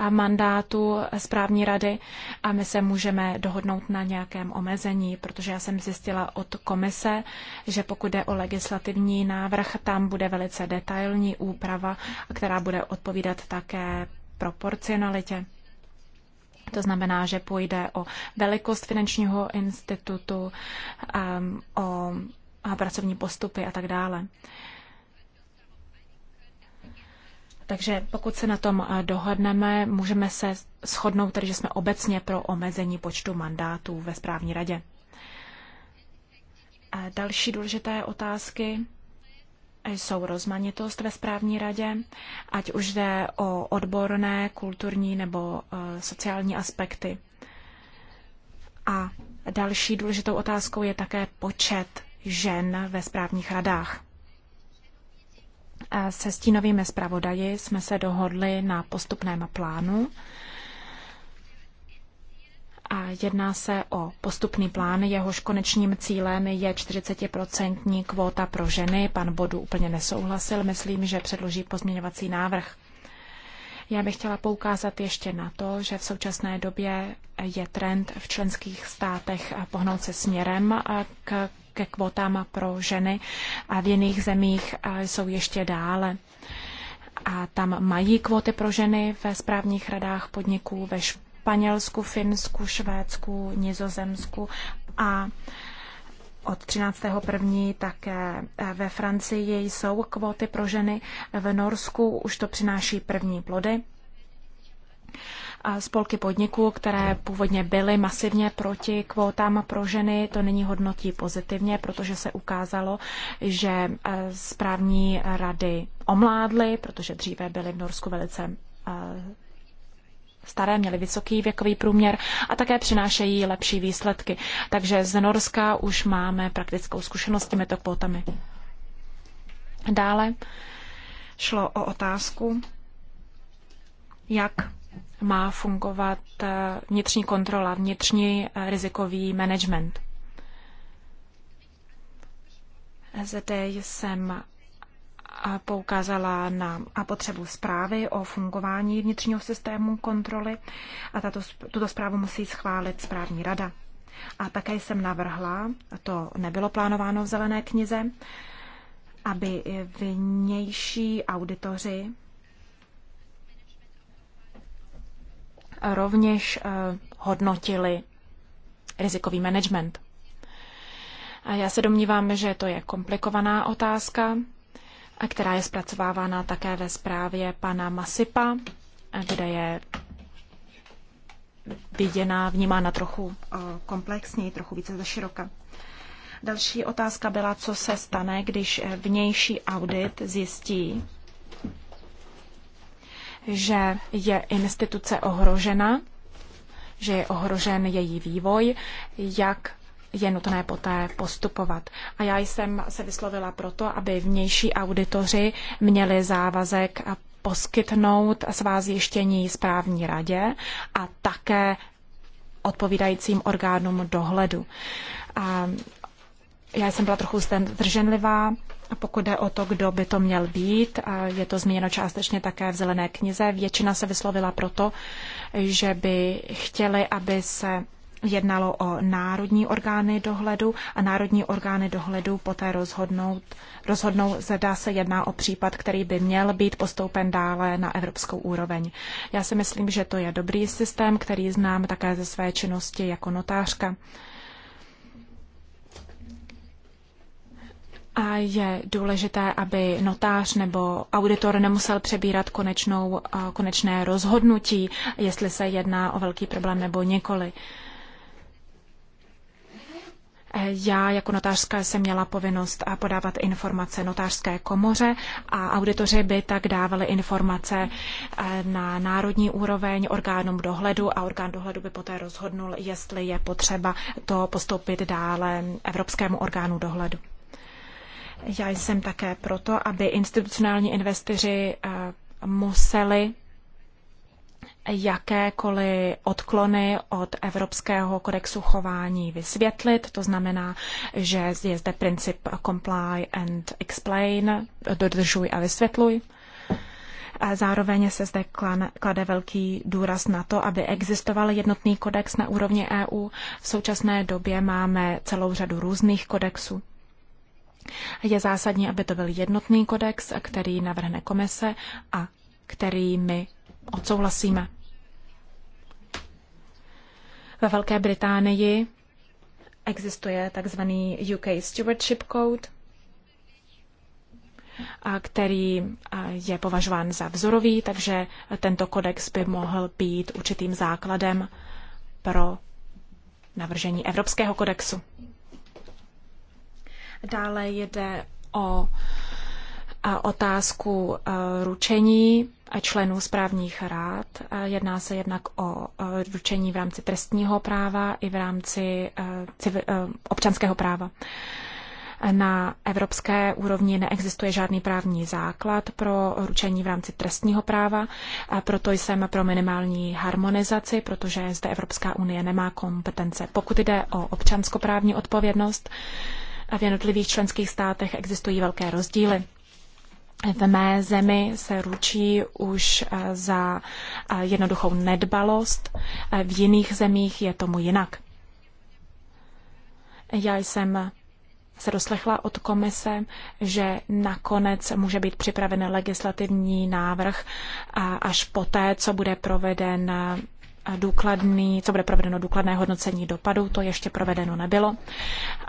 mandátu správní rady a my se můžeme dohodnout na nějakém omezení, protože já jsem zjistila od komise, že pokud jde o legislativní návrh, tam bude velice detailní úprava, která bude odpovídat také proporcionalitě. To znamená, že půjde o velikost finančního institutu, um, o pracovní postupy a tak dále. Takže pokud se na tom eh, dohodneme, můžeme se shodnout, tedy že jsme obecně pro omezení počtu mandátů ve správní radě. A další důležité otázky jsou rozmanitost ve správní radě, ať už jde o odborné, kulturní nebo eh, sociální aspekty. A další důležitou otázkou je také počet žen ve správních radách. Se stínovými zpravodaji jsme se dohodli na postupném plánu. A jedná se o postupný plán, jehož konečným cílem je 40% kvóta pro ženy. Pan Bodu úplně nesouhlasil, myslím, že předloží pozměňovací návrh. Já bych chtěla poukázat ještě na to, že v současné době je trend v členských státech pohnout se směrem k ke kvotám pro ženy a v jiných zemích eh, jsou ještě dále. A tam mají kvóty pro ženy ve správních radách podniků ve Španělsku, Finsku, Švédsku, Nizozemsku a od 13.1. také eh, ve Francii jsou kvóty pro ženy, v Norsku už to přináší první plody spolky podniků, které původně byly masivně proti kvótám pro ženy, to není hodnotí pozitivně, protože se ukázalo, že e, správní rady omládly, protože dříve byly v Norsku velice e, staré, měly vysoký věkový průměr a také přinášejí lepší výsledky. Takže z Norska už máme praktickou zkušenost s těmito kvótami. Dále šlo o otázku, jak má fungovat eh, vnitřní kontrola, vnitřní eh, rizikový management. Zde jsem eh, poukázala na potřebu zprávy o fungování vnitřního systému kontroly a tato, tuto zprávu musí schválit správní rada. A také jsem navrhla, to nebylo plánováno v zelené knize, aby vnější auditoři rovněž eh, hodnotili rizikový management. A já se domnívám, že to je komplikovaná otázka, a která je zpracovávána také ve zprávě pana Masipa, kde je viděna, vnímána trochu eh, komplexněji, trochu více za široka. Další otázka byla, co se stane, když vnější audit zjistí, že je instituce ohrožena, že je ohrožen její vývoj, jak je nutné poté postupovat. A já jsem se vyslovila proto, aby vnější auditoři měli závazek poskytnout svá zjištění správní radě a také odpovídajícím orgánům dohledu. A já jsem byla trochu zdrženlivá, pokud jde o to, kdo by to měl být, a je to zmíněno částečně také v Zelené knize, většina se vyslovila proto, že by chtěli, aby se jednalo o národní orgány dohledu a národní orgány dohledu poté rozhodnout, rozhodnou, zda se jedná o případ, který by měl být postoupen dále na evropskou úroveň. Já si myslím, že to je dobrý systém, který znám také ze své činnosti jako notářka. A je důležité, aby notář nebo auditor nemusel přebírat konečnou, konečné rozhodnutí, jestli se jedná o velký problém nebo nikoli. E, já jako notářská jsem měla povinnost podávat informace notářské komoře a auditoři by tak dávali informace e, na národní úroveň orgánům dohledu a orgán dohledu by poté rozhodnul, jestli je potřeba to postoupit dále Evropskému orgánu dohledu. Já jsem také proto, aby institucionální investoři eh, museli jakékoliv odklony od Evropského kodexu chování vysvětlit. To znamená, že je zde princip comply and explain, dodržuj a vysvětluj. A zároveň se zde klade velký důraz na to, aby existoval jednotný kodex na úrovni EU. V současné době máme celou řadu různých kodexů. Je zásadní, aby to byl jednotný kodex, který navrhne komise a který my odsouhlasíme. Ve Velké Británii existuje takzvaný UK Stewardship Code, který je považován za vzorový, takže tento kodex by mohl být určitým základem pro navržení Evropského kodexu. Dále jde o otázku e, ručení členů správních rád. E, jedná se jednak o e, ručení v rámci trestního práva i v rámci občanského práva. Na evropské úrovni neexistuje žádný právní základ pro ručení v rámci trestního práva, proto jsem pro minimální harmonizaci, protože zde Evropská unie nemá kompetence. Pokud jde o občanskoprávní odpovědnost, v jednotlivých členských státech existují velké rozdíly. V mé zemi se ručí už eh, za eh, jednoduchou nedbalost, eh, v jiných zemích je tomu jinak. Já jsem se doslechla od komise, že nakonec může být připraven legislativní návrh až poté, co bude proveden důkladný, co bude provedeno důkladné hodnocení dopadu, to ještě provedeno nebylo.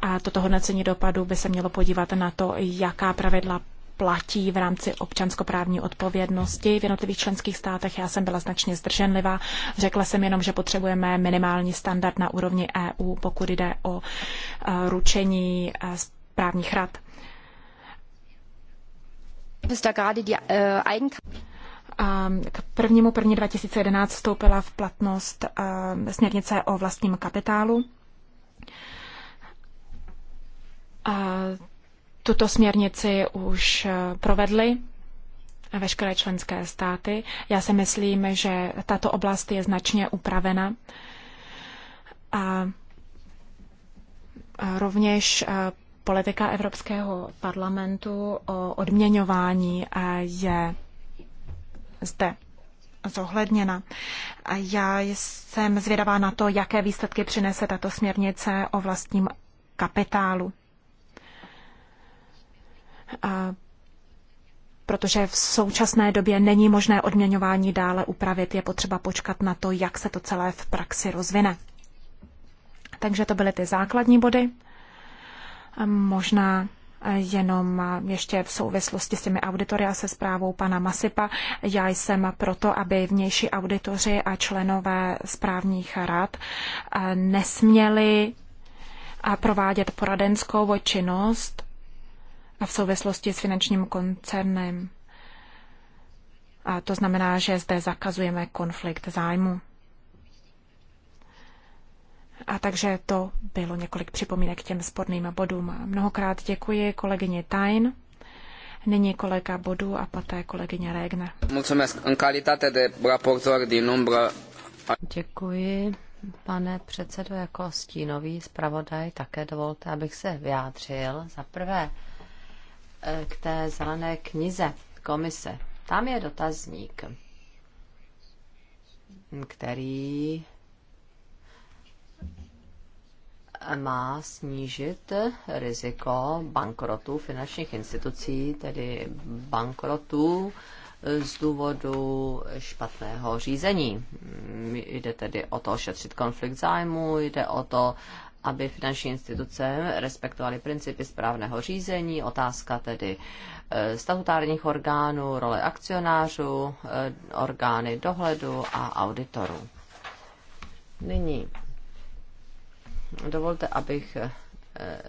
A toto hodnocení dopadu by se mělo podívat na to, jaká pravidla platí v rámci občanskoprávní odpovědnosti v jednotlivých členských státech. Já jsem byla značně zdrženlivá. Řekla jsem jenom, že potřebujeme minimální standard na úrovni EU, pokud jde o e, ručení správních e, rad. K prvnímu první 2011 vstoupila v platnost eh, směrnice o vlastním kapitálu. Tuto směrnici už eh, provedly veškeré členské státy. Já si myslím, že tato oblast je značně upravena. A rovněž eh, politika Evropského parlamentu o odměňování je zde zohledněna. Já jsem zvědavá na to, jaké výsledky přinese tato směrnice o vlastním kapitálu. A protože v současné době není možné odměňování dále upravit, je potřeba počkat na to, jak se to celé v praxi rozvine. Takže to byly ty základní body. Možná jenom ještě v souvislosti s těmi auditory a se zprávou pana Masipa. Já jsem proto, aby vnější auditoři a členové správních rad eh, nesměli eh, provádět poradenskou činnost v souvislosti s finančním koncernem. A to znamená, že zde zakazujeme konflikt zájmu. A takže to bylo několik připomínek k těm sporným bodům. Mnohokrát děkuji kolegyně Tain, nyní kolega Bodu a poté kolegyně Regner. Děkuji, pane předsedo, jako stínový zpravodaj také dovolte, abych se vyjádřil za prvé eh, k té zelené knize komise. Tam je dotazník, který má snížit riziko bankrotu finančních institucí, tedy bankrotu z důvodu špatného řízení. Jde tedy o to šetřit konflikt zájmu, jde o to, aby finanční instituce respektovaly principy správného řízení, otázka tedy eh, statutárních orgánů, role akcionářů, eh, orgány dohledu a auditorů. Nyní Dovolte, abych eh, eh,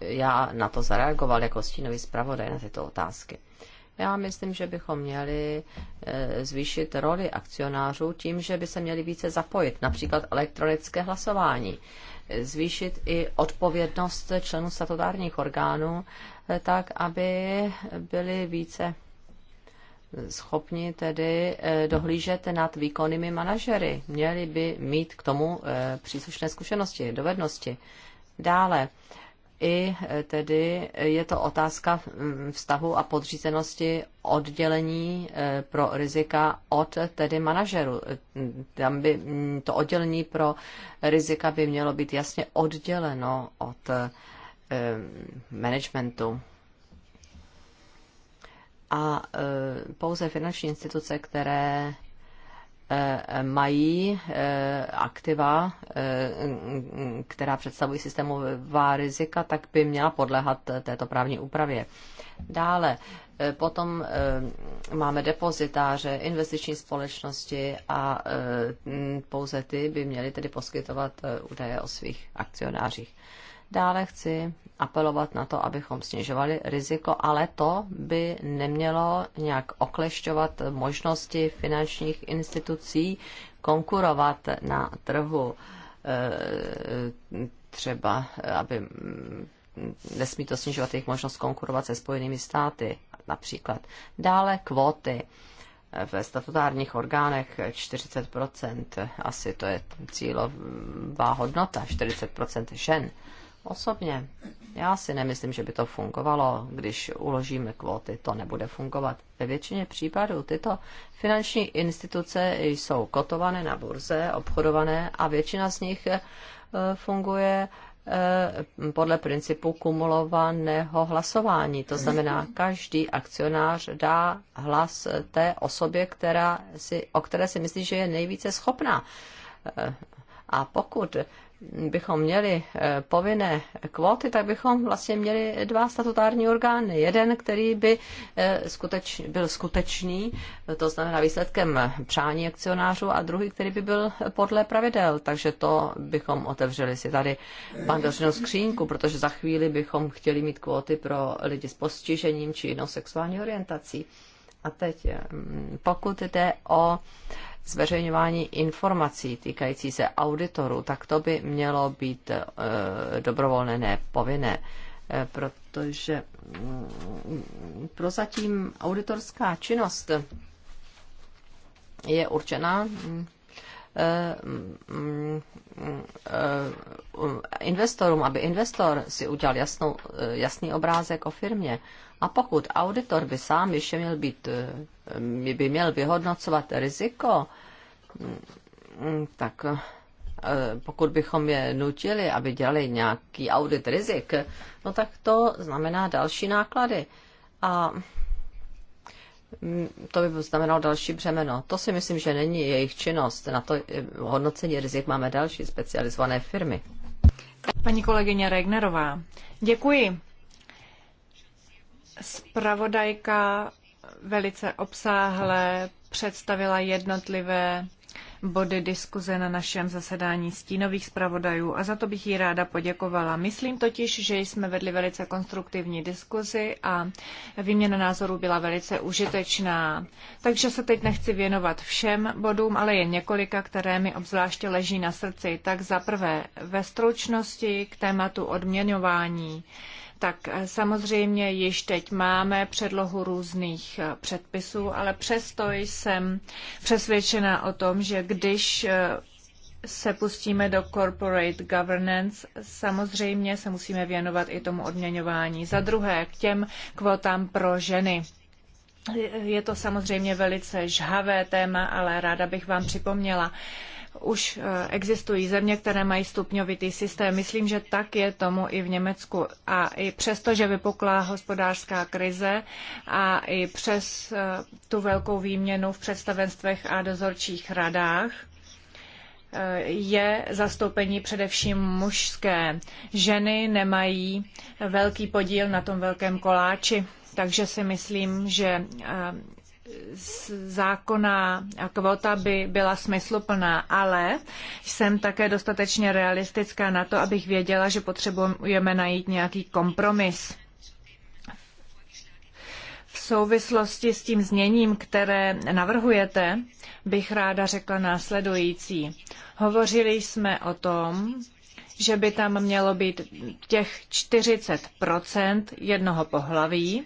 já na to zareagoval jako stínový zpravodaj na tyto otázky. Já myslím, že bychom měli eh, zvýšit roli akcionářů tím, že by se měli více zapojit, například elektronické hlasování, zvýšit i odpovědnost členů statutárních orgánů, tak aby byli více schopni tedy eh, dohlížet nad výkonnými manažery. Měli by mít k tomu eh, příslušné zkušenosti, dovednosti. Dále, i eh, tedy je to otázka mm, vztahu a podřízenosti oddělení pro rizika od tedy manažeru. Tam by mm, to oddělení pro rizika by mělo být jasně odděleno od managementu a e, pouze finanční instituce, které e, mají e, aktiva, která představují systémová rizika, tak by měla podléhat této právní úpravě. Dále potom máme depozitáře, investiční společnosti a pouze ty by měly tedy poskytovat údaje o svých akcionářích. Dále chci apelovat na to, abychom snižovali riziko, ale to by nemělo nějak oklešťovat možnosti finančních institucí konkurovat na trhu. E, třeba, aby nesmí to snižovat jejich možnost konkurovat se spojenými státy například. Dále kvóty ve statutárních orgánech 40%, asi to je cílová hodnota, 40% žen. Osobně já si nemyslím, že by to fungovalo, když uložíme kvóty, to nebude fungovat. Ve většině případů tyto finanční instituce jsou kotované na burze, obchodované a většina z nich eh, funguje eh, podle principu kumulovaného hlasování. To znamená, každý akcionář dá hlas té osobě, která si, o které si myslí, že je nejvíce schopná. Eh, a pokud bychom měli eh, povinné kvóty, tak bychom vlastně měli dva statutární orgány. Jeden, který by eh, skuteč, byl skutečný, to znamená výsledkem přání akcionářů, a druhý, který by byl podle pravidel. Takže to bychom otevřeli si tady pandořinou skřínku, protože za chvíli bychom chtěli mít kvóty pro lidi s postižením či jinou sexuální orientací. A teď, eh, pokud jde o zveřejňování informací týkající se auditoru, tak to by mělo být eh, dobrovolné, ne povinné, eh, protože mm, prozatím auditorská činnost je určena mm, investorům, aby investor si udělal jasnou, jasný obrázek o firmě. A pokud auditor by sám ještě měl být, eh, by měl vyhodnocovat riziko, mm, tak eh, pokud bychom je nutili, aby dělali nějaký audit rizik, no tak to znamená další náklady. A Mm, to by znamenalo další břemeno. To si myslím, že není jejich činnost. Na to eh, hodnocení rizik máme další specializované firmy. Paní kolegyně Regnerová, děkuji. Spravodajka velice obsáhle představila jednotlivé body diskuze na našem zasedání stínových zpravodajů a za to bych jí ráda poděkovala. Myslím totiž, že jsme vedli velice konstruktivní diskuzi a výměna názorů byla velice užitečná. Takže se teď nechci věnovat všem bodům, ale jen několika, které mi obzvláště leží na srdci. Tak za prvé ve stručnosti k tématu odměňování tak eh, samozřejmě již teď máme předlohu různých eh, předpisů, ale přesto jsem přesvědčena o tom, že když eh, se pustíme do corporate governance, samozřejmě se musíme věnovat i tomu odměňování. Za druhé, k těm kvotám pro ženy. Je to samozřejmě velice žhavé téma, ale ráda bych vám připomněla, už eh, existují země, které mají stupňovitý systém. Myslím, že tak je tomu i v Německu. A i přesto, že vypukla hospodářská krize a i přes eh, tu velkou výměnu v představenstvech a dozorčích radách, eh, je zastoupení především mužské. Ženy nemají velký podíl na tom velkém koláči, takže si myslím, že zákonná kvota by byla smysluplná, ale jsem také dostatečně realistická na to, abych věděla, že potřebujeme najít nějaký kompromis. V souvislosti s tím zněním, které navrhujete, bych ráda řekla následující. Hovořili jsme o tom, že by tam mělo být těch 40 jednoho pohlaví,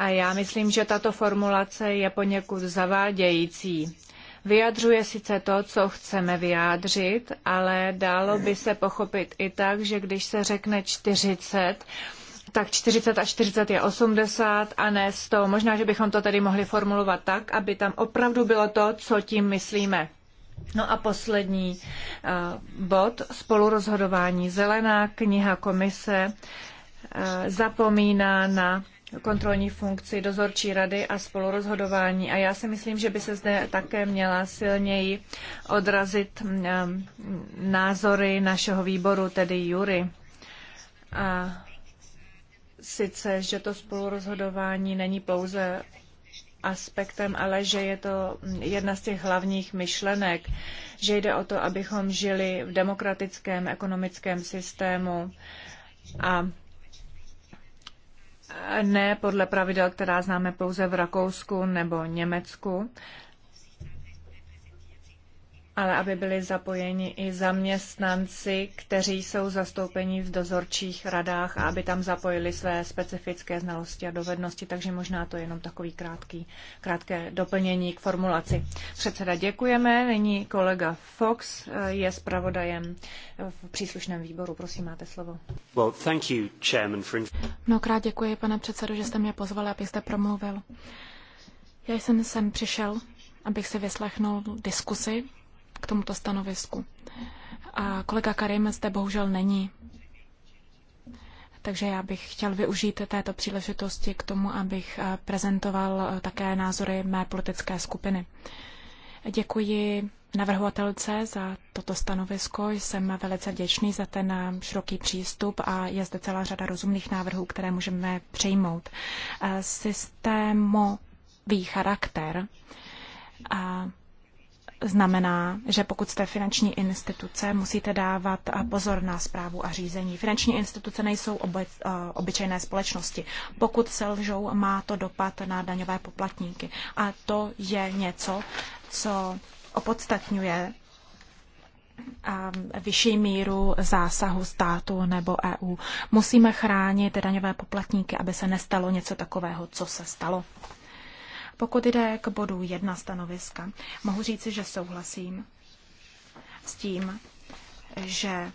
a já myslím, že tato formulace je poněkud zavádějící. Vyjadřuje sice to, co chceme vyjádřit, ale dalo by se pochopit i tak, že když se řekne 40, tak 40 a 40 je 80 a ne 100. Možná, že bychom to tedy mohli formulovat tak, aby tam opravdu bylo to, co tím myslíme. No a poslední eh, bod, spolurozhodování. Zelená kniha komise eh, zapomíná na kontrolní funkci dozorčí rady a spolurozhodování. A já si myslím, že by se zde také měla silněji odrazit ehm, názory našeho výboru, tedy Jury. A sice, že to spolurozhodování není pouze aspektem, ale že je to jedna z těch hlavních myšlenek, že jde o to, abychom žili v demokratickém ekonomickém systému a ne podle pravidel, která známe pouze v Rakousku nebo Německu, ale aby byli zapojeni i zaměstnanci, kteří jsou zastoupeni v dozorčích radách a aby tam zapojili své specifické znalosti a dovednosti, takže možná to je jenom takový krátký, krátké doplnění k formulaci. Předseda děkujeme, nyní kolega Fox eh, je zpravodajem v příslušném výboru, prosím, máte slovo. Well, thank you, chairman, for... Mnohokrát děkuji, pane předsedo, že jste mě pozval, abych zde promluvil. Já jsem sem přišel, abych si vyslechnul diskusi k tomuto stanovisku. A kolega Karim zde bohužel není. Takže já bych chtěl využít této příležitosti k tomu, abych eh, prezentoval eh, také názory mé politické skupiny. Děkuji navrhovatelce za toto stanovisko. Jsem velice vděčný za ten eh, široký přístup a je zde celá řada rozumných návrhů, které můžeme přejmout. Systémový charakter a znamená, že pokud jste finanční instituce, musíte dávat eh, pozor na zprávu a řízení. Finanční instituce nejsou obec, eh, obyčejné společnosti. Pokud lžou, má to dopad na daňové poplatníky. A to je něco, co opodstatňuje eh, vyšší míru zásahu státu nebo EU. Musíme chránit daňové poplatníky, aby se nestalo něco takového, co se stalo. Pokud jde k bodu jedna stanoviska, mohu říci, že souhlasím s tím, že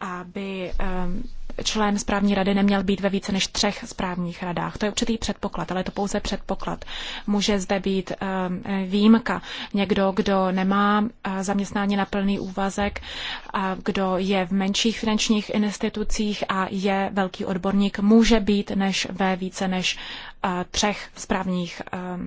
aby um, člen správní rady neměl být ve více než třech správních radách. To je určitý předpoklad, ale je to pouze předpoklad. Může zde být eh, výjimka. Někdo, kdo nemá eh, zaměstnání na plný úvazek, kdo je v menších finančních institucích a je velký odborník, může být než ve více než eh, třech správních radách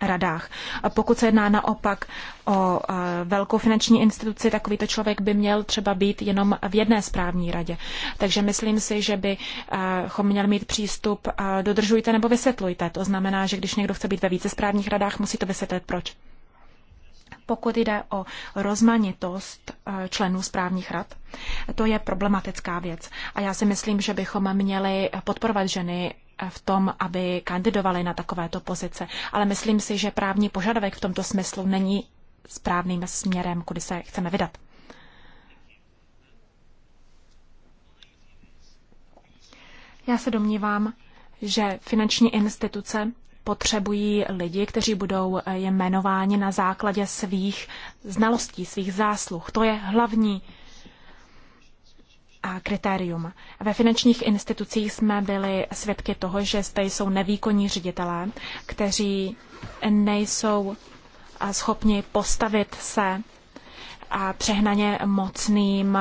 radách. A Pokud se jedná naopak o e, velkou finanční instituci, takovýto člověk by měl třeba být jenom v jedné správní radě. Takže myslím si, že bychom e, měl mít přístup e, dodržujte nebo vysvětlujte. To znamená, že když někdo chce být ve více správních radách, musí to vysvětlit proč. Pokud jde o rozmanitost členů správních rad, to je problematická věc. A já si myslím, že bychom měli podporovat ženy v tom, aby kandidovali na takovéto pozice. Ale myslím si, že právní požadavek v tomto smyslu není správným směrem, kudy se chceme vydat. Já se domnívám, že finanční instituce potřebují lidi, kteří budou eh, jmenováni na základě svých znalostí, svých zásluh. To je hlavní kritérium. Ve finančních institucích jsme byli svědky toho, že zde jsou nevýkonní ředitelé, kteří nejsou schopni postavit se a přehnaně mocným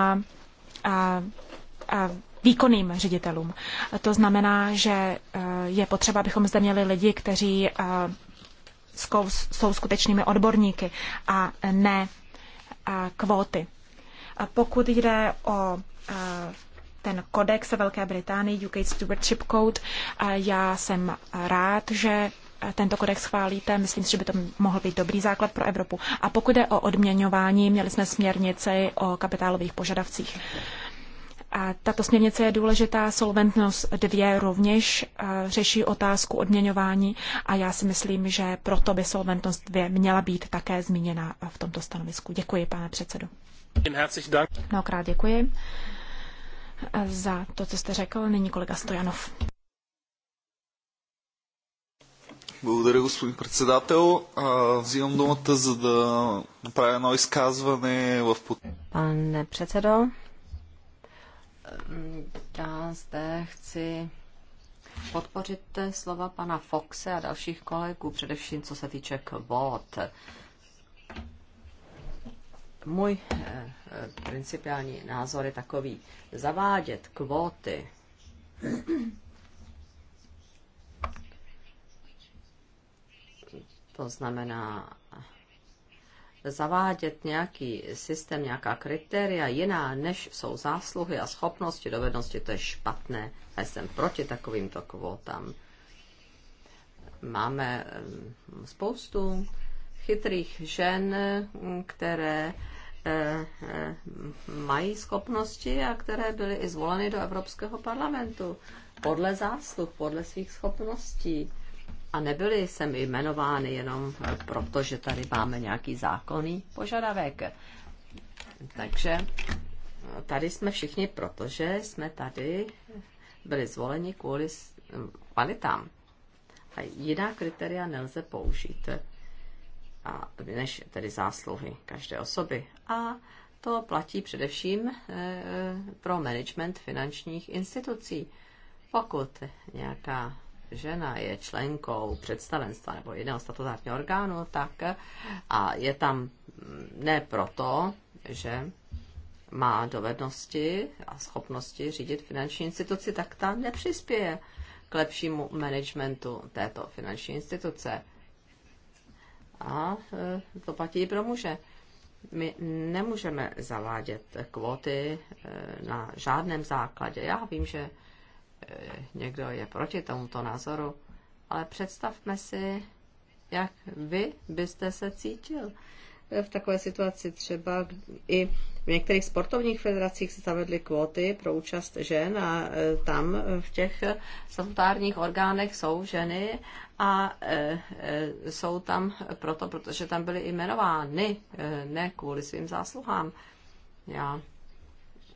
výkonným ředitelům. To znamená, že e, je potřeba, abychom zde měli lidi, kteří e, jsou skutečnými odborníky a ne kvóty. Pokud jde o ten kodex Velké Británie, UK Stewardship Code. Já jsem rád, že tento kodex schválíte. Myslím si, že by to mohl být dobrý základ pro Evropu. A pokud je o odměňování, měli jsme směrnici o kapitálových požadavcích. A tato směrnice je důležitá. Solventnost 2 rovněž řeší otázku odměňování a já si myslím, že proto by Solventnost 2 měla být také zmíněna v tomto stanovisku. Děkuji, pane předsedo. Mnohokrát děkuji za to, co jste řekl. Nyní kolega Stojanov. Благодаря, господин председател. Взимам думата, за да направя едно изказване в... Pane předsedo, já zde chci podpořit slova pana Foxe a dalších kolegů, především co se týče kvót. Můj eh, principiální názor je takový, zavádět kvóty [clears throat] to znamená zavádět nějaký systém, nějaká kritéria jiná, než jsou zásluhy a schopnosti, dovednosti, to je špatné. Já jsem proti takovýmto kvótám. Máme ehm, spoustu chytrých žen, které Eh, eh, mají schopnosti a které byly i zvoleny do Evropského parlamentu podle zásluh, podle svých schopností. A nebyly sem jmenovány jenom eh, proto, že tady máme nějaký zákonný požadavek. Takže tady jsme všichni, protože jsme tady byli zvoleni kvůli kvalitám. A jiná kritéria nelze použít a než tedy zásluhy každé osoby. A to platí především e, pro management finančních institucí. Pokud nějaká žena je členkou představenstva nebo jiného statutárního orgánu, tak e, a je tam mm, ne proto, že má dovednosti a schopnosti řídit finanční instituci, tak ta nepřispěje k lepšímu managementu této finanční instituce. A e, to platí i pro muže. My nemůžeme zavádět kvóty e, na žádném základě. Já vím, že e, někdo je proti tomuto názoru, ale představme si, jak vy byste se cítil, v takové situaci třeba i v některých sportovních federacích se zavedly kvóty pro účast žen a e, tam v těch statutárních orgánech jsou ženy a e, e, jsou tam proto, protože tam byly jmenovány, ne kvůli svým zásluhám. Já,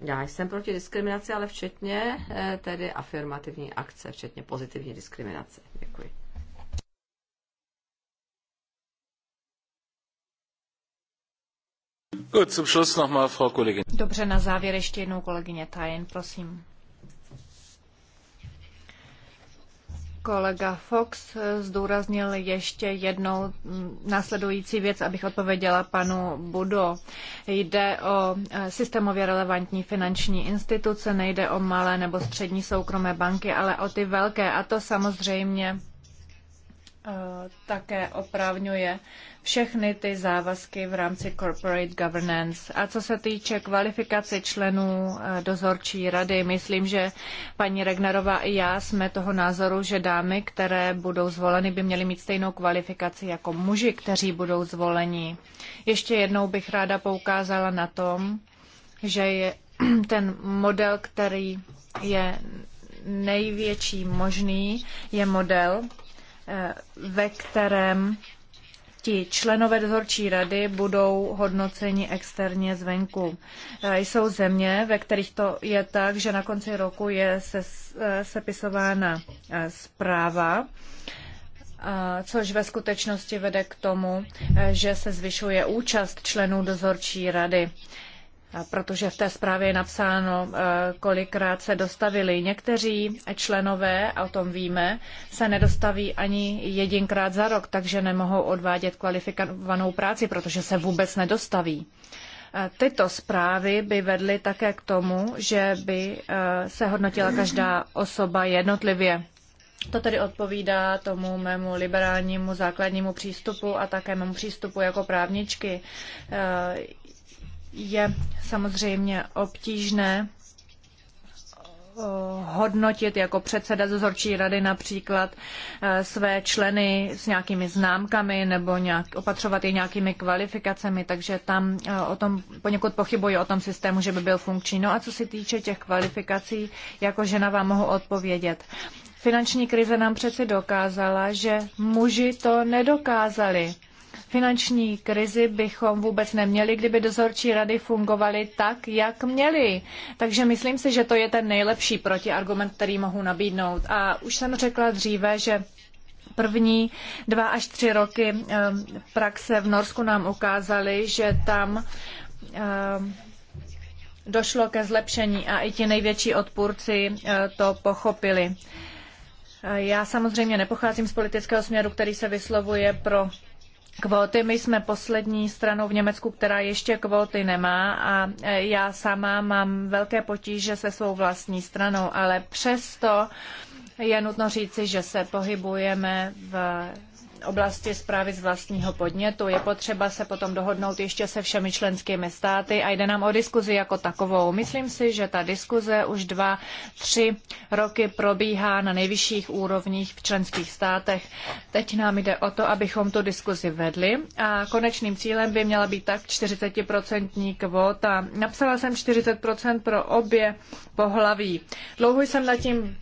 já jsem proti diskriminaci, ale včetně tedy afirmativní akce, včetně pozitivní diskriminace. Dobře, na závěr ještě jednou kolegyně Tajen, prosím. Kolega Fox zdůraznil ještě jednou následující věc, abych odpověděla panu Budo. Jde o eh, systémově relevantní finanční instituce, nejde o malé nebo střední soukromé banky, ale o ty velké. A to samozřejmě eh, také oprávňuje všechny ty závazky v rámci corporate governance. A co se týče kvalifikace členů eh, dozorčí rady, myslím, že paní Regnerová i já jsme toho názoru, že dámy, které budou zvoleny, by měly mít stejnou kvalifikaci jako muži, kteří budou zvoleni. Ještě jednou bych ráda poukázala na tom, že je [clears throat] ten model, který je největší možný, je model, eh, ve kterém ti členové dozorčí rady budou hodnoceni externě zvenku. E, jsou země, ve kterých to je tak, že na konci roku je e, sepisována e, zpráva, což ve skutečnosti vede k tomu, že se zvyšuje účast členů dozorčí rady protože v té zprávě je napsáno, eh, kolikrát se dostavili. Někteří členové, a o tom víme, se nedostaví ani jedinkrát za rok, takže nemohou odvádět kvalifikovanou práci, protože se vůbec nedostaví. Tyto zprávy by vedly také k tomu, že by eh, se hodnotila každá osoba jednotlivě. To tedy odpovídá tomu mému liberálnímu základnímu přístupu a také mému přístupu jako právničky. Eh, je samozřejmě obtížné eh, hodnotit jako předseda dozorčí rady například eh, své členy s nějakými známkami nebo nějak, opatřovat je nějakými kvalifikacemi, takže tam eh, o tom poněkud pochybuji o tom systému, že by byl funkční. No a co se týče těch kvalifikací, jako žena vám mohu odpovědět. Finanční krize nám přeci dokázala, že muži to nedokázali finanční krizi bychom vůbec neměli, kdyby dozorčí rady fungovaly tak, jak měly. Takže myslím si, že to je ten nejlepší protiargument, který mohu nabídnout. A už jsem řekla dříve, že první dva až tři roky eh, praxe v Norsku nám ukázaly, že tam eh, došlo ke zlepšení a i ti největší odpůrci eh, to pochopili. Já samozřejmě nepocházím z politického směru, který se vyslovuje pro kvóty. My jsme poslední stranou v Německu, která ještě kvóty nemá a e, já sama mám velké potíže se svou vlastní stranou, ale přesto je nutno říci, že se pohybujeme v oblasti zprávy z vlastního podnětu. Je potřeba se potom dohodnout ještě se všemi členskými státy a jde nám o diskuzi jako takovou. Myslím si, že ta diskuze už dva, tři roky probíhá na nejvyšších úrovních v členských státech. Teď nám jde o to, abychom tu diskuzi vedli a konečným cílem by měla být tak 40% kvóta. Napsala jsem 40% pro obě pohlaví. Dlouho jsem nad tím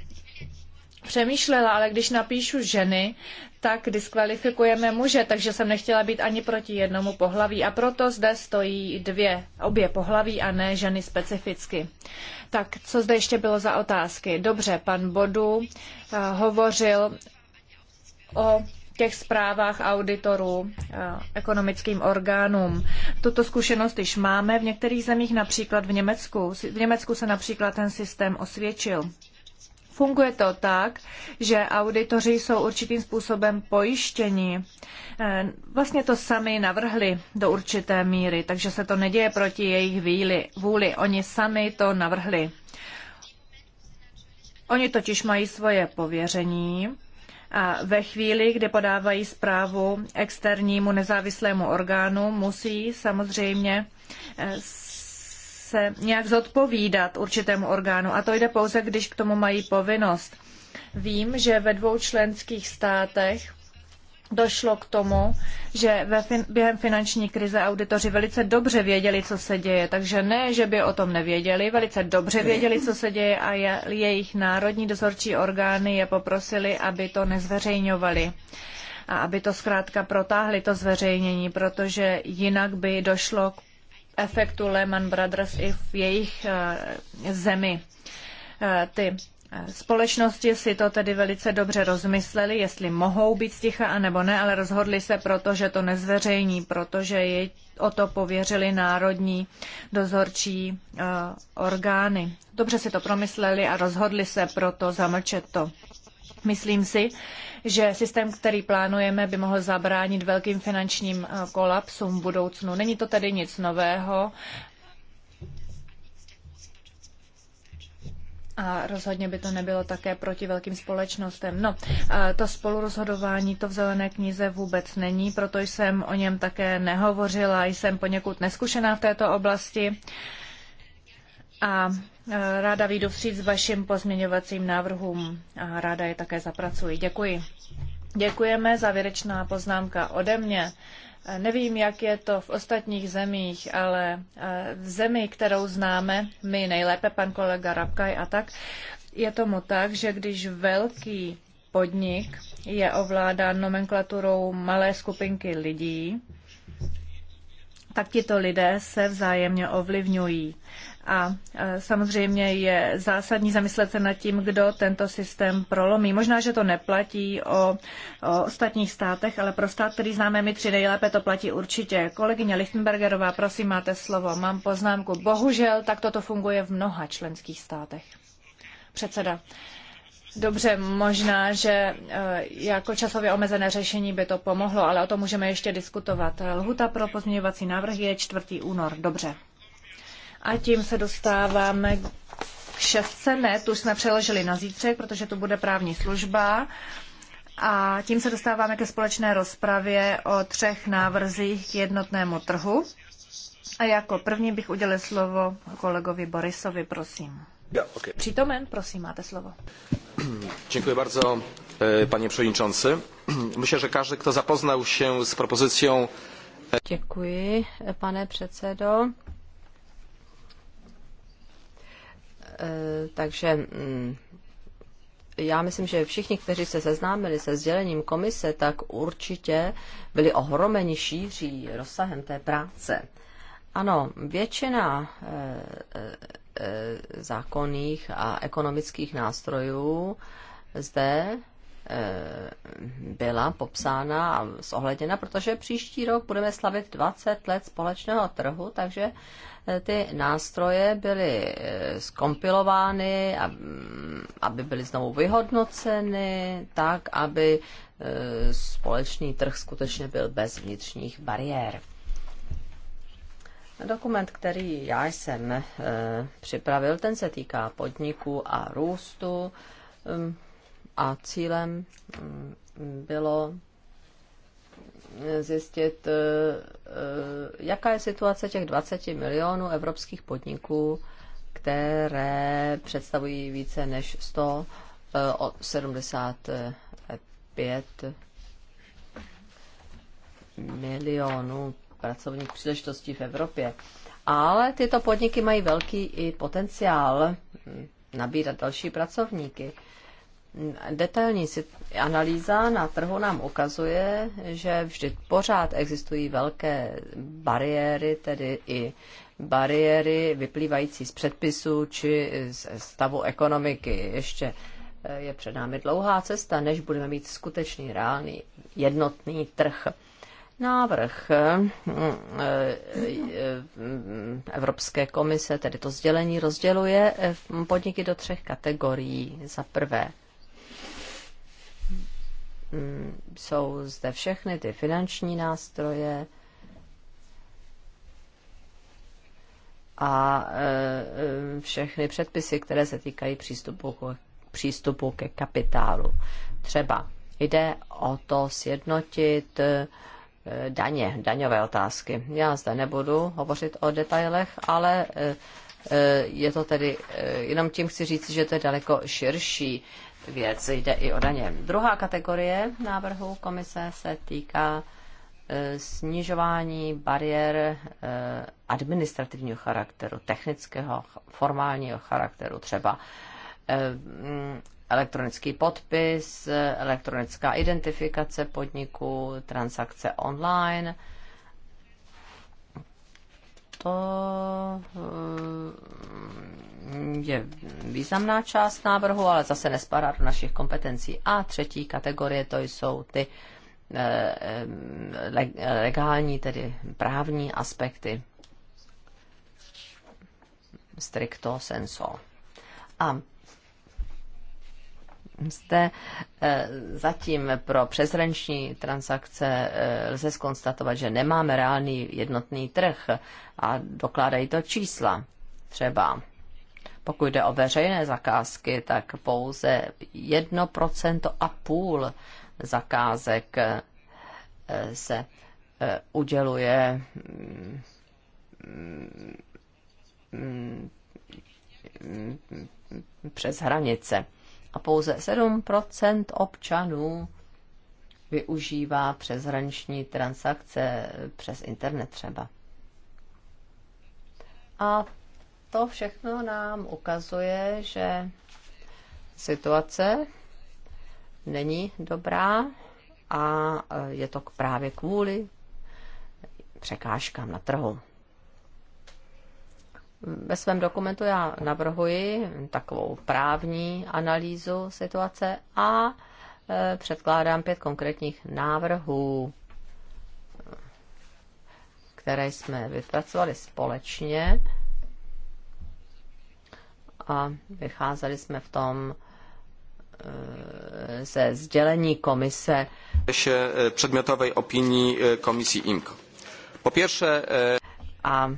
přemýšlela, ale když napíšu ženy, tak diskvalifikujeme muže, takže jsem nechtěla být ani proti jednomu pohlaví a proto zde stojí dvě, obě pohlaví a ne ženy specificky. Tak co zde ještě bylo za otázky? Dobře, pan Bodu eh, hovořil o těch zprávách auditorů eh, ekonomickým orgánům. Tuto zkušenost již máme v některých zemích, například v Německu. V Německu se například ten systém osvědčil. Funguje to tak, že auditoři jsou určitým způsobem pojištěni. Eh, vlastně to sami navrhli do určité míry, takže se to neděje proti jejich vůli. Oni sami to navrhli. Oni totiž mají svoje pověření a ve chvíli, kdy podávají zprávu externímu nezávislému orgánu, musí samozřejmě eh, se nějak zodpovídat určitému orgánu a to jde pouze, když k tomu mají povinnost. Vím, že ve dvou členských státech došlo k tomu, že ve fin- během finanční krize auditoři velice dobře věděli, co se děje. Takže ne, že by o tom nevěděli, velice dobře věděli, co se děje a je- jejich národní dozorčí orgány je poprosili, aby to nezveřejňovali a aby to zkrátka protáhli, to zveřejnění, protože jinak by došlo k efektu Lehman Brothers i v jejich eh, zemi. Eh, ty eh, Společnosti si to tedy velice dobře rozmysleli, jestli mohou být sticha a nebo ne, ale rozhodli se proto, že to nezveřejní, protože je o to pověřili národní dozorčí uh, orgány. Dobře si to promysleli a rozhodli se proto zamlčet to. Myslím si, že systém, který plánujeme, by mohl zabránit velkým finančním eh, kolapsům v budoucnu. Není to tedy nic nového. A rozhodně by to nebylo také proti velkým společnostem. No, eh, to spolurozhodování, to v zelené knize vůbec není, proto jsem o něm také nehovořila, jsem poněkud neskušená v této oblasti. Uh, a e, ráda vyjdu vstříc s vašim pozměňovacím návrhům a ráda je také zapracuji. Děkuji. Děkujeme. Závěrečná poznámka ode mě. E, nevím, jak je to v ostatních zemích, ale e, v zemi, kterou známe my nejlépe, pan kolega Rabkaj a tak, je tomu tak, že když velký podnik je ovládán nomenklaturou malé skupinky lidí, tak tito lidé se vzájemně ovlivňují. A e, samozřejmě je zásadní zamyslet se nad tím, kdo tento systém prolomí. Možná, že to neplatí o, o ostatních státech, ale pro stát, který známe my tři nejlépe, to platí určitě. Kolegyně Lichtenbergerová, prosím, máte slovo. Mám poznámku. Bohužel, tak toto funguje v mnoha členských státech. Předseda. Dobře, možná, že e, jako časově omezené řešení by to pomohlo, ale o tom můžeme ještě diskutovat. Lhuta pro pozměňovací návrh je 4. únor. Dobře. A tím se dostáváme k šestce, ne, tu jsme přeložili na zítřek, protože to bude právní služba. A tím se dostáváme ke společné rozpravě o třech návrzích k jednotnému trhu. A jako první bych udělil slovo kolegovi Borisovi, prosím. Yeah, okay. Přítomen, prosím, máte slovo. Děkuji bardzo, e, paní předsedající. [clears throat] Myslím, že každý, kdo zapoznal se s propozicí. E, Děkuji, e, pane předsedo. Eh, takže mm, já myslím, že všichni, kteří se seznámili se sdělením komise, tak určitě byli ohromeni šíří rozsahem té práce. Ano, většina eh, eh, zákonných a ekonomických nástrojů zde byla popsána a zohledněna, protože příští rok budeme slavit 20 let společného trhu, takže ty nástroje byly skompilovány, eh, aby byly znovu vyhodnoceny, tak, aby eh, společný trh skutečně byl bez vnitřních bariér. Dokument, který já jsem eh, připravil, ten se týká podniku a růstu hm, a cílem hm, bylo zjistit, eh, eh, jaká je situace těch 20 milionů evropských podniků, které představují více než 175 eh, milionů pracovních příležitostí v Evropě. Ale tyto podniky mají velký i potenciál hm, nabírat další pracovníky detailní analýza na trhu nám ukazuje, že vždy pořád existují velké bariéry, tedy i bariéry vyplývající z předpisů či z stavu ekonomiky. Ještě eh, je před námi dlouhá cesta, než budeme mít skutečný, reálný, jednotný trh. Návrh eh, eh, Evropské komise, tedy to sdělení, rozděluje podniky do třech kategorií. Za prvé Mm, jsou zde všechny ty finanční nástroje a e, e, všechny předpisy, které se týkají přístupu, přístupu ke kapitálu. Třeba jde o to sjednotit e, daně, daňové otázky. Já zde nebudu hovořit o detailech, ale je to tedy, jenom tím chci říct, že to je daleko širší věc, jde i o daně. Druhá kategorie návrhu komise se týká e, snižování bariér e, administrativního charakteru, technického, formálního charakteru, třeba e, mm, elektronický podpis, elektronická identifikace podniku, transakce online – to eh, je významná část návrhu, ale zase nespadá do našich kompetencí. A třetí kategorie to jsou ty eh, eh, legální, tedy právní aspekty stricto senso. A zde zatím pro přeshraniční transakce lze skonstatovat, že nemáme reálný jednotný trh a dokládají to čísla. Třeba pokud jde o veřejné zakázky, tak pouze 1% a půl zakázek se uděluje přes hranice a pouze 7 občanů využívá přeshraniční transakce přes internet třeba. A to všechno nám ukazuje, že situace není dobrá a je to právě kvůli překážkám na trhu ve svém dokumentu já navrhuji takovou právní analýzu situace a e, předkládám pět konkrétních návrhů, které jsme vypracovali společně a vycházeli jsme v tom e, ze sdělení komise. E, předmětové opinii komisí IMCO. Po pierwsze... A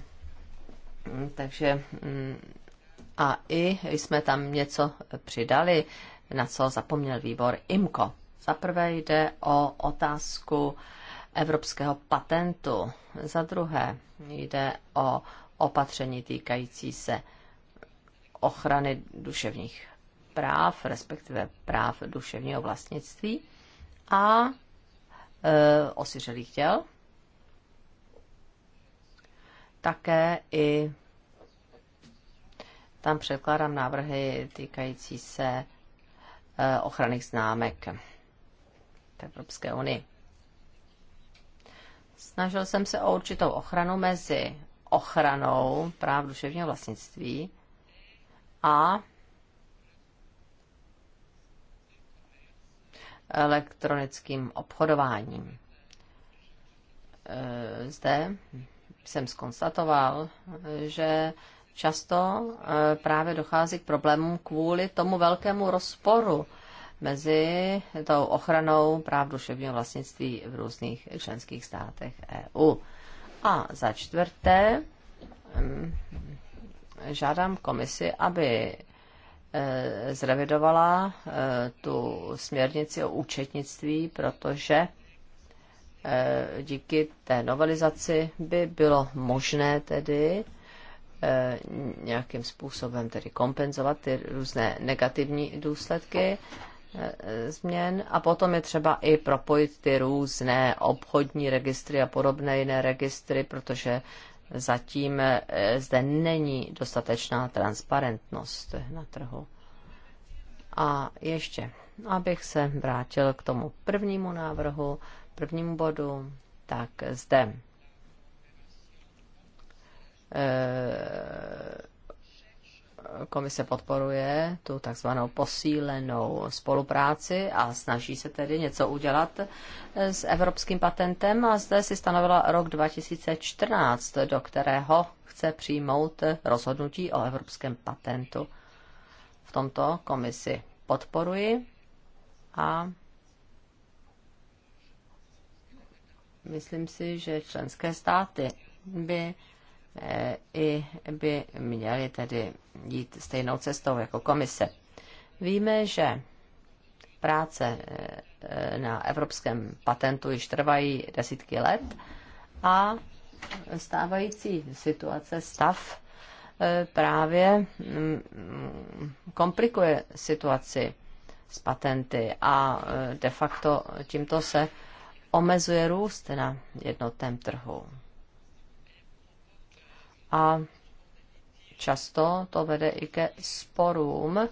Mm, takže mm, a i jsme tam něco přidali, na co zapomněl výbor IMCO. Za prvé jde o otázku evropského patentu. Za druhé jde o opatření týkající se ochrany duševních práv, respektive práv duševního vlastnictví a e, osiřelých těl také i tam předkládám návrhy týkající se eh, ochranných známek v Evropské unii. Snažil jsem se o určitou ochranu mezi ochranou práv duševního vlastnictví a elektronickým obchodováním. Eh, zde jsem skonstatoval, že často eh, právě dochází k problémům kvůli tomu velkému rozporu mezi tou ochranou práv duševního vlastnictví v různých členských státech EU. A za čtvrté mm, žádám komisi, aby eh, zrevidovala eh, tu směrnici o účetnictví, protože Eh, díky té novelizaci by bylo možné tedy eh, nějakým způsobem tedy kompenzovat ty různé negativní důsledky eh, změn a potom je třeba i propojit ty různé obchodní registry a podobné jiné registry, protože zatím zde není dostatečná transparentnost na trhu. A ještě, abych se vrátil k tomu prvnímu návrhu, prvnímu bodu, tak zde e, komise podporuje tu takzvanou posílenou spolupráci a snaží se tedy něco udělat s evropským patentem a zde si stanovila rok 2014, do kterého chce přijmout rozhodnutí o evropském patentu. V tomto komisi podporuji a myslím si, že členské státy by eh, i by měly tedy jít stejnou cestou jako komise. Víme, že práce eh, eh, na evropském patentu již trvají desítky let a stávající situace, stav právě mm, komplikuje situaci s patenty a de facto tímto se omezuje růst na jednotném trhu. A často to vede i ke sporům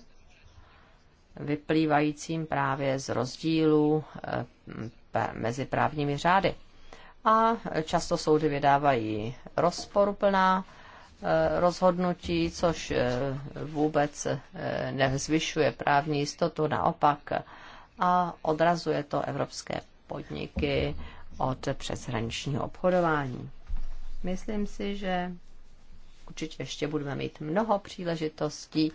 vyplývajícím právě z rozdílů eh, mezi právními řády. A často soudy vydávají rozporuplná eh, rozhodnutí, což eh, vůbec nezvyšuje právní jistotu, naopak a odrazuje to evropské podniky od přeshraničního obchodování. Myslím si, že určitě ještě budeme mít mnoho příležitostí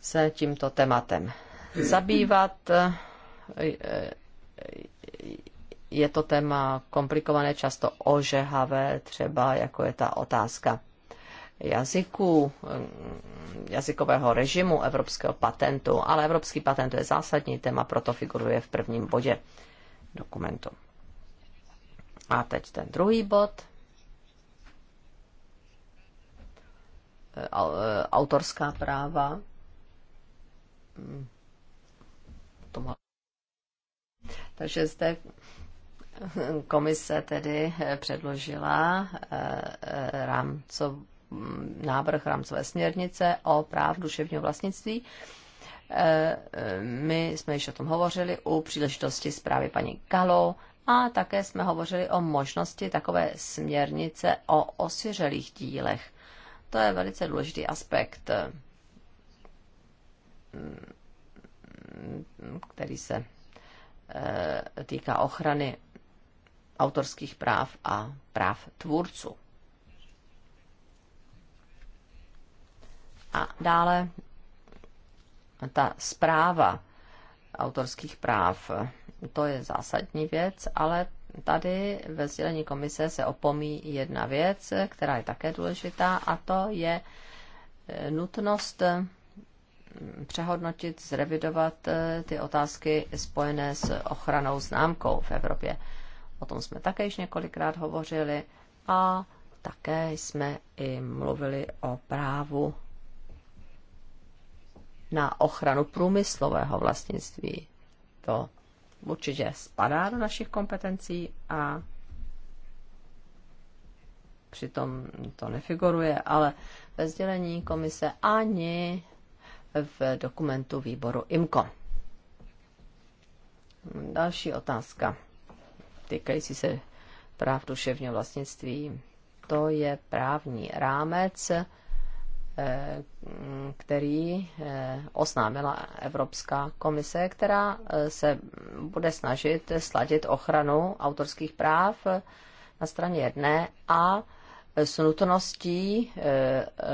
se tímto tématem zabývat. Je to téma komplikované, často ožehavé, třeba jako je ta otázka jazyků, eh, jazykového režimu evropského patentu, ale evropský patent je zásadní téma, proto figuruje v prvním bodě dokumentu. A teď ten druhý bod. Eh, eh, autorská práva. Hmm. Takže zde komise tedy předložila rámcovou návrh rámcové směrnice o práv duševního vlastnictví. E, e, my jsme již o tom hovořili u příležitosti zprávy paní Kalo a také jsme hovořili o možnosti takové směrnice o osvěřelých dílech. To je velice důležitý aspekt, e, který se týká ochrany autorských práv a práv tvůrců. A dále ta zpráva autorských práv. To je zásadní věc, ale tady ve sdělení komise se opomí jedna věc, která je také důležitá, a to je eh, nutnost mm, přehodnotit, zrevidovat eh, ty otázky spojené s ochranou známkou v Evropě. O tom jsme také již několikrát hovořili a také jsme i mluvili o právu na ochranu průmyslového vlastnictví. To určitě spadá do našich kompetencí a přitom to nefiguruje, ale ve sdělení komise ani v dokumentu výboru IMCO. Další otázka týkající se práv duševního vlastnictví. To je právní rámec, Eh, který eh, oznámila Evropská komise, která eh, se bude snažit sladit ochranu autorských práv na straně jedné a s nutností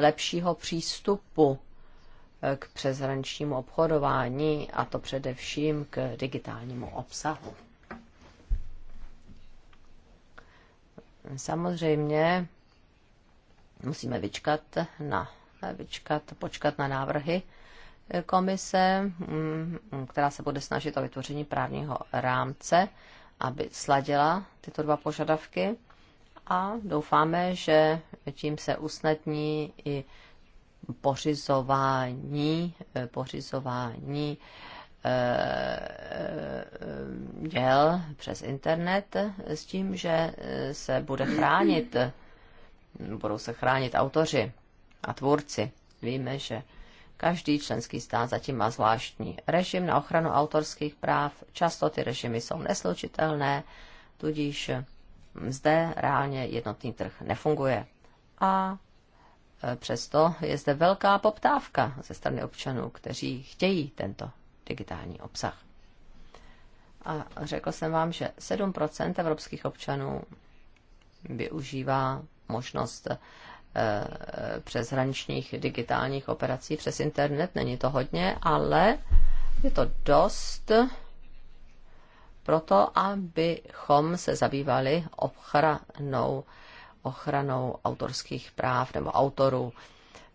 lepšího přístupu k přeshraničnímu obchodování a to především k digitálnímu obsahu. Samozřejmě musíme vyčkat na vyčkat, počkat na návrhy komise, mm, která se bude snažit o vytvoření právního rámce, aby sladila tyto dva požadavky a doufáme, že tím se usnadní i pořizování, pořizování eh, eh, děl přes internet s tím, že se bude chránit, budou se chránit autoři a tvůrci. Víme, že každý členský stát zatím má zvláštní režim na ochranu autorských práv. Často ty režimy jsou neslučitelné, tudíž zde reálně jednotný trh nefunguje. A e, přesto je zde velká poptávka ze strany občanů, kteří chtějí tento digitální obsah. A řekl jsem vám, že 7 evropských občanů využívá možnost Eh, přeshraničních digitálních operací přes internet. Není to hodně, ale je to dost pro to, abychom se zabývali ochranou, ochranou autorských práv nebo autorů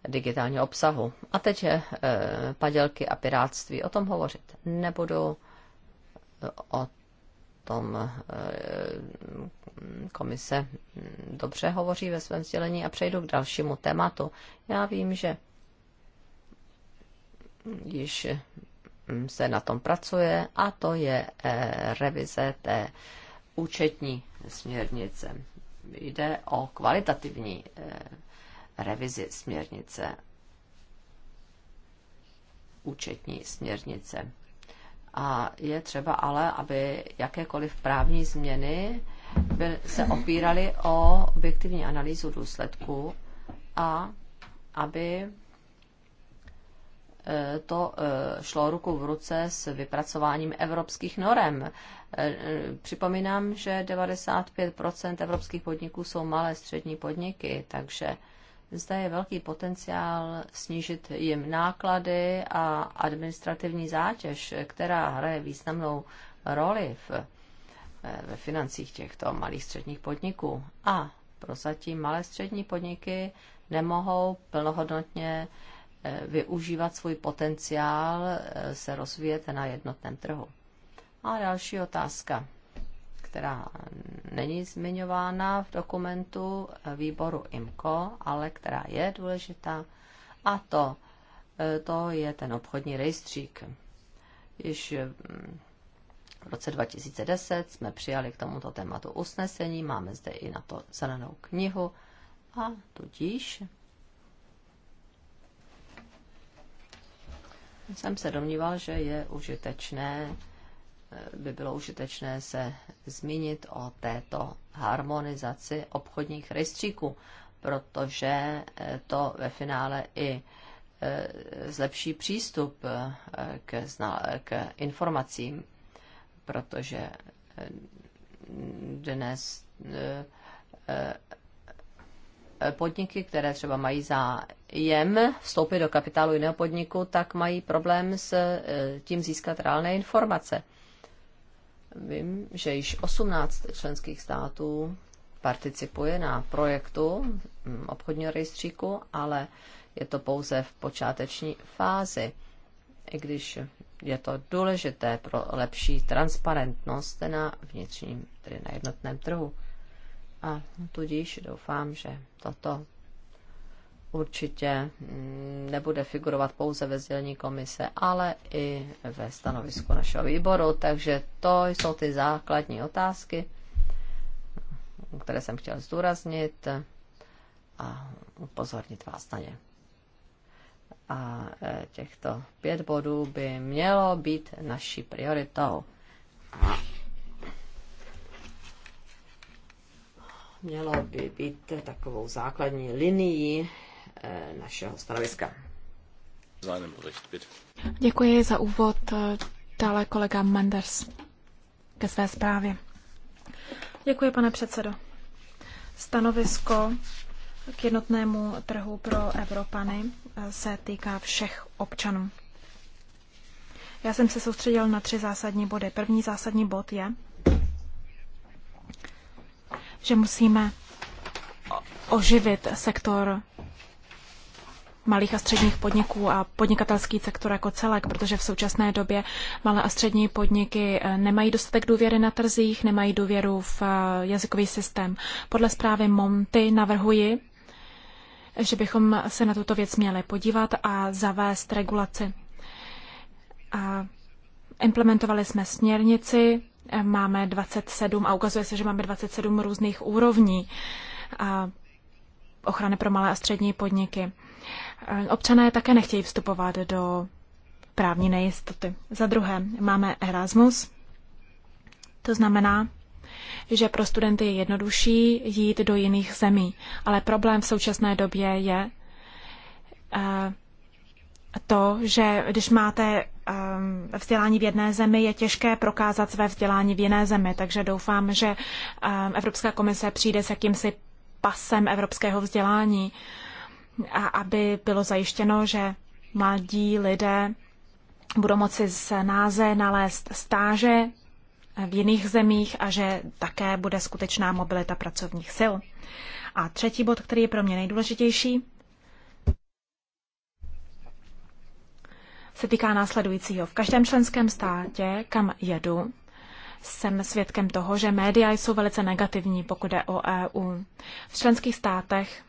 digitálního obsahu. A teď je eh, padělky a piráctví. O tom hovořit nebudu. Eh, o tom eh, komise dobře hovoří ve svém sdělení a přejdu k dalšímu tématu. Já vím, že již hm, se na tom pracuje a to je eh, revize té účetní směrnice. Jde o kvalitativní eh, revizi směrnice, účetní směrnice. A je třeba ale, aby jakékoliv právní změny by se opíraly o objektivní analýzu důsledků a aby e, to e, šlo ruku v ruce s vypracováním evropských norem. E, připomínám, že 95 evropských podniků jsou malé střední podniky, takže zde je velký potenciál snížit jim náklady a administrativní zátěž, která hraje významnou roli v, eh, ve financích těchto malých středních podniků. A prozatím malé střední podniky nemohou plnohodnotně eh, využívat svůj potenciál eh, se rozvíjet na jednotném trhu. A další otázka která není zmiňována v dokumentu výboru IMCO, ale která je důležitá, a to, e, to je ten obchodní rejstřík. Již e, v roce 2010 jsme přijali k tomuto tématu usnesení, máme zde i na to zelenou knihu a tudíž jsem se domníval, že je užitečné by bylo užitečné se zmínit o této harmonizaci obchodních rejstříků, protože eh, to ve finále i eh, zlepší přístup eh, k, k informacím, protože dnes podniky, které třeba mají zájem vstoupit do kapitálu jiného podniku, tak mají problém s tím získat reálné informace. Vím, že již 18 členských států participuje na projektu mm, obchodního rejstříku, ale je to pouze v počáteční fázi. I když je to důležité pro lepší transparentnost na vnitřním, tedy na jednotném trhu. A tudíž doufám, že toto určitě mm, nebude figurovat pouze ve sdělení komise, ale i ve stanovisku našeho výboru. Takže to jsou ty základní otázky, které jsem chtěl zdůraznit a upozornit vás na ně. A e, těchto pět bodů by mělo být naší prioritou. Mělo by být takovou základní linií Eh, našeho stanoviska. Děkuji za úvod. Eh, dále kolega Manders ke své zprávě. Děkuji, pane předsedo. Stanovisko k jednotnému trhu pro Evropany eh, se týká všech občanů. Já jsem se soustředil na tři zásadní body. První zásadní bod je, že musíme oživit sektor malých a středních podniků a podnikatelský sektor jako celek, protože v současné době malé a střední podniky eh, nemají dostatek důvěry na trzích, nemají důvěru v eh, jazykový systém. Podle zprávy Monty navrhuji, že bychom se na tuto věc měli podívat a zavést regulaci. A implementovali jsme směrnici, eh, máme 27 a ukazuje se, že máme 27 různých úrovní ochrany pro malé a střední podniky. Občané také nechtějí vstupovat do právní nejistoty. Za druhé, máme Erasmus, to znamená, že pro studenty je jednodušší jít do jiných zemí. Ale problém v současné době je eh, to, že když máte eh, vzdělání v jedné zemi, je těžké prokázat své vzdělání v jiné zemi. Takže doufám, že eh, Evropská komise přijde s jakýmsi pasem evropského vzdělání, a aby bylo zajištěno, že mladí lidé budou moci z náze nalézt stáže v jiných zemích a že také bude skutečná mobilita pracovních sil. A třetí bod, který je pro mě nejdůležitější, se týká následujícího. V každém členském státě, kam jedu, jsem svědkem toho, že média jsou velice negativní, pokud jde o EU. V členských státech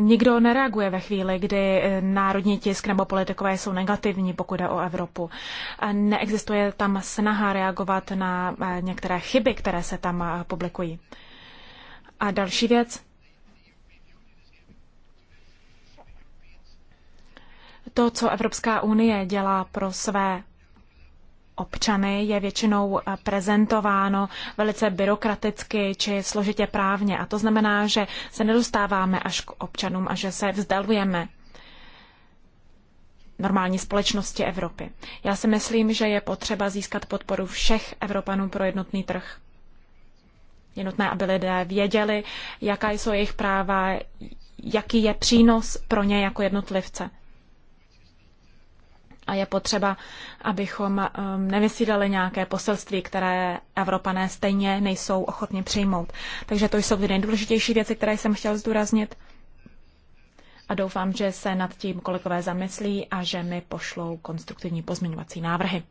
Nikdo nereaguje ve chvíli, kdy e, národní tisk nebo politikové jsou negativní, pokud jde o Evropu. Neexistuje tam snaha reagovat na e, některé chyby, které se tam e, publikují. A další věc. To, co Evropská unie dělá pro své občany je většinou eh, prezentováno velice byrokraticky či složitě právně. A to znamená, že se nedostáváme až k občanům a že se vzdalujeme normální společnosti Evropy. Já si myslím, že je potřeba získat podporu všech Evropanů pro jednotný trh. Je nutné, aby lidé věděli, jaká jsou jejich práva, jaký je přínos pro ně jako jednotlivce a je potřeba, abychom um, nevysílali nějaké poselství, které Evropané stejně nejsou ochotni přijmout. Takže to jsou ty nejdůležitější věci, které jsem chtěl zdůraznit. A doufám, že se nad tím kolegové zamyslí a že mi pošlou konstruktivní pozměňovací návrhy.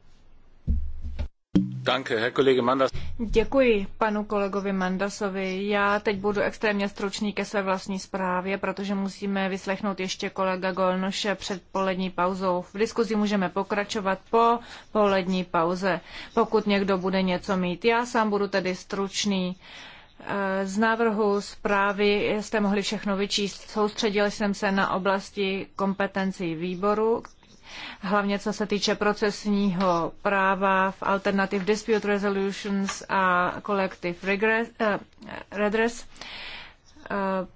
Děkuji panu kolegovi Mandasovi. Já teď budu extrémně stručný ke své vlastní zprávě, protože musíme vyslechnout ještě kolega Golnoše před polední pauzou. V diskuzi můžeme pokračovat po polední pauze, pokud někdo bude něco mít. Já sám budu tedy stručný. Eh, z návrhu zprávy jste mohli všechno vyčíst. Soustředil jsem se na oblasti kompetencí výboru, hlavně co se týče procesního práva v Alternative Dispute Resolutions a Collective regress, Uh, Redress. Uh,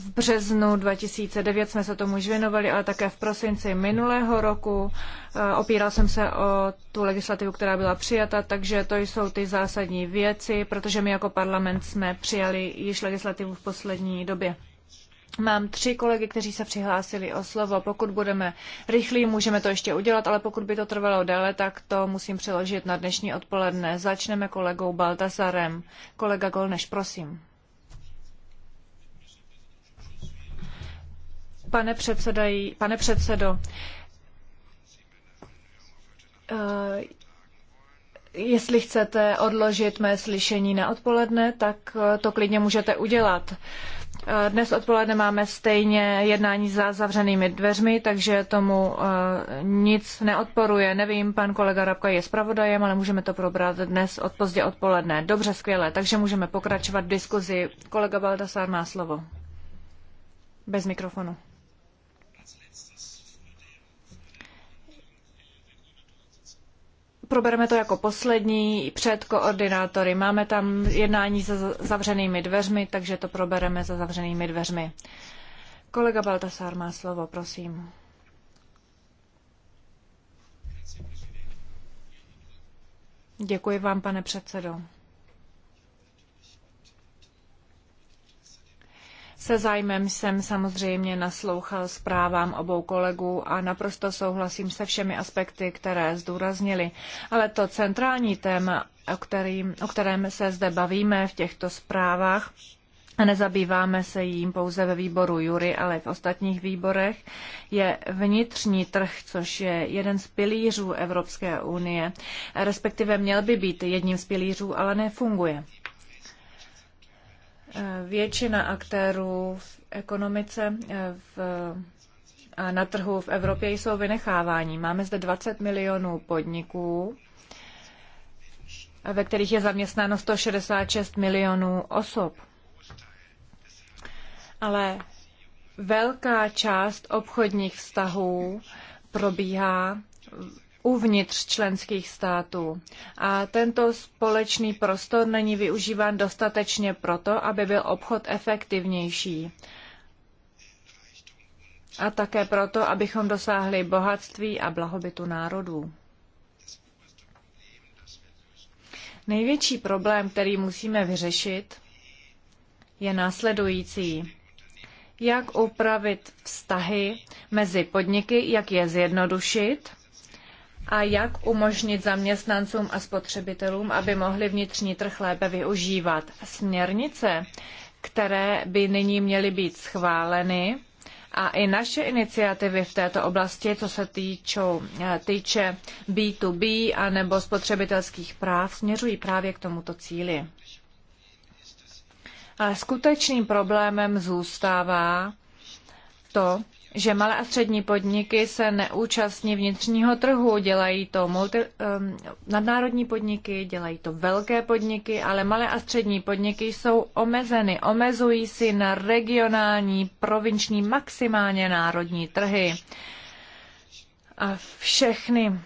v březnu 2009 jsme se tomu už věnovali, ale také v prosinci minulého roku. Eh, opíral jsem se o tu legislativu, která byla přijata, takže to jsou ty zásadní věci, protože my jako parlament jsme přijali již legislativu v poslední době. Mám tři kolegy, kteří se přihlásili o slovo. Pokud budeme rychlí, můžeme to ještě udělat, ale pokud by to trvalo déle, tak to musím přeložit na dnešní odpoledne. Začneme kolegou Baltasarem. Kolega Golneš, prosím. Pane, předsedají, pane předsedo, eh, jestli chcete odložit mé slyšení na odpoledne, tak to klidně můžete udělat. Uh, dnes odpoledne máme stejně jednání za zavřenými dveřmi, takže tomu eh, nic neodporuje. Nevím, pan kolega Rabka je zpravodajem, ale můžeme to probrat dnes odpozdě pozdě odpoledne. Dobře, skvěle, takže můžeme pokračovat v diskuzi. Kolega Baldasár má slovo. Bez mikrofonu. probereme to jako poslední před koordinátory. Máme tam jednání za zavřenými dveřmi, takže to probereme za zavřenými dveřmi. Kolega Baltasar má slovo, prosím. Děkuji vám, pane předsedo. Se zájmem jsem samozřejmě naslouchal zprávám obou kolegů a naprosto souhlasím se všemi aspekty, které zdůraznili. Ale to centrální téma, o, kterým, o kterém se zde bavíme v těchto zprávách, a nezabýváme se jím pouze ve výboru Jury, ale i v ostatních výborech, je vnitřní trh, což je jeden z pilířů Evropské unie, respektive měl by být jedním z pilířů, ale nefunguje. Eh, většina aktérů v ekonomice eh, v, a na trhu v Evropě jsou vynechávání. Máme zde 20 milionů podniků, ve kterých je zaměstnáno 166 milionů osob. Ale velká část obchodních vztahů probíhá uvnitř členských států. A tento společný prostor není využíván dostatečně proto, aby byl obchod efektivnější. A také proto, abychom dosáhli bohatství a blahobytu národů. Největší problém, který musíme vyřešit, je následující. Jak upravit vztahy mezi podniky, jak je zjednodušit a jak umožnit zaměstnancům a spotřebitelům, aby mohli vnitřní trh lépe využívat. Směrnice, které by nyní měly být schváleny, a i naše iniciativy v této oblasti, co se eh, týče týče B2B a nebo spotřebitelských práv, směřují právě k tomuto cíli. skutečným problémem zůstává to, že malé a střední podniky se neúčastní vnitřního trhu, dělají to multi, um, nadnárodní podniky, dělají to velké podniky, ale malé a střední podniky jsou omezeny, omezují si na regionální, provinční, maximálně národní trhy. A všechny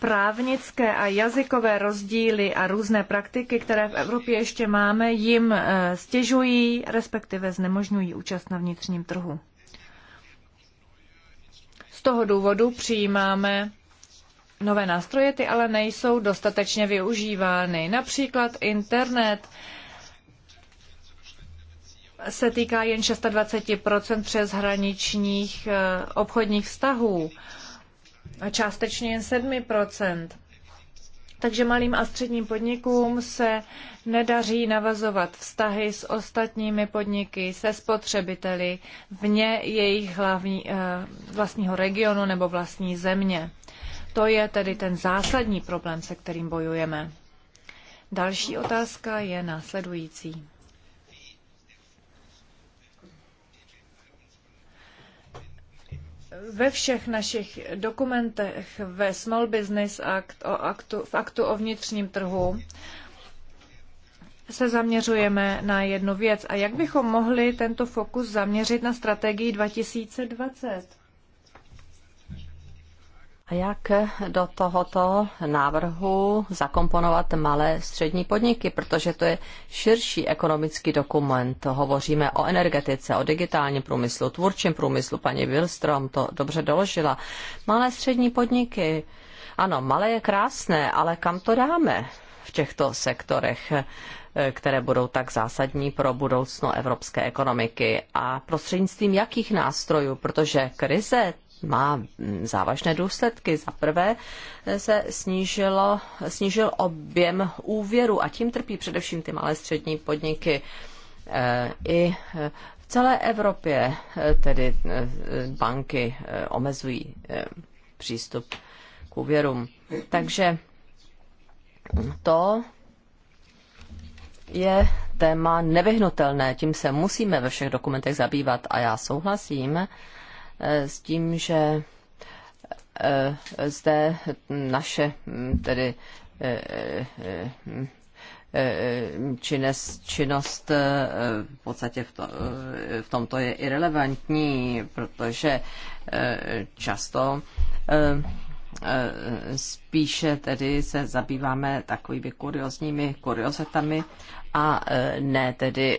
právnické a jazykové rozdíly a různé praktiky, které v Evropě ještě máme, jim eh, stěžují, respektive znemožňují účast na vnitřním trhu. Z toho důvodu přijímáme nové nástroje, ty ale nejsou dostatečně využívány. Například internet se týká jen 26 přeshraničních eh, obchodních vztahů a částečně jen 7 takže malým a středním podnikům se nedaří navazovat vztahy s ostatními podniky, se spotřebiteli vně jejich hlavní, eh, vlastního regionu nebo vlastní země. To je tedy ten zásadní problém, se kterým bojujeme. Další otázka je následující. ve všech našich dokumentech ve Small Business Act, o aktu, v aktu o vnitřním trhu, se zaměřujeme na jednu věc. A jak bychom mohli tento fokus zaměřit na strategii 2020? Jak do tohoto návrhu zakomponovat malé střední podniky, protože to je širší ekonomický dokument. Hovoříme o energetice, o digitálním průmyslu, tvůrčím průmyslu. Paní Wilstrom to dobře doložila. Malé střední podniky. Ano, malé je krásné, ale kam to dáme v těchto sektorech? které budou tak zásadní pro budoucno evropské ekonomiky a prostřednictvím jakých nástrojů, protože krize má závažné důsledky. Za prvé se snížilo, snížil objem úvěru a tím trpí především ty malé střední podniky. Eh, I v celé Evropě eh, tedy eh, banky omezují přístup k úvěrům. Takže to je téma nevyhnutelné, tím se musíme ve všech dokumentech zabývat a já souhlasím Eh, s tím, že eh, zde naše hm, tedy eh, hm, činnost, činnost v podstatě v, to, v tomto je irrelevantní, protože často spíše tedy se zabýváme takovými kuriozními kuriozetami a ne tedy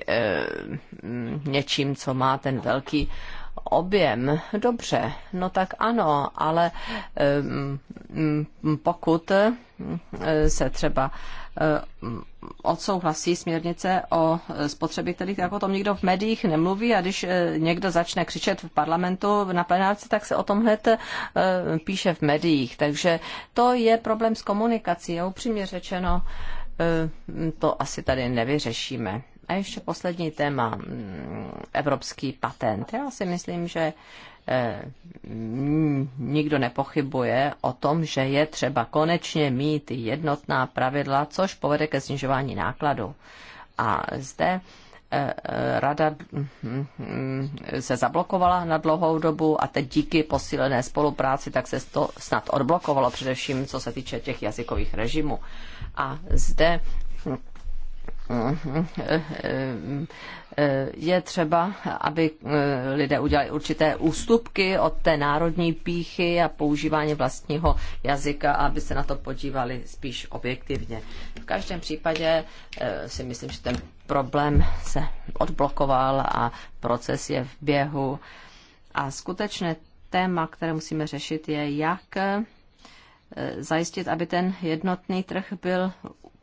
hm, něčím, co má ten velký objem, dobře, no tak ano, ale pokud eh, se třeba eh, odsouhlasí směrnice o spotřebitelích, tak o tom nikdo v médiích nemluví a když eh, někdo začne křičet v parlamentu na plenárce, tak se o tom hned píše v médiích. Takže to je problém s komunikací a upřímně řečeno to asi tady nevyřešíme. A ještě poslední téma, mm, evropský patent. Já si myslím, že eh, nikdo nepochybuje o tom, že je třeba konečně mít jednotná pravidla, což povede ke snižování nákladu. A zde eh, eh, rada mm, se zablokovala na dlouhou dobu a teď díky posílené spolupráci tak se to snad odblokovalo, především co se týče těch jazykových režimů. A zde je třeba, aby eh, lidé udělali určité ústupky od té národní píchy a používání vlastního jazyka, aby se na to podívali spíš objektivně. V každém případě eh, si myslím, že ten problém se odblokoval a proces je v běhu. A skutečné téma, které musíme řešit, je, jak eh, zajistit, aby ten jednotný trh byl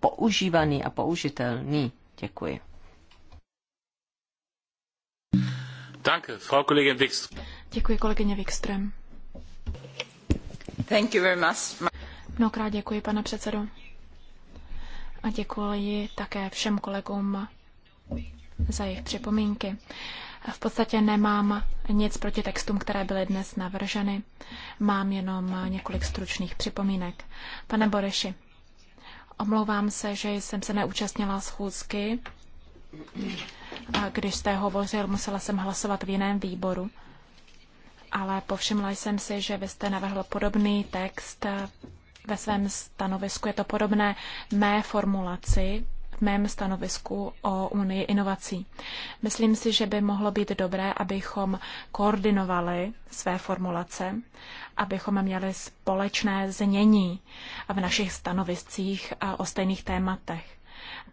používaný a použitelný. Děkuji. Danke, Frau Wikström. Děkuji, kolegyně Wikström. Thank you very much. Mnohokrát děkuji, pane předsedo. A děkuji také všem kolegům za jejich připomínky. V podstatě nemám nic proti textům, které byly dnes navrženy. Mám jenom několik stručných připomínek. Pane Boreši, Omlouvám se, že jsem se neúčastnila schůzky. A když jste hovořil, musela jsem hlasovat v jiném výboru. Ale povšimla jsem si, že vy jste navrhl podobný text eh, ve svém stanovisku. Je to podobné mé formulaci mém stanovisku o Unii inovací. Myslím si, že by mohlo být dobré, abychom koordinovali své formulace, abychom měli společné znění v našich stanoviscích o stejných tématech,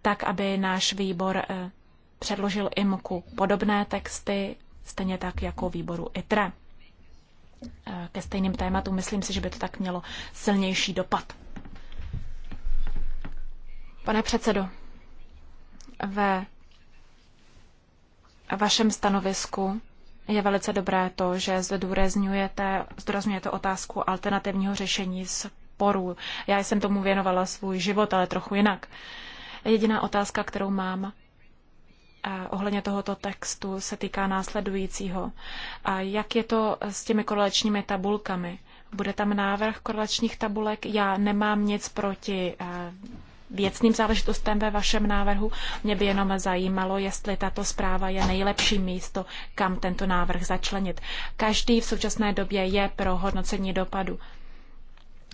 tak aby náš výbor eh, předložil IMKU podobné texty, stejně tak jako výboru ITRE. Eh, ke stejným tématům myslím si, že by to tak mělo silnější dopad. Pane předsedo, ve vašem stanovisku je velice dobré to, že zdůrazňujete, zdůrazňujete otázku alternativního řešení sporů. Já jsem tomu věnovala svůj život, ale trochu jinak. Jediná otázka, kterou mám eh, ohledně tohoto textu, se týká následujícího. A jak je to s těmi korelačními tabulkami? Bude tam návrh korelačních tabulek? Já nemám nic proti eh, věcným záležitostem ve vašem návrhu. Mě by jenom zajímalo, jestli tato zpráva je nejlepší místo, kam tento návrh začlenit. Každý v současné době je pro hodnocení dopadu.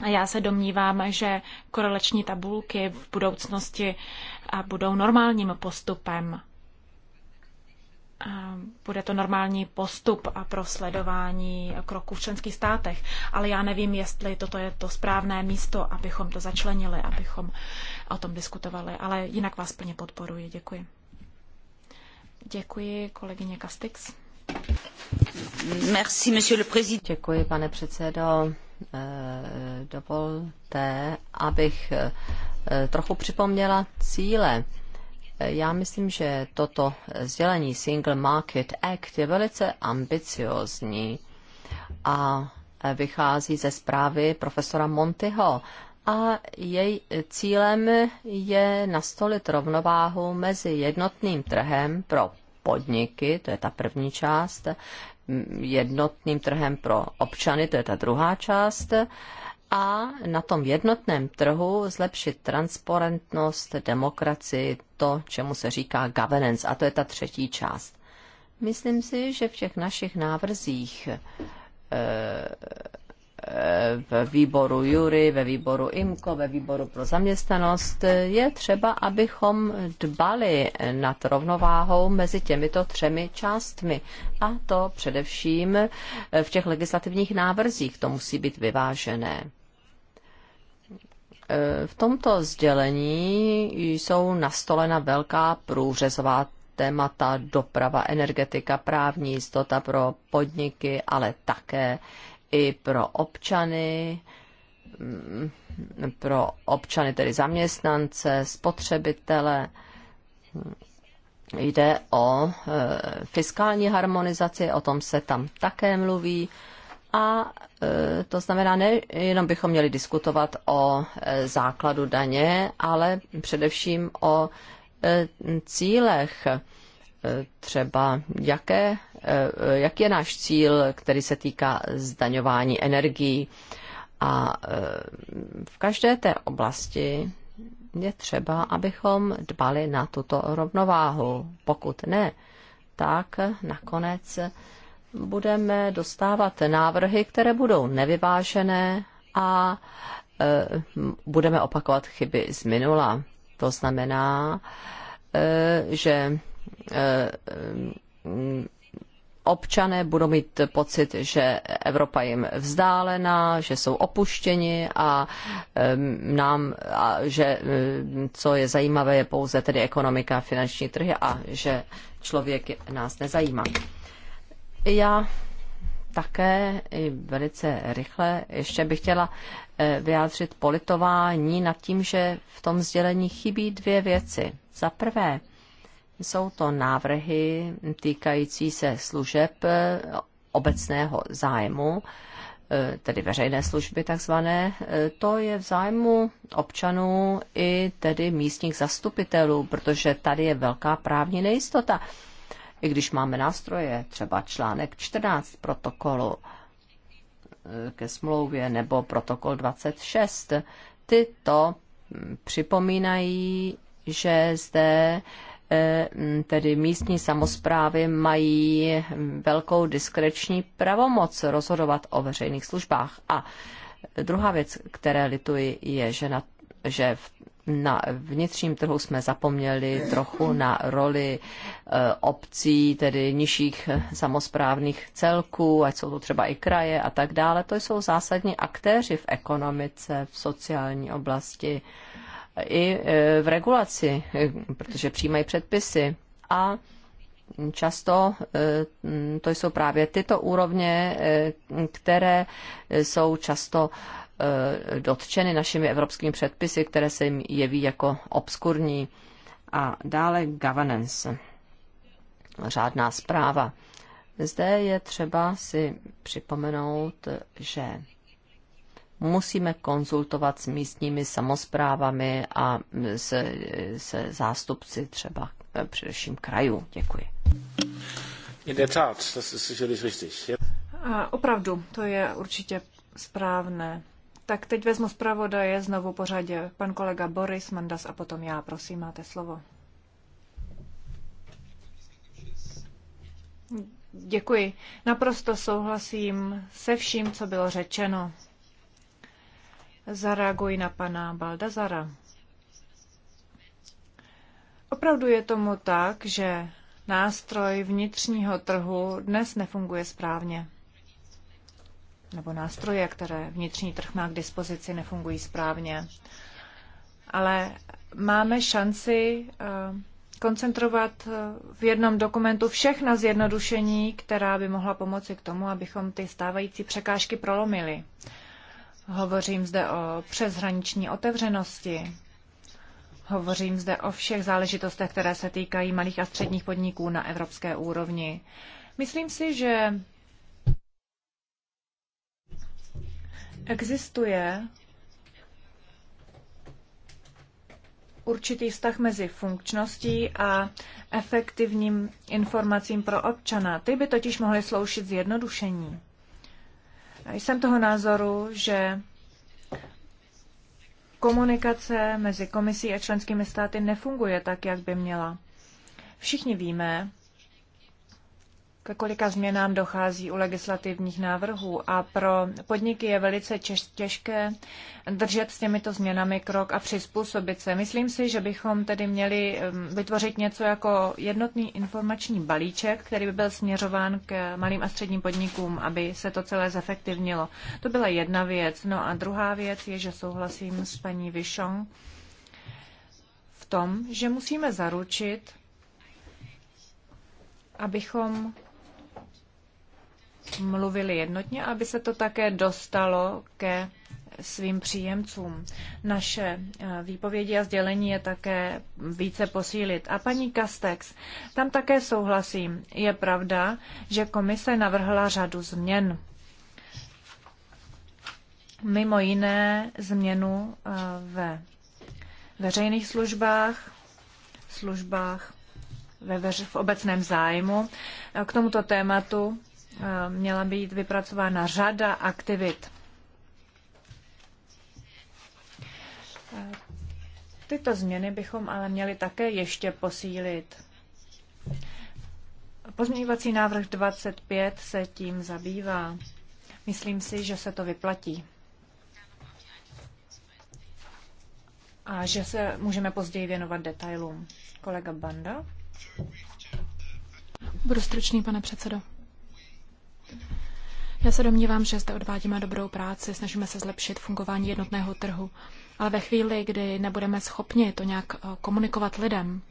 A já se domnívám, že koreleční tabulky v budoucnosti budou normálním postupem bude to normální postup a pro sledování kroků v členských státech. Ale já nevím, jestli toto je to správné místo, abychom to začlenili, abychom o tom diskutovali. Ale jinak vás plně podporuji. Děkuji. Děkuji, kolegyně Kastix. Merci, monsieur le président. Děkuji, pane předsedo. Eh, dovolte, abych eh, trochu připomněla cíle já myslím, že toto sdělení Single Market Act je velice ambiciozní a vychází ze zprávy profesora Montyho a její cílem je nastolit rovnováhu mezi jednotným trhem pro podniky, to je ta první část, jednotným trhem pro občany, to je ta druhá část, a na tom jednotném trhu zlepšit transparentnost, demokracii, to, čemu se říká governance, a to je ta třetí část. Myslím si, že v těch našich návrzích eh, eh, ve výboru Jury, ve výboru IMKO, ve výboru pro zaměstnanost eh, je třeba, abychom dbali nad rovnováhou mezi těmito třemi částmi. A to především v těch legislativních návrzích. To musí být vyvážené. E, v tomto sdělení jsou nastolena velká průřezová témata doprava, energetika, právní jistota pro podniky, ale také i pro občany, mm, pro občany, tedy zaměstnance, spotřebitele. Jde o e, fiskální harmonizaci, o tom se tam také mluví. A e, to znamená, nejenom bychom měli diskutovat o e, základu daně, ale především o e, cílech. Třeba jaké, jak je náš cíl, který se týká zdaňování energií. A v každé té oblasti je třeba, abychom dbali na tuto rovnováhu. Pokud ne, tak nakonec budeme dostávat návrhy, které budou nevyvážené a e, budeme opakovat chyby z minula. To znamená, e, že e, občané budou mít pocit, že Evropa jim vzdálená, že jsou opuštěni a nám, a že co je zajímavé, je pouze tedy ekonomika, finanční trhy a že člověk nás nezajímá. Já také velice rychle ještě bych chtěla eh, vyjádřit politování nad tím, že v tom sdělení chybí dvě věci. Za prvé, jsou to návrhy týkající se služeb eh, obecného zájmu, eh, tedy veřejné služby takzvané, to je v zájmu občanů i tedy místních zastupitelů, protože tady je velká právní nejistota i když máme nástroje, třeba článek 14 protokolu eh, ke smlouvě nebo protokol 26, tyto hm, připomínají, že zde eh, hm, tedy místní samozprávy mají hm, velkou diskreční pravomoc rozhodovat o veřejných službách. A druhá věc, které lituji, je, že, na, že v na vnitřním trhu jsme zapomněli trochu na roli eh, obcí, tedy nižších eh, samozprávných celků, ať jsou to třeba i kraje a tak dále. To jsou zásadní aktéři v ekonomice, v sociální oblasti eh, i v regulaci, protože přijímají předpisy. A často to jsou právě tyto úrovně, které jsou často Eh, dotčeny našimi evropskými předpisy, které se jim jeví jako obskurní. A dále governance, řádná zpráva. Zde je třeba si připomenout, že musíme konzultovat s místními samozprávami a se, se zástupci třeba eh, především krajů. Děkuji. In der Tat, das ist sicherlich richtig. Uh, opravdu, to je určitě správné. Tak teď vezmu zpravodaje znovu pořadě. Pan kolega Boris Mandas a potom já. Prosím, máte slovo. Děkuji. Naprosto souhlasím se vším, co bylo řečeno. Zareaguji na pana Baldazara. Opravdu je tomu tak, že nástroj vnitřního trhu dnes nefunguje správně nebo nástroje, které vnitřní trh má k dispozici, nefungují správně. Ale máme šanci eh, koncentrovat eh, v jednom dokumentu všechna zjednodušení, která by mohla pomoci k tomu, abychom ty stávající překážky prolomili. Hovořím zde o přeshraniční otevřenosti. Hovořím zde o všech záležitostech, které se týkají malých a středních podniků na evropské úrovni. Myslím si, že Existuje určitý vztah mezi funkčností a efektivním informacím pro občana. Ty by totiž mohly sloušit zjednodušení. Jsem toho názoru, že komunikace mezi komisí a členskými státy nefunguje tak, jak by měla. Všichni víme, k kolika změnám dochází u legislativních návrhů a pro podniky je velice těžké držet s těmito změnami krok a přizpůsobit se. Myslím si, že bychom tedy měli vytvořit něco jako jednotný informační balíček, který by byl směřován k malým a středním podnikům, aby se to celé zefektivnilo. To byla jedna věc. No a druhá věc je, že souhlasím s paní Vyšong v tom, že musíme zaručit, abychom mluvili jednotně, aby se to také dostalo ke svým příjemcům. Naše eh, výpovědi a sdělení je také více posílit. A paní Kastex, tam také souhlasím. Je pravda, že komise navrhla řadu změn. Mimo jiné změnu eh, ve veřejných službách, službách ve veř- v obecném zájmu. K tomuto tématu Eh, měla být vypracována řada aktivit. Eh, tyto změny bychom ale měli také ještě posílit. Pozměňovací návrh 25 se tím zabývá. Myslím si, že se to vyplatí. A že se můžeme později věnovat detailům. Kolega Banda. Budu stručný, pane předsedo. Já se domnívám, že zde odvádíme dobrou práci, snažíme se zlepšit fungování jednotného trhu. Ale ve chvíli, kdy nebudeme schopni to nějak eh, komunikovat lidem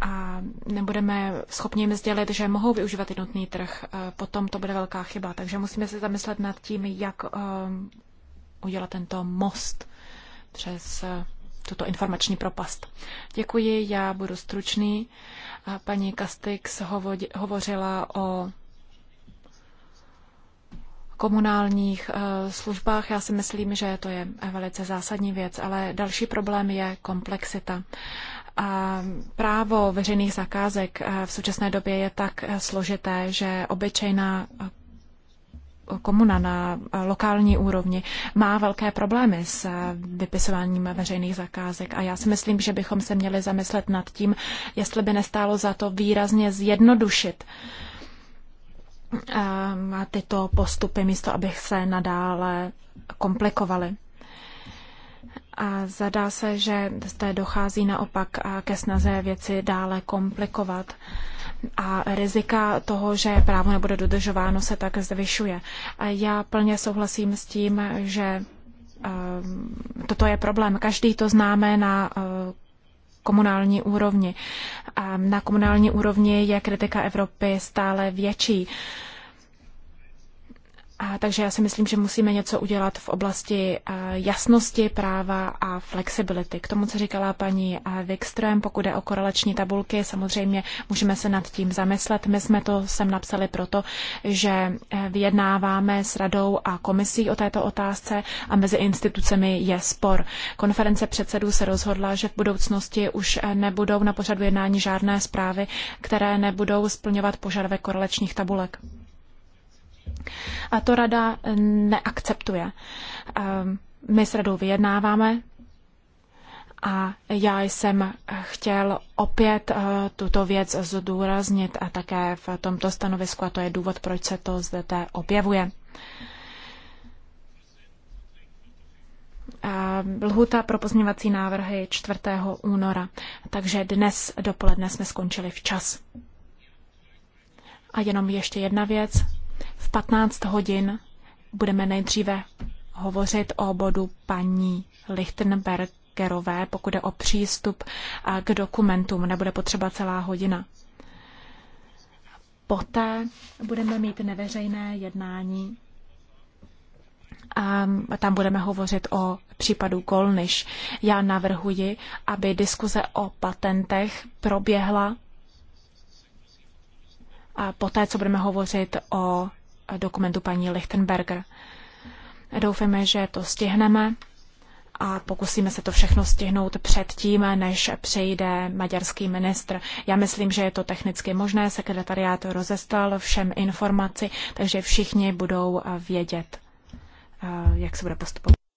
a nebudeme schopni jim sdělit, že mohou využívat jednotný trh, eh, potom to bude velká chyba. Takže musíme se zamyslet nad tím, jak eh, udělat tento most přes tuto informační propast. Děkuji, já budu stručný. Paní Kastix hovořila o komunálních eh, službách. Já si myslím, že to je velice zásadní věc, ale další problém je komplexita. A právo veřejných zakázek eh, v současné době je tak eh, složité, že obyčejná komuna na lokální úrovni má velké problémy s vypisováním veřejných zakázek a já si myslím, že bychom se měli zamyslet nad tím, jestli by nestálo za to výrazně zjednodušit uh, Ehm, tyto postupy, místo abych se nadále komplikovaly. A zadá se, že zde dochází naopak ke snaze věci dále komplikovat a rizika toho, že právo nebude dodržováno, se tak zvyšuje. A já plně souhlasím s tím, že ehm, toto je problém. Každý to známe na eh, komunální úrovni. A na komunální úrovni je kritika Evropy stále větší. A, takže já si myslím, že musíme něco udělat v oblasti eh, jasnosti práva a flexibility. K tomu, co říkala paní eh, Wikström, pokud je o korelační tabulky, samozřejmě můžeme se nad tím zamyslet. My jsme to sem napsali proto, že eh, vyjednáváme s radou a komisí o této otázce a mezi institucemi je spor. Konference předsedů se rozhodla, že v budoucnosti už nebudou na pořadu jednání žádné zprávy, které nebudou splňovat požadavek korelačních tabulek. A to rada neakceptuje. Ehm, my s radou vyjednáváme a já jsem chtěl opět eh, tuto věc zdůraznit a také v tomto stanovisku a to je důvod, proč se to zde objevuje. Ehm, Lhuta pro pozměňovací návrhy 4. února. Takže dnes dopoledne jsme skončili včas. A jenom ještě jedna věc. V 15 hodin budeme nejdříve hovořit o bodu paní Lichtenbergerové, pokud je o přístup k dokumentům, nebude potřeba celá hodina. Poté budeme mít neveřejné jednání a tam budeme hovořit o případu Golniš. Já navrhuji, aby diskuze o patentech proběhla poté, co budeme hovořit o dokumentu paní Lichtenberger. Doufáme, že to stihneme a pokusíme se to všechno stihnout předtím, než přejde maďarský ministr. Já myslím, že je to technicky možné, sekretariát rozestal všem informaci, takže všichni budou eh, vědět, eh, jak se bude postupovat.